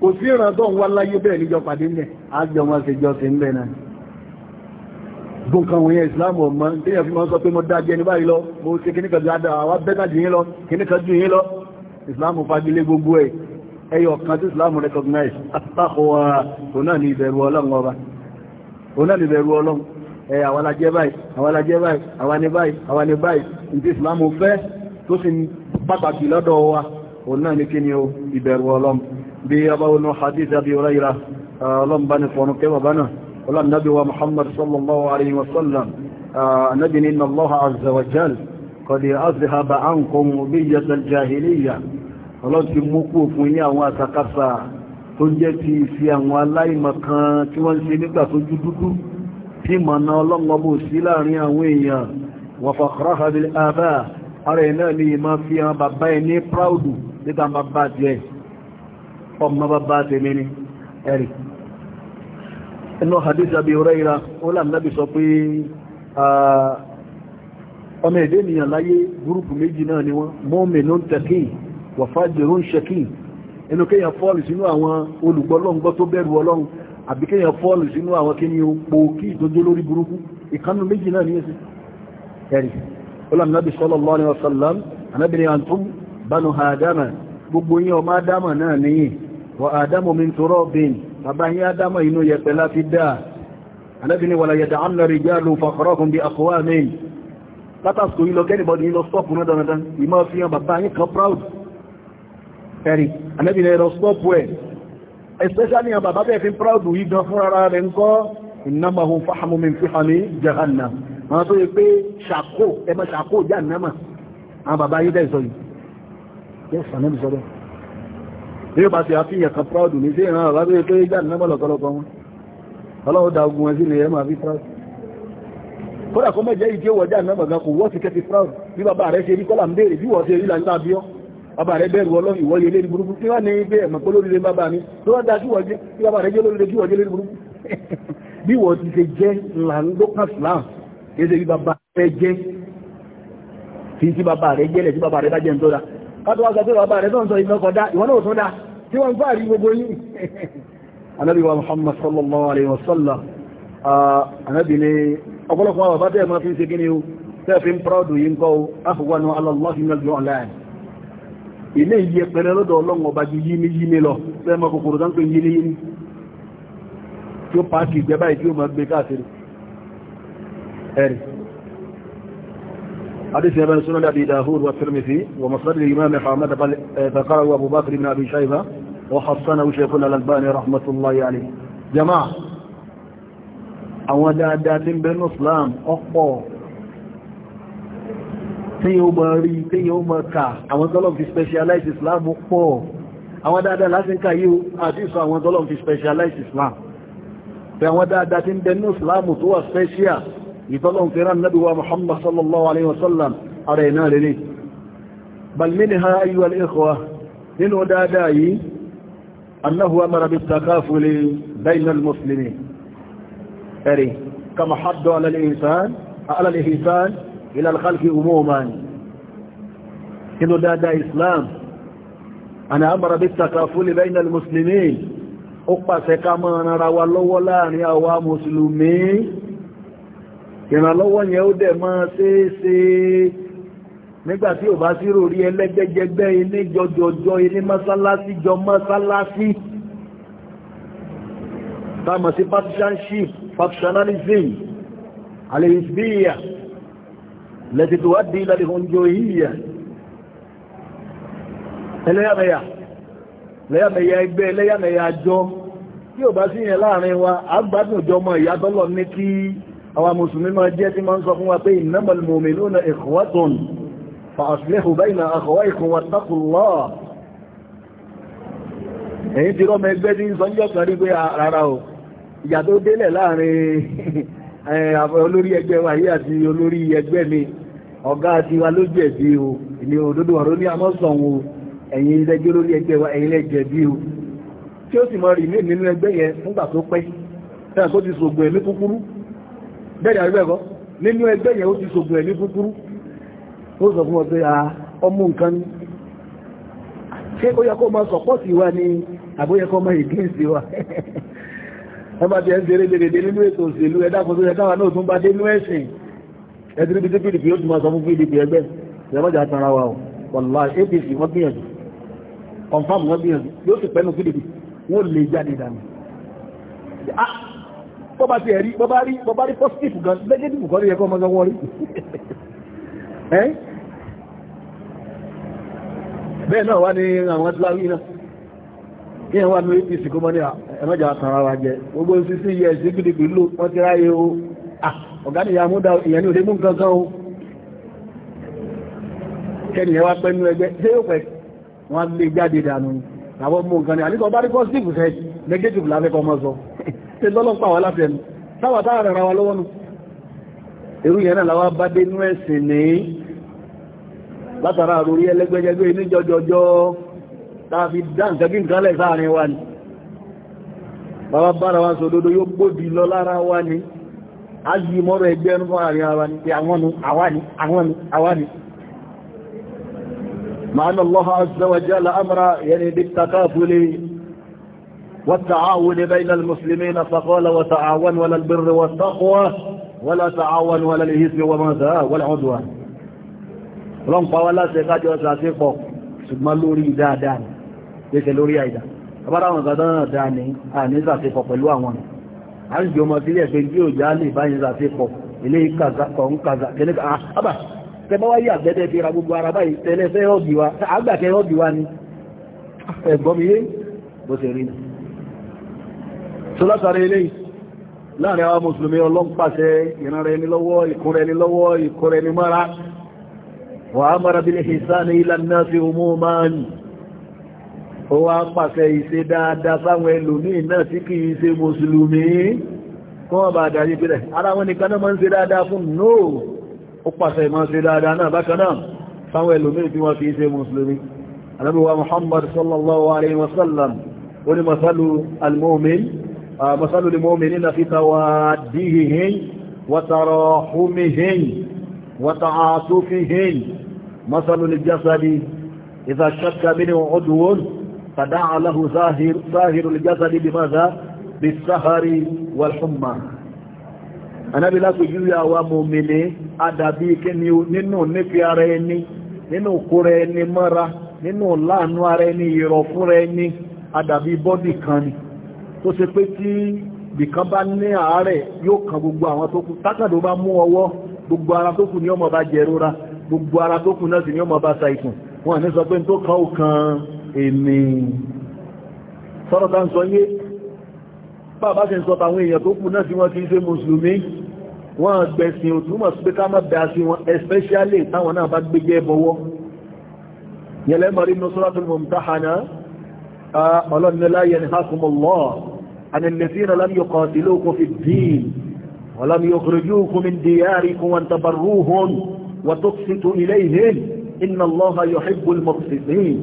kò sí ìràn tó ń wá láyé bẹ́ẹ̀ níjọ pàdé ńlẹ̀ ájọ wọn ṣe jọ sí ńlẹ̀ náà gbọ́nkan wọ̀nyẹn ìsìláàmù ọmọ tí yẹn fi mọ́ sọ pé mo dá jẹ́ ní báyìí lọ mo ṣe kíníkan ju àdá àwọn bẹ́tà jù yín lọ kíníkan jù yín lọ ìsìláàmù fagilé gbogbo ẹ̀ ẹyọ kan tí ìsìláàmù recognize àtàkọwà ọ̀nà ní ìbẹ̀rù ọlọ́run àwọn alájẹ́ báyìí àwọn alájẹ́ báyìí àwọn ní báyìí àwọn ní báyìí ìdí ìsìláàmù fẹ́ tó sì pàtàkì lọ́dọ̀ wa òun ni ó ìbẹ̀rù ọlọ́m bí ọba onú hadith àbí ọlọ́yìnra ọlọ́m bá ní fọ́nù kẹwàá bá náà ọlọ́m muhammad sallallahu alaihi wasallam annabi ni inna allaha azza wa kọ̀dì azihaba an kọmù bí yẹsẹ̀ jahiliya ọlọ́tí mú kú fún ní àwọn àtakásà tó jẹ́ ti fi àwọn aláìmọ̀kan tí wọ́n ṣe nígbà tó jú dúdú tí mọ̀nà ọlọ́mọbò sí láàrin àwọn èèyàn wọ́n fọ̀kọ̀rọ̀ habil abá ara ẹ̀ náà ni ìmọ̀ fi hàn ọmọ èdè ènìyàn láyé gúrùpù méjì náà ni wọ́n mọ́mìnún tẹ̀kí wà fájìrún ṣẹ̀kí inú kéèyàn fọ́ọ̀lù sínú àwọn olùgbọ́lọ́ngbọ́ tó bẹ̀rù ọlọ́run àbí kéèyàn fọ́ọ̀lù sínú àwọn kí ni po kí ìtọ́jú lórí burúkú ìkánú méjì náà níyẹn sí ẹ̀rì ọlọ́run nàbì sallallahu alaihi wasallam anábìnrin antum banu adama gbogbo yín ọmọ adama náà níyìn wa adamu min turabin bàbá látàsò yí lọ kẹ́nìbọ̀dì yí lọ stọ́pù náà dandan ìmọ̀ fi hàn bàbá yí kan proud ẹ̀rì anẹ́bìnrin lọ stọ́pù ẹ̀ especially hàn bàbá bẹ́ẹ̀ fi proud yí gan fún ara rẹ̀ ń kọ́ ìnámàhùn fáhàmùmí fíhàmì jahannam àwọn tó yẹ pé ṣàkó ẹmọ ṣàkó jahannama àwọn bàbá yí dẹ́sọ yìí yes anẹ́bì sọ́dọ̀ bí ó kan proud ní sí ìran àbábẹ́ pé jahannama lọ̀kọ́lọ̀kọ́ wọn ọlọ́wọ́ da ogun wọn sí ilẹ̀ kódà kó mẹ́jẹ́ ìdí òwò jáà mẹ́mọ̀ gan kò wọ́ ti kẹfì fúráùn bí bàbá rẹ̀ ṣe rí kọ́là ń béèrè bí wọ́n ṣe rí lànà àbí ọ́ bàbá rẹ̀ bẹ̀rù ọlọ́run ìwọ́ yẹ lérí burúkú tí wọ́n ní bẹ́ẹ̀ mọ̀ pé lóríire bàbá mi tó wọ́n dájú wọ́n jẹ́ bí bàbá rẹ̀ jẹ́ lóríire bí wọ́n jẹ́ lérí burúkú <laughs> bí wọ́n ti ṣe jẹ́ làǹdókàn slam kéde bí bàbá rẹ̀ jẹ́ tí tí bàbá rẹ̀ jẹ́lẹ̀ tí bàbá rẹ̀ bá jẹ́ ń tó da kátó wá sọ pé bàbá rẹ̀ tó ń sọ ìmọ̀ kọ̀ dá ìwọ náà tó dá tí wọ́n ń fàárí gbogbo <laughs> wa Muhammad sallallahu alaihi wasallam anábì ni ọ̀pọ̀lọpọ̀ àwọn bàbá tẹ́ẹ̀ máa fi ń ṣe gíní o tẹ́ẹ̀ fi ń pọ́ọ̀dù yìí ń kọ́ o afọwọ́nù alọ́lọ́fínàjọ́ ọ̀láàrin ilé iye pẹ̀lẹ̀ lọ́dọ̀ ọlọ́run ọba ju yíní yíní lọ tẹ́ẹ̀ máa kòkòrò dáńpé yíní yíní tí ó pàákì ìgbẹ́bá ìdí ó بكر بن ابي شيبه وحسنه شيخنا الالباني رحمه الله عليه يعني àwọn dáadáa tí ń bẹ ní Islam ọ̀pọ̀ tí yóò mọ̀ rí tí yóò mọ̀ ká àwọn tọ́lọ̀ fi specialize Islam pọ̀ àwọn dáadáa láti ń ká yíò àti ìsọ àwọn tọ́lọ̀ fi specialize Islam pé àwọn dáadáa tí ń bẹ Islam tó wà special ìtọ́lọ̀ fi rán Nabi wa Muhammad sallallahu ẹ̀rì kama haddu alal-ihsan ila al-khalqi umuman inú dáadáa islam ana amara bit-takafuli bayna al-muslimin ó pàṣẹ ká máa rárá wa lọ́wọ́ láàrin àwa mùsùlùmí ìrànlọ́wọ́ yẹn ó dẹ̀ máa ṣeéṣe nígbàtí ò bá sí ròrí ẹlẹ́gbẹ́jẹgbẹ́ ilé jọjọjọ ilé mọ́sálásí jọ mọ́sálásí táàmà sí partisanship factionalism الحزبية التي تؤدي إلى الهنجوية ẹlẹ́yàmẹ̀yà lẹ́yàmẹ̀yà ẹgbẹ́ ẹlẹ́yàmẹ̀yà àjọ tí ò bá sí yẹn láàrin wa agbádùn ọjọ́ ọmọ ìyá tọ́lọ̀ ní kí àwọn mùsùlùmí máa jẹ́ tí máa ń sọ fún wa pé innamal mu'minuna ikhwatun fa aslihu bayna akhawaykum wattaqullah ìyà tó délẹ̀ láàrin <laughs> eh, olórí ẹgbẹ́ wa yìí àti olórí ẹgbẹ́ mi ọ̀gá àti wa ló jẹ̀bi o ìní òdodo ní amọ́sàn o ẹ̀yin lẹ́gbẹ́ ẹgbẹ́ wa ẹ̀yin lẹ́jẹ̀bi o tí ó sì mọ rí ní ẹgbẹ́ yẹn fúngbà tó pẹ́ ṣé ó yẹ kó máa wa ni máa sí wa <laughs> ẹgbà tí ẹ ń tẹ́rẹ dèrèdè nínú ètò òṣèlú ẹ̀dàkùn tó yẹ káwà náà tún bá dé ní ẹ̀sìn ẹ̀tìrí bí tí pdp ó tún máa sọ fún pdp ẹgbẹ́ ìyàmọ́jà tara wa wọ̀lá apc wọ́n gbìyànjú confam wọ́n gbìyànjú yóò sì pẹ́nu pdp wọ́n lè jáde dànù bọ́bá ti ẹ̀rí bọ́bá rí bọ́bá rí positive gan negative kọ́ rí ẹ̀kọ́ ọmọ gan wọ́n rí <laughs> bẹ́ẹ̀ náà wá ní àwọn tíláwí náà kí wọ́n wá ní apc kó mọ́ ẹmọ́jà àtàrà wa jẹ gbogbo ń sísí yẹ sí gbìdìgbì ló wọ́n ti ráyé o ah, ọ̀gá ni ìyàmú dá ìyẹn ní òdémú o kẹni ẹwà pẹ́nu ẹgbẹ́ tí ó pẹ́ wọ́n lè jáde dànù àwọn mú nǹkan ni àníkọ̀ bá rí positive fẹ́ negative láfẹ́kọ̀ ọmọ sọ tí <laughs> lọ́lọ́pàá wà láfẹ́ nu táwà táwà rẹ̀ ra wa lọ́wọ́ nu irú yẹn náà láwá bá dé nú ẹ̀sìn sáàrin wa ni bàbá bára wa sòdodo yóò gbòdì lọ lára wa ni a yìí mọ́rọ̀ ẹgbẹ́ ẹnu fún àárín ara ni pé àwọn nu àwa ni àwọn nu àwa ni ma'ana Allah azza wa jalla amra yani bitakafuli والتعاون بين المسلمين فقال وتعاون ولا البر والتقوى ولا تعاون ولا الإثم وماذا والعدوان sa قوالا سيقاتي وساسيقو سيقما لوري دادان ليس lori عيدان abára àwọn ìgbàdán náà dáa ní àníṣàṣepọ̀ pẹ̀lú àwọn àríjì ọmọ sílẹ̀ pé tí ò já lè bá ìṣàṣepọ̀ ilé ìkàzà ah, tẹbáwá yí àgbẹ́dẹ́ fi ra gbogbo ara báyìí tẹ́lẹ̀ fẹ́ ọ́bì wa àgbàkẹ́ ọ́bì wa ni ẹ̀gbọ́mi yé ó wá pàṣẹ ìṣe dáadáa sáwọn ẹlòmíì náà tí kì í ṣe mùsùlùmí kọ́ ọba àdáyé pẹ̀lẹ̀ ara wọn nìkan náà máa ń ṣe dáadáa fún no ó pàṣẹ ìmọ̀ ṣe dáadáa náà bákan náà sáwọn ẹlòmíì tí wọ́n fi ṣe mùsùlùmí alábíwá muhammad sallallahu alaihi wasallam ó ní al-mu'min masalu al-mu'minina fi tawaddihihim wa tarahumihim wa al-jasadi idha shakka minhu فدعا له ظاهر ظاهر الجسد بماذا بالسهر والحمى انا بلا كجويا ومؤمني adabi kíni nínú nífi ara ẹni nínú kúrẹ ẹni mọ́ra nínú láàánú ara ẹni ìrọ̀ fúnra ẹni adabi bọ́dì kan ni tó ṣe pé tí bìkan bá ní àárẹ̀ yóò kan gbogbo àwọn tó kù tákàdó bá mú ọwọ́ gbogbo ara tó kù ní ọmọ bá jẹrora gbogbo ara tó kù náà sì ní ọmọ bá sa ikùn wọn ní sọ pé tó kan ó kan èmì sọ́rọ̀ta ń sọ yé bàbá ṣe ń sọ tàwọn èèyàn tó kù náà tí wọ́n ti ṣe n mùsùlùmí wọ́n gbẹ̀sìn òtúmọ̀ sí pé ká má bẹ̀ẹ́ sí wọn especially táwọn náà bá gbégbé bọwọ́ yẹlẹ́mọ̀rí ní suratul mumtahana ọlọ́nilá yanhakumullah anil ladhina lam yuqatilukum fid din wa lam yukhrijukum min diyarikum wa tabarruhum wa tuqsitu ilayhim inna Allaha yuhibbul muqsitin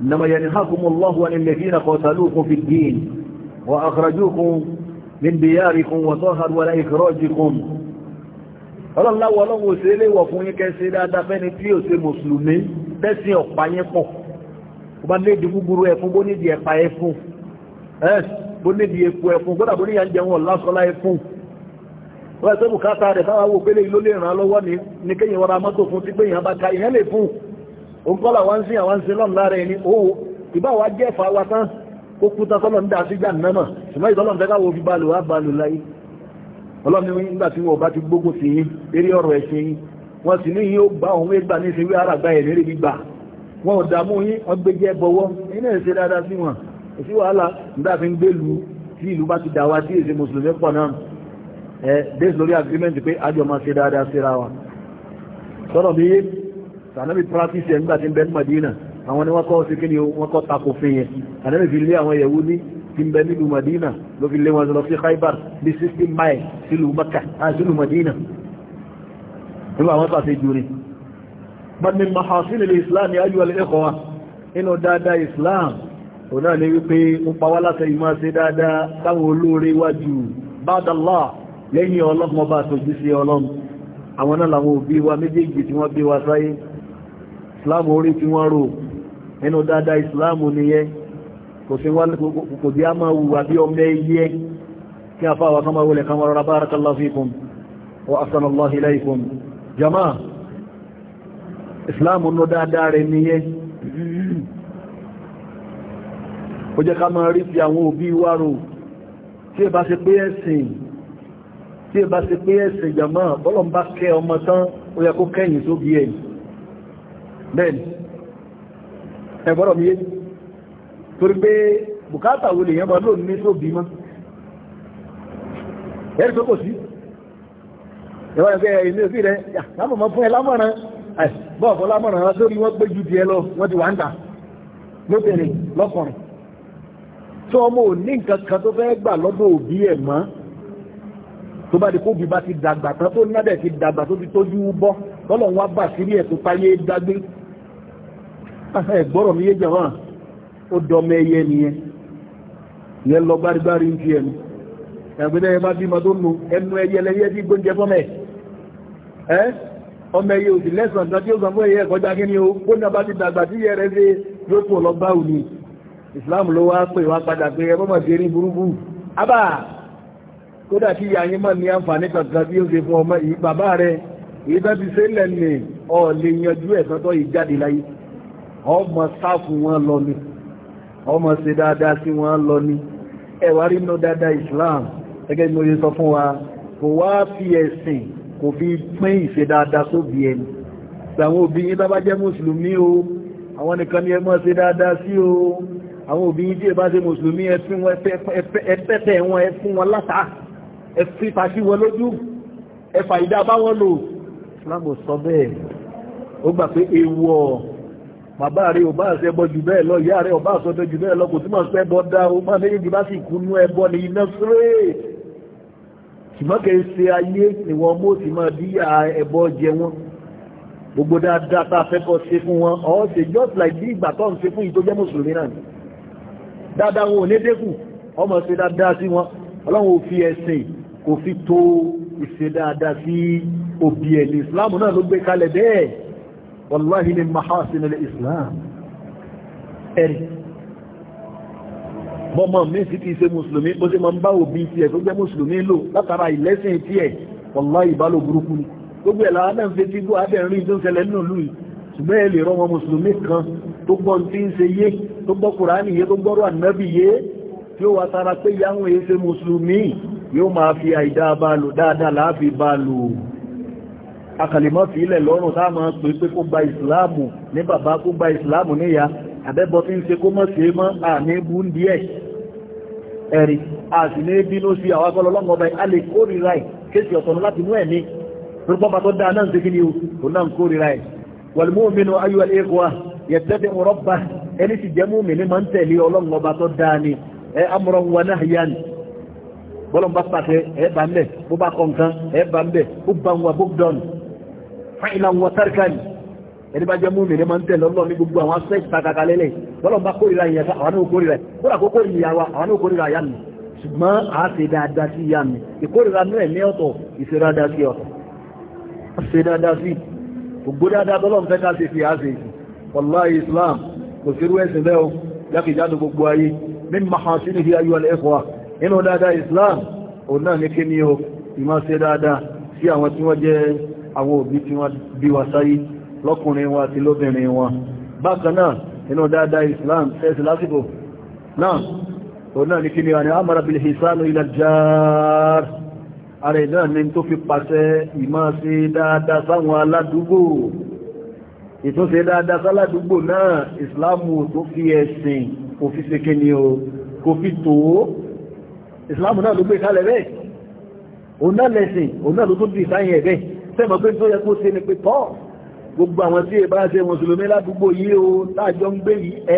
إنما ينهاكم الله عن الذين قتلوكم في الدين وأخرجوكم من دياركم وظهروا على إخراجكم قال الله ولو سيلي وفوني كسيلا دفن فيه سي مسلمين تسي أقبانيكم ọba léèdì gúgúrú ẹ̀fún bó nídìí ẹ̀pà ẹ̀fún ẹ́s bó nídìí epo ẹ̀fún gbọ́dà bó níyà ń jẹun ọ̀lásọ́lá ẹ̀fún wọ́n ẹ̀sẹ́ bùkátà rẹ̀ táwọn awò pélé ìlólè ìrànlọ́wọ́ ní kéyìn wọ́n ra mọ́tò fún tí pé ìyàn bá ka ìyẹn lè fún òǹkọ́là wá ń sí àwọn sí lọ́nà lára ẹni ó ìbá wa jẹ́ ẹ̀fà wa tán ó kú tán kọ́lọ̀ ń dá sí gbà náà ṣùgbọ́n ìtọ́lọ̀ fẹ́ káwọ́ fi balù wá balù láyé ọlọ́ni nígbà tí wọ́n bá ti gbógun sí yín eré ọ̀rọ̀ ẹ̀sìn yín wọ́n sì ní yín ó gbá òun égbà agreement pé àjọ máa ṣe dáadáa síra wa sọ́dọ̀ bí tànàbí practice ẹ̀ nígbàtí bẹ́ẹ̀ Madina àwọn ni wọ́n kọ́ sí kí ni wọ́n kọ́ tako fi yẹn tànàbí fi lé àwọn Yahudi tí ń bẹ nílùú Madina ló fi lé wọn lọ sí Khaibar bí 60 mile sílùú Maka ah, sílùú Madina nígbà wọn sàṣe jù ni bàmí mahasin ilé Islam ni ayú alẹ́ ẹ̀kọ́ wa inú dáadáa Islam ò náà ni wípé ó pa wá láti ìmọ̀ sí dáadáa táwọn olóore wájú bádàlá lẹ́yìn ọlọ́mọba àtòjú sí ọlọ́m àwọn náà làwọn òbí wa méjèèjì tí wọ́n bí wa sáyé islam orí tí wọ́n rò ẹnu dáadáa islam nìyẹn kò sí wọ́n kò bí a máa wùwà bí ọmọ ẹyẹ kí a fáwà kama wọlé kama rọra barakallahu fikum wa ahsanallahu ilaykum jama'a islam nù dáadáa rẹ̀ nìyẹn ó jẹ́ ká máa rí fi àwọn òbí bá ṣe pé ẹ̀sìn tí ẹ bá ṣe ó yẹ kó kẹ́yìn sóbi ẹ̀yìn bẹ́ẹ̀ni ẹgbọ́rọ̀ mi yé torí pé bùkátà wo lè yẹn bọ́ lónìí tó bí mọ́ ẹ̀rí tó kò sí ẹwà ẹgbẹ́ ilé òfin rẹ̀ lámọ̀mọ́ fún ẹ lámọ̀ràn bọ́ọ̀fọ́ lámọ̀ràn lórí wọ́n pé ju ti ẹ lọ wọ́n ti wà ń tà lóbìnrin lọ́kùnrin tí ọmọ ò nǹkan kan tó fẹ́ gbà lọ́dọ̀ òbí ẹ̀ mọ́ tó bá di kó bí bá ti dàgbà tán tó nádẹ̀ ti dàgbà tó ti tójú bọ́ lọ́lọ́ wọn bá sírí ẹ̀ tó fáyé dágbé ah, ẹgbọ́rọ̀ mi yé jẹ̀wọ́n ó dọmọ ẹyẹ nìyẹn yẹn lọ gbárígbárí ń fi ẹnu ẹgbẹ́dẹ́ ẹ bá bímọ tó nu ẹnu ẹyẹ lẹ́yẹ tí gbóúnjẹ fọ́mẹ̀ ẹ́ ọmọ ẹyẹ òsì lẹ́sàn kan tí ó sọ fún ẹyẹ ẹ̀kọ́já kí ni ó kó náà bá ti dàgbà tí yẹ rẹ ṣe lókù kódà kí ìyá yín mọ̀ ní àǹfààní kankan bí ó ṣe fún ọmọ yìí bàbá rẹ̀ èyí bá ti ṣe lẹ́nu ọ̀ lè yanjú ẹ̀sán tó láyé ọmọ sá wọn lọ ni ọmọ ṣe dáadáa sí wọn lọ ni ẹwà rínú dáadáa Islam gẹ́gẹ́ mo yẹ sọ fún wa kò wá fi ẹ̀sìn kò fi pín ìṣe dáadáa sóbi ẹni àwọn òbí yín bá bá jẹ́ mùsùlùmí o àwọn nìkan ni ẹ mọ́ ṣe dáadáa sí o àwọn òbí yín tí ẹ bá ṣe mùsùlùmí ẹ fún wọn ẹ fún wọn látàá ẹ̀fí pàṣí wọn lójú ẹ̀fà ìdá bá wọn lò láàbò sọ bẹ́ẹ̀ ó gbà pé ewọ̀ bàbá rẹ̀ ò bá ṣe ẹbọ jù bẹ́ẹ̀ lọ ìyá rẹ̀ ò bá ṣọdọ jù bẹ́ẹ̀ lọ kò túmọ̀ sí ẹbọ dá o máa méjèèjì bá sì kúnú ẹbọ ní iná síré ṣùgbọ́n kì ayé ni wọn mú ti máa díyà ẹbọ jẹ wọn gbogbo dáadáa tá a fẹ́ kọ́ ṣe fún wọn ọ̀ ṣe just like bí ìgbà tó ń ṣe fún yìí tó jẹ́ mùsùlùmí náà ni dáadáa wọn ò ní dẹ́kù ọmọ ṣe dáadáa sí wọn ọlọ́run ò fi ẹ̀sìn kò fi tó ìṣe dáadáa sí òbí ẹni islam náà ló gbé kalẹ̀ bẹ́ẹ̀ wàláhì ní mahasinil islam ẹ̀rì bọ́mọ̀ mi sì ti ṣe mùsùlùmí bó ṣe ma ń bá òbí ti ẹ̀ tó jẹ́ mùsùlùmí lò látara ìlẹ́sìn tí ẹ̀ wàláhì bá ló burúkú ni gbogbo ẹ̀ láwọn náà ń fetí gbọ́ abẹ́rin tó ń ṣẹlẹ̀ nínú ìlú ṣùgbọ́n ẹ rọ wọn mùsùlùmí kan tó gbọ́ tí ń ṣe yé tó gbọ́ yé tó gbọ́rọ̀ ànábì yé tí ó wà tara pé yáwọn èé ṣe mùsùlùmí yóò máa fi àìdá bá lò dáadáa láàfi bá lò akàlìmọ́ fi ilẹ̀ lọ́rùn tá máa pè pé kó gba ìsìláàmù ní bàbá kó gba ìsìláàmù níyà àbẹ́bọ́ tí ń ṣe kó mọ́ sí mọ́ àní bú ń díẹ̀ ẹ̀rì àti ní bínú sí àwágọ́lọ́ lọ́gbọ̀bẹ̀ a lè kórìíra ẹ̀ kéèsì ọ̀tọ̀nù láti mú ẹ̀mí rúgbọ́nbà ọ̀rọ̀ bá ẹni ti jẹ́ múmi ní máa ń tẹ̀lé ọlọ́gbọ̀bà tó dáa ni ẹ amúrọ̀ wọn náà yá ni bọ́lọ̀ bá pàṣẹ ẹ̀ẹ́bà ń bẹ̀ bó bá kọ́ nǹkan ẹ̀ẹ́bà ń bẹ̀ ó bá ń wa bó dọ̀nù fáìlà ń wa tárìkà ni ẹni bá jẹ́ mú mi ní máa ń tẹ̀lé ọlọ́ọ̀ ní gbogbo àwọn aspect takaka lélẹ̀ bọ́lọ̀ bá kórìíra ìyẹn kó kórìíra wa àwọn a ṣe dáadáa sí ìyá mi ìkórìíra náà ẹ̀mí ọ̀tọ̀ ìṣe dáadáa sí ọ̀tọ̀ ṣe dáadáa sí gbogbo dáadáa bọ́lọ̀ ń fẹ́ ká ṣe fi á ṣe ìṣù wàláhí Islam kò sí irú ẹ̀sìn lẹ́ọ̀ jákèjádò gbogbo ayé mímọ̀ hàn sí ní nínú dáadáa Islam òun náà ní kí ní o ìmá ṣe dáadáa sí àwọn tí wọ́n jẹ́ àwọn òbí tí wọ́n bí wa sáyé lọ́kùnrin wa àti lóbìnrin wa bákan náà nínú dáadáa Islam ẹ̀sì lásìkò náà òun náà ní kí ní a jar ara ìdá ní tó fi pàṣẹ ìmá ṣe dáadáa sáwọn aládùúgbò ìtúnṣe dáadáa sáládùúgbò náà Islamu tó fi ẹ̀sìn kò fi ṣe kí ni o kò fi tòó ìsìláàmù náà ló gbé kalẹ̀ bẹ́ẹ̀ òun náà lẹ́sìn òun náà ló tó di ìsáyìn ẹ̀ bẹ́ẹ̀ sẹ́mọ̀ pé tó yẹ kó ṣe ni pé tọ́ gbogbo àwọn tí ìbá ṣe mùsùlùmí ládùúgbò yìí o láàjọ ń gbé yìí ẹ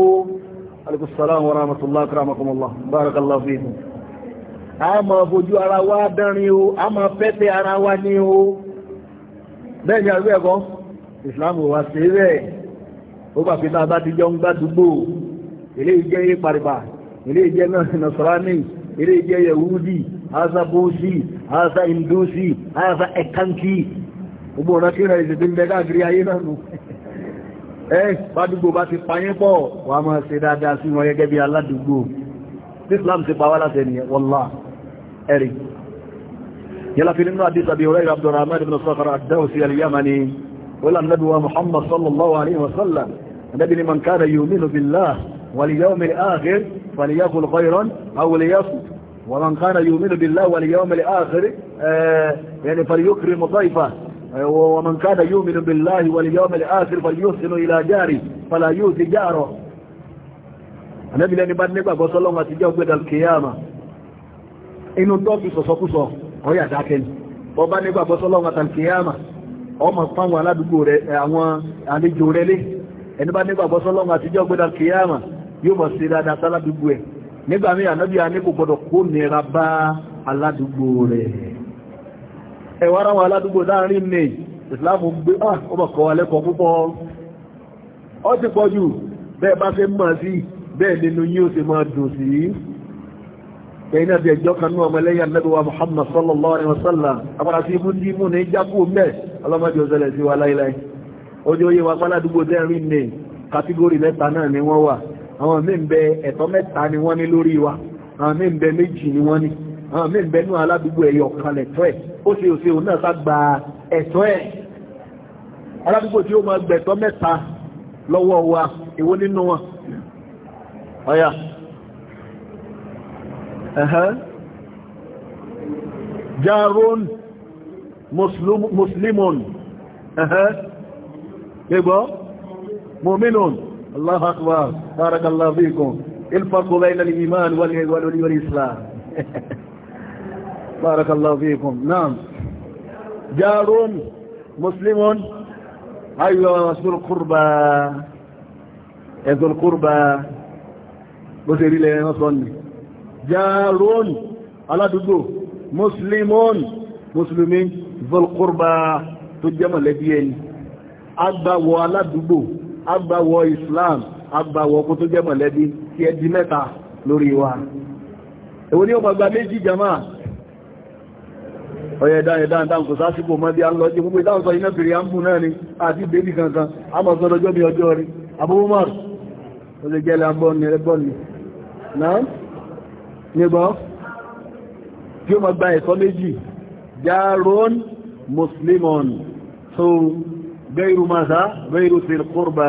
o alaikum salaam wa rahmatullahi akramakumullah barakallahu fiikum a máa fojú ara wa dánrin o a máa pẹ́tẹ́ ara wa ilé ìjẹ́ nasarani ilé ìjẹ́ yahudi haza bosi haza indusi haza ekanki gbogbo ọ̀nà kí rẹ̀ ìsìnkú bẹ káàkiri ayé náà nù ẹ́ bádùgbò bá ti payín pọ̀ wà máa ṣe dáadáa sí wọn gẹ́gẹ́ bí aládùgbò islam ti pa wá láti ẹni wọ́lá ẹ̀rì yẹ́lá nínú àdísà ọ̀rẹ́ abdurrahman واليوم الآخر فليقل خيرا أو ليصمت ومن كان يؤمن بالله واليوم الآخر آه يعني فليكرم ضيفه آه ومن كان يؤمن بالله واليوم الآخر فليحسن إلى جاره فلا يؤذي جاره النبي لأني بعد نبقى صلى الله عليه وسلم قد القيامة إنه طبي سوسوكوسو ويا داكن وبعد نبقى صلى الله عليه القيامة ọmọ pàwọn aládùgbò rẹ̀ àwọn àlejò rẹ̀ lé ẹni bá nígbàgbọ́sọ́lọ́wọ́ àtijọ́ gbẹ́dà kìíyàmà yóò mọ̀ sí dáadáa sáládùúgbò ẹ̀ nígbà mí ànábí a ní kò gbọdọ̀ kó nira bá aládùúgbò rẹ̀ ẹwà ara wọn aládùúgbò láàrin ní ìsìláàmù gbé ọmọkọ̀ ah, alẹ́kọ̀ọ́ púpọ̀ ọ ti pọ̀ jù bẹ́ẹ̀ bá fẹ́ mọ̀ sí bẹ́ẹ̀ nínú yóò ṣe máa dùn sí ẹ̀yìn àti ẹjọ́ kanú ọmọlẹ́yìn anábíwa Muhammad sallallahu alaihi wasallam apára sí ibú ní mú ní jákú mẹ́ ọlọ́mọdé ọ̀sẹ̀lẹ̀ sí wa láíláí ojú oyé wa páládùúgbò dẹ́rin ní kàtígórì mẹ́ta náà ni wọ́n wà àwọn mí ń bẹ ẹ̀tọ́ mẹ́ta ni wọ́n ní lórí wa àwọn mí ń bẹ méjì ni wọ́n ní àwọn mí ń bẹ ní aládùúgbò ẹ̀yọ̀ kan lẹ̀tọ́ ẹ̀ ó ṣe òṣè òun náà sàgbà ẹ̀tọ́ ẹ̀ aládùúgbò tí ó máa gbẹ̀tọ́ mẹ́ta lọ́wọ́ wa èwo nínú wọn ọ̀yà jarun muslimun ẹ̀hẹ́ الله أكبر بارك الله فيكم الفرق بين الإيمان والإسلام بارك الله فيكم نعم جار مسلم أيها ذو القربى ذو القربى بصير لي نصني جار على ددو مسلم مسلمين ذو القربى تجمع لبيين أدى ولا ددو agbàwọ̀ Islam agbàwọ̀ kó tó jẹ́ mọ̀lẹ́bí tí ẹ di mẹ́ta lórí wa èwo ní ọmọ gba méjì jama ọ̀yẹ̀ dáadáa dáadáa kò sásìkò mọ́ bí a ń lọ jẹ́ gbogbo ìdáhùn sọ iná bèèrè à ń bù náà ni àti bèbí kankan a mọ̀ sọ́dọ̀ jọ́ muslimon tó so, gẹ́rù máa gẹ́rù ti kọ́rbà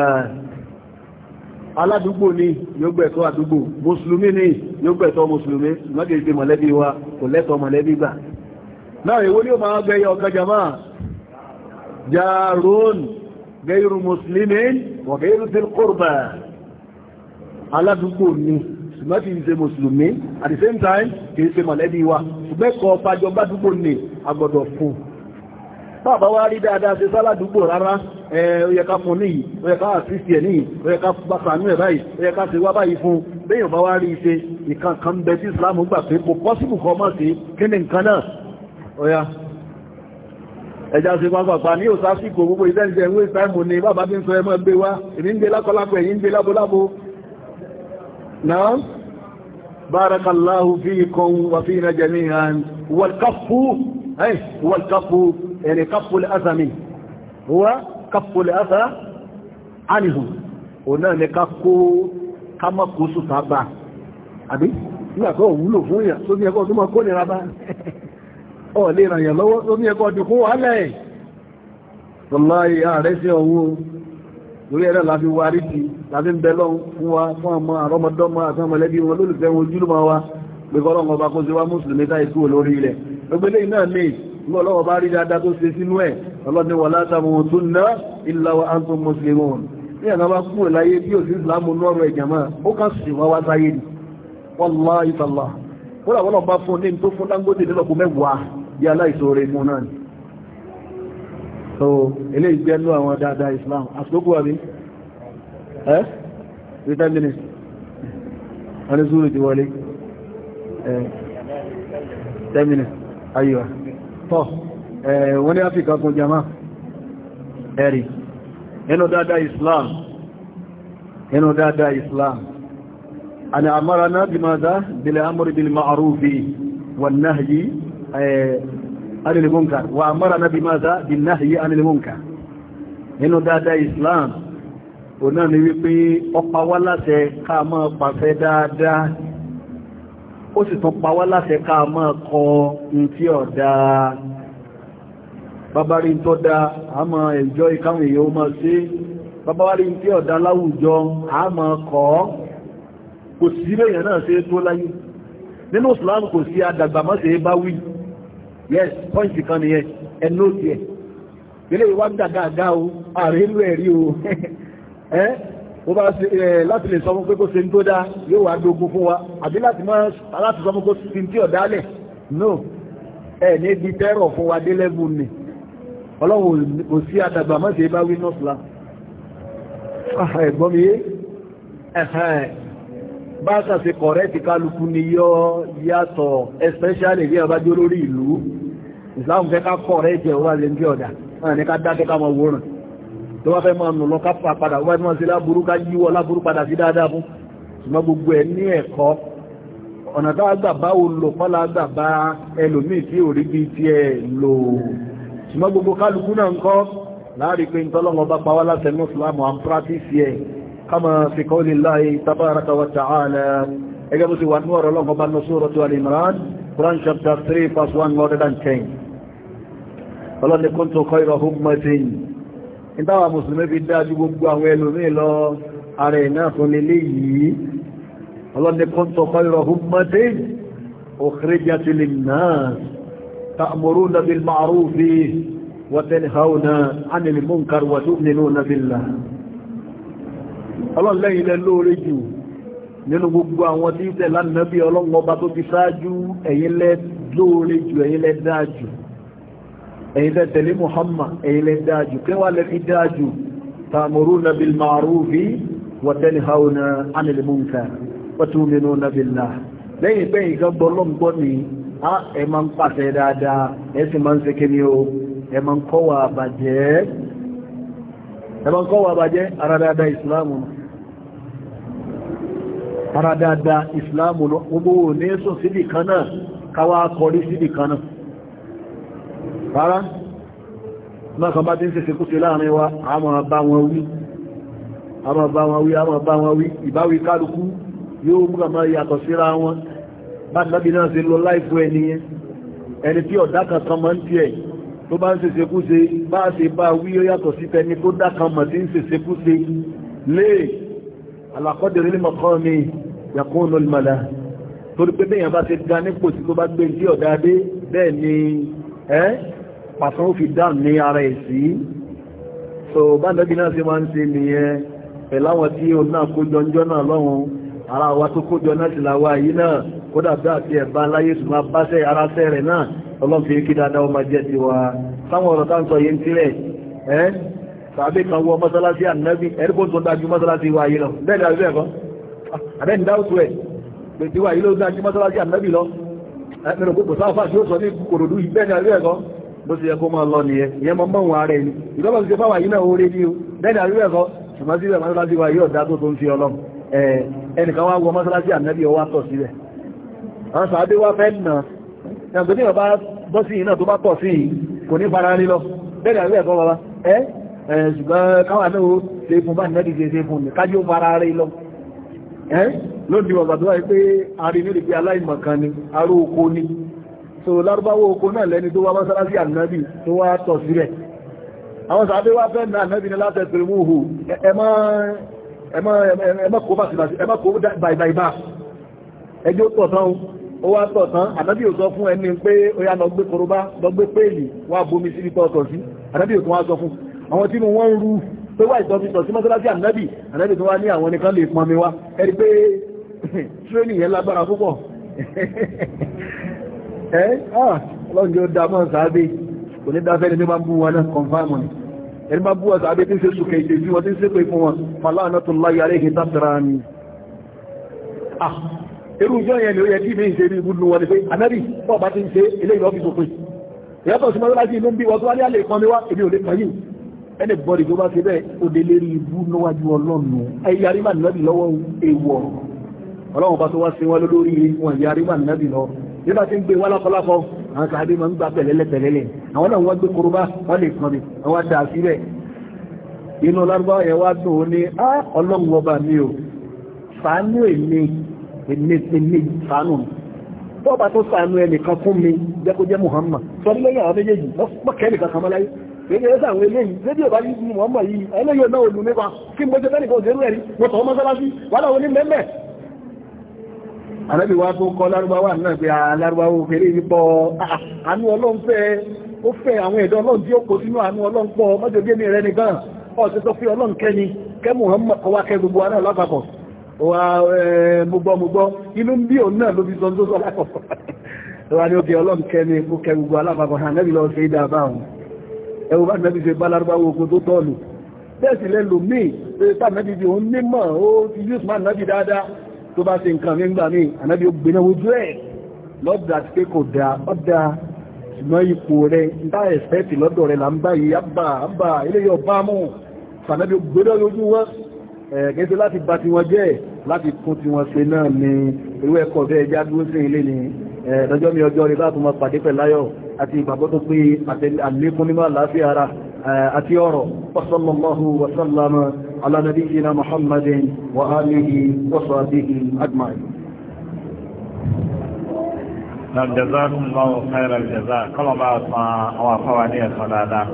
aládùúgbò ní yógbẹ̀tọ́ àdúgbò mùsùlùmí ní yógbẹ̀tọ́ mùsùlùmí lọ́gẹ̀ẹ́gbẹ̀ mọ̀lẹ́bí wa kò lẹ́tọ̀ mọ̀lẹ́bí gbà náà èwo ni ó máa gbẹ̀yẹ ọ̀kan jama jarun gẹ́rù mùsùlùmí wà gẹ́rù ti kọ́rbà aládùúgbò ní ṣùgbọ́n ti ṣe mùsùlùmí at the same time kìí ṣe mọ̀lẹ́bí wa ṣùgbẹ́kọ̀ọ́ pàjọ bá dúgbò ní agbọ́dọ̀ fún bàbá wá rí dáadáa ṣe sáládùúgbò rárá ẹ̀ẹ́yẹká fún ní ẹ̀ẹ́ká àtìsí ẹ̀ ní ẹ̀ẹ́ká bàtàánú ẹ̀ báyìí ẹ̀ẹ́ká ṣe wá báyìí fún béèyàn bá wá rí iṣẹ́ ìkan kan bẹ tí Islam gbà pé kò pọ́sìbù kọ́ mọ́ sí kí ni nǹkan náà ọ̀yá ẹja ṣe wá ní òsásìkò gbogbo ìdẹ́ǹdẹ̀ ìwé ìsáìmù ni bàbá bí ń sọ ẹmọ́ gbé wá èmi ń gbé lákọlápọ̀ èyí ń gbé lábolábo náà بارك الله فيكم وفينا جميعا والكف والكف يعني كف الأذى منه هو كف الأذى عنهم ọ̀nà ni ká kó ká mọ́ kó sùtà bá àbí nígbàkọ́ òwúlò fún yà tó ní ẹkọ́ tó mọ́ kó nìra bá ọ̀ lè ràn yà lọ́wọ́ tó ní ẹkọ́ ọdún kó wà lẹ́ Wallahi ààrẹ sí ọwọ́ lórí ẹ̀rẹ́ láti wà rí ti láti ń bẹ lọ fún wa fún ọmọ àrọmọdọ́mọ àti ọmọlẹ́bí wọn lólùfẹ́ wọn ojúlùmọ̀ wa pẹ̀kọ́ ọlọ́run ọba kó sí wa mùsùlùmí táìkú lórí ilẹ̀ gbogbo eléyìí náà ní nígbà ọlọ́wọ́ bá rí dáadáa tó ṣe sínú ẹ̀ ọlọ́ni wà látàmùtúnná illa wa antum muslimun ní ẹ̀nà bá kúrò láyé bí ò sí ìsìlámù lọ́rọ̀ ìjàmá ó kàn sì wá wá sáyé ni wallahi tallahi ó rà wọ́n bá fún ní tó fún Dangote nílọ́pù mẹ́wàá bí aláìsóore fún náà ni so 10 minutes wọ́n ni tọ́ wọ́n ní áfíkà kún jama ẹ̀rì ẹnu dáadáa islam ẹnu dáadáa islam àni àmára náà bí máa dá bílẹ̀ amúrí bílẹ̀ ma'arúfi wà náà yí anilimunka wa àmára náà bí máa dá bí náà yí anilimunka ẹnu dáadáa islam o náà ni wípé ọpa wá láṣẹ ká máa pàṣẹ dáadáa ó sì tún pa wá láṣẹ ká máa kọ ní tí ọ̀dá babari tó dá a máa enjoy ìkáwọn èèyàn ó máa sí babari tí ọ̀dá láwùjọ a máa kọ́ kò sí lèyàn náà ṣe tó láyé nínú Islam kò sí adàgbàmọ́sẹ̀ bá wí yes point kan ni yes ẹnú ti ẹ̀ ilé ìwádàgàgà o àrẹ́lú ẹ̀rí o ẹ́ ó bá ṣe láti lè sọ fún pé kó ṣe ń tó dáa yóò wá dogun fún wa àbí láti máa láti sọ fún kó ṣe tí ọ̀dá lẹ̀ no ẹ̀ níbi tẹ́rọ̀ fún wa dé lẹ́bù ni ọlọ́run kò sí àdàgbà mọ́sẹ̀ bá wí nọ́ọ̀sìlá ah, ẹ̀gbọ́n mi ẹ̀hẹ́n bá ṣàṣe kọ̀rẹ́tì kálukú ni yọ yàtọ̀ especially bí ọba jó lórí ìlú ìsìláàmù fẹ́ ká kọ̀rẹ́tì ọwọ́ àlẹ́ ń bí ọ̀dà náà ní ká dákẹ́ ká mọ wòrán tó bá fẹ́ máa nù lọ ká fà padà wọ́n fẹ́ máa ṣe láburú ká yíwọ́ láburú padà sí dáadáa fún ṣùgbọ́n gbogbo ẹ̀ ní ẹ̀kọ́ ọ̀nà tá àgbà bá o lò kọ́lá àgbà ẹlòmíì tí ò rí bí ti ẹ̀ lò ṣùgbọ́n gbogbo kálukú náà ń kọ́ láàrin pé ìtọ́lọ́wọ́ bá pa wá láti ìsìlámù à pírátìsì ẹ̀ kama fi qawli Allahi tabaraka wa ta'ala ẹgẹ́ bó ti wà ní ọ̀rọ̀ lọ́wọ́ bá ní suratu Al-Imran Quran chapter 3 verse 110 ìtawà mùsùlùmí fi dájú gbogbo àwọn ẹlòmí lọ ààrẹ iná fún lélé yìí ọlọ́ni kọ́ntọ̀ kọ́lọ̀ húnmọ́dé òkèrèjá ti lè náà tààmùrú nàbí ma'arúfi wọ́tẹ́ni haúnà ánìlì múnkar wàtú nínú nàbílá ọlọ́lẹ́yìn lẹ lóore jù nínú gbogbo àwọn tí tẹ̀lá nàbí ọlọ́wọ́ ẹ̀yin lẹ tẹ̀lé Muhammad ẹ̀yin lẹ dáájú kí wá lẹ fi dáájú ta'muruna bil ma'rufi wa tanhauna 'anil munkar wa tu'minuna billah lẹ́yìn pé nǹkan gbọ́lọ́gbọ́ ni a ẹ máa ń pàṣẹ dáadáa ẹ sì máa ń ṣe kíní o ẹ máa ń kọ́wà àbàjẹ́ ẹ máa ń kọ́wà àbàjẹ́ ara dáadáa ìsìláàmù ara gbogbo ní sùn síbì rárá mọ́kàn bá ti ń ṣe kúṣe láàrin wa a máa bá wọn wí a máa bá wọn wí a máa bá wọn wí ìbáwí kálukú yóò múra máa yàtọ̀ síra wọn bá tàbí náà ṣe lọ láìfú ẹni yẹn ẹni tí ọ̀dá kan kan máa ń tiẹ̀ tó bá ń ṣe ṣekúṣe bá ṣe bá wí ó yàtọ̀ sí tẹni tó dá kan mọ̀ tí ń ṣe ṣekúṣe lé àlàkọ́dẹ̀rẹ́ ni ẹ́ pàtàkì fi dá ní ara ẹ̀ sí so bá nẹ́bí náà sí máa ń ṣe nìyẹn pẹ̀láwọn tí o náà kójọ ńjọ́ náà lọ́hun ara wa tó kójọ náà sì láwá yìí náà kódà bí àti ẹ̀bá láyé sùn máa bá sẹ́ ara sẹ́ rẹ̀ náà ọlọ́fẹ́ kí dáadáa ọmọ jẹ́ ti wa sáwọn ọ̀rọ̀ táǹsọ yìí ń tilẹ̀ ẹ́ tàbí kan wọ mọ́sálásí ànábì ẹ̀rìkó tó dájú mọ́sálásí wa yìí lọ bẹ́ẹ̀ ni àbí ẹ̀kọ́ ah, àbẹ́ni dáútù ẹ̀ pèsè wa yìí ló dájú mọ́sálásí ànábì lọ ẹ̀mìnà gbogbo sáfà tí ó sọ ní kòròdú ìbẹ́ni àbí ẹ̀kọ́ bó ti yẹ kó máa lọ nìyẹn ìyẹn mọ́ mọ́ wọn ààrẹ ni ìjọba ti fáwà yìí náà ó ní o dẹ́nà àríwẹ̀ ẹ̀kọ́ ṣùgbọ́n sí ìwẹ̀ mọ́sálásí wa yóò dá tó tó ń fi ọlọ́m ẹnìkan wá wọ mọ́sálásí ànábì ọwá tọ̀ sílẹ̀ àwọn sàábé wá fẹ́ nà ẹ̀kọ́ tí bàbá bọ́ sí iná tó bá tọ̀ sí kò ní fara rí lọ dẹ́nà àríwẹ̀ ẹ̀kọ́ bàbá ẹ ṣùgbọ́n káwà náà ó ṣe fún bá nìyẹn ti so lárúbáwó oko náà lẹ́ni tó wá mọ́sálásí ànábì tó wá tọ̀ sílẹ̀ àwọn sàábé wá fẹ́ náà ànábì ní láti ẹ̀pẹ̀rẹ̀ mú hù ẹmọ́kó bàìbàìbà ẹjọ́ tọ̀ tán ó wá tọ̀ tán ànábì ò sọ fún ẹni pé ó yá lọ gbé korobá lọ gbé péèlì wá bomi sí ipa ọ̀tọ̀ sí ànábì ò tún wá sọ fún àwọn tí mo wọ́n rú pé wá ìtọ́fisọ̀ sí mọ́sálásí ànábì ànábì tó wá ní àwọn nìkan lè pọnmi wá ẹni pé <laughs> tírénì yẹn lágbára púpọ̀ <laughs> ẹ́ ah, ọlọ́njọ́ dámọ́ sàábé kò ní dáfẹ́ ní bá bú wọn náà kọ̀nfàmù ni ẹni bá bú wọn sàábé tí ṣe sùkẹ̀ ìṣẹ́ sí wọn tí ṣe pé fún wọn fàlànà tó láyé aré ìhìn tàbíra ni ah, irújọ́ yẹn ni ó yẹ kí mi ṣe ní ibùdó wọn ni pé anábì pọ̀ bá ti ń ṣe ilé ìlọ́fi tó pé ìyàtọ̀ sí mọ́tọ́lá sí bí bá ti ń gbé wá lọ́kọ́lọ́kọ́ àwọn sàbí máa ń gba pẹ̀lẹ́lẹ̀ pẹ̀lẹ́lẹ̀ àwọn náà wọ́n gbé korobá wọ́n lè kan mi àwọn dà síbẹ̀ inú lárúbáwọ̀ yẹn wá dùn ó ní á ọlọ́run ọba mi ò fàánú èmi èmi fàánù tọ́ba tó sàánú ẹnìkan fún mi jẹ́ kó jẹ́ Muhammad sọ ní lẹ́yìn àwọn méjèèjì mọ́kẹ́ nìkan kan mọ́láyé àrẹ́bí wá tó kọ́ lárúbáwà náà pé alárúbáwò ah, fèrè nípọ̀ ah, àánú ọlọ́run fẹ́ ó fẹ́ àwọn ẹ̀dọ́ ọlọ́run tí ó kò sínú àánú ọlọ́run pọ̀ rẹ nìkan ọ̀sẹ̀ tó fi kẹ́ Muhammad kọwá kẹ́ gbogbo aná lápapọ̀ wà mọ̀gbọ́mọ̀gbọ́ inú bí òun náà ló fi sọ tó sọ lápapọ̀ wà ní òkè ọlọ́run kẹ́ni kó kẹ́ gbogbo alápapọ̀ ànẹ́bí lọ ṣe ìdá bá wọn ẹwù bá nẹ́bí ṣe bá lárúbáwò oko tó tọ́ọ̀lù tó bá ṣe nǹkan mẹ́gbà mí ànábí ó gbẹ̀nà ojú ẹ̀ lọ́dà ti pé kò dáa ọ́dà ṣùgbọ́n ipò rẹ̀ ń bá ẹ̀fẹ́tì lọ́dọ̀ rẹ̀ là ń bá yìí àbà àbà ti wọn jẹ́ ti wọn ni irú ẹ̀kọ́ bẹ́ẹ̀ já dúró ilé ni lọ́jọ́ mi ọjọ́ rí bá tún mọ pàdé pẹ̀láyọ̀ àti ìgbàgbọ́ tó أتيورو وصلى الله وسلم على نبينا محمد وآله وصحبه أجمعين جزاكم الله خير الجزاء كل ما وفواني صلاة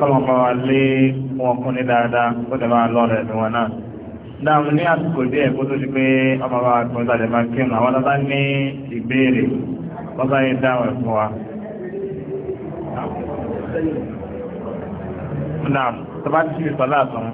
kọlọ̀ bá wa lé wọn kún ní dáadáa kó tẹ máa lọ rẹ̀ níwọ̀n náà dáàmù ní àsìkò díẹ̀ kó tó ti pé ọmọ bá gbọ́n tàbí máa kírun àwọn tọ́ta ní ìbéèrè lọ́sáyé dáhùn ẹ̀fọ́ wa náà tọ́bá ti ṣe sọ́lá àtàn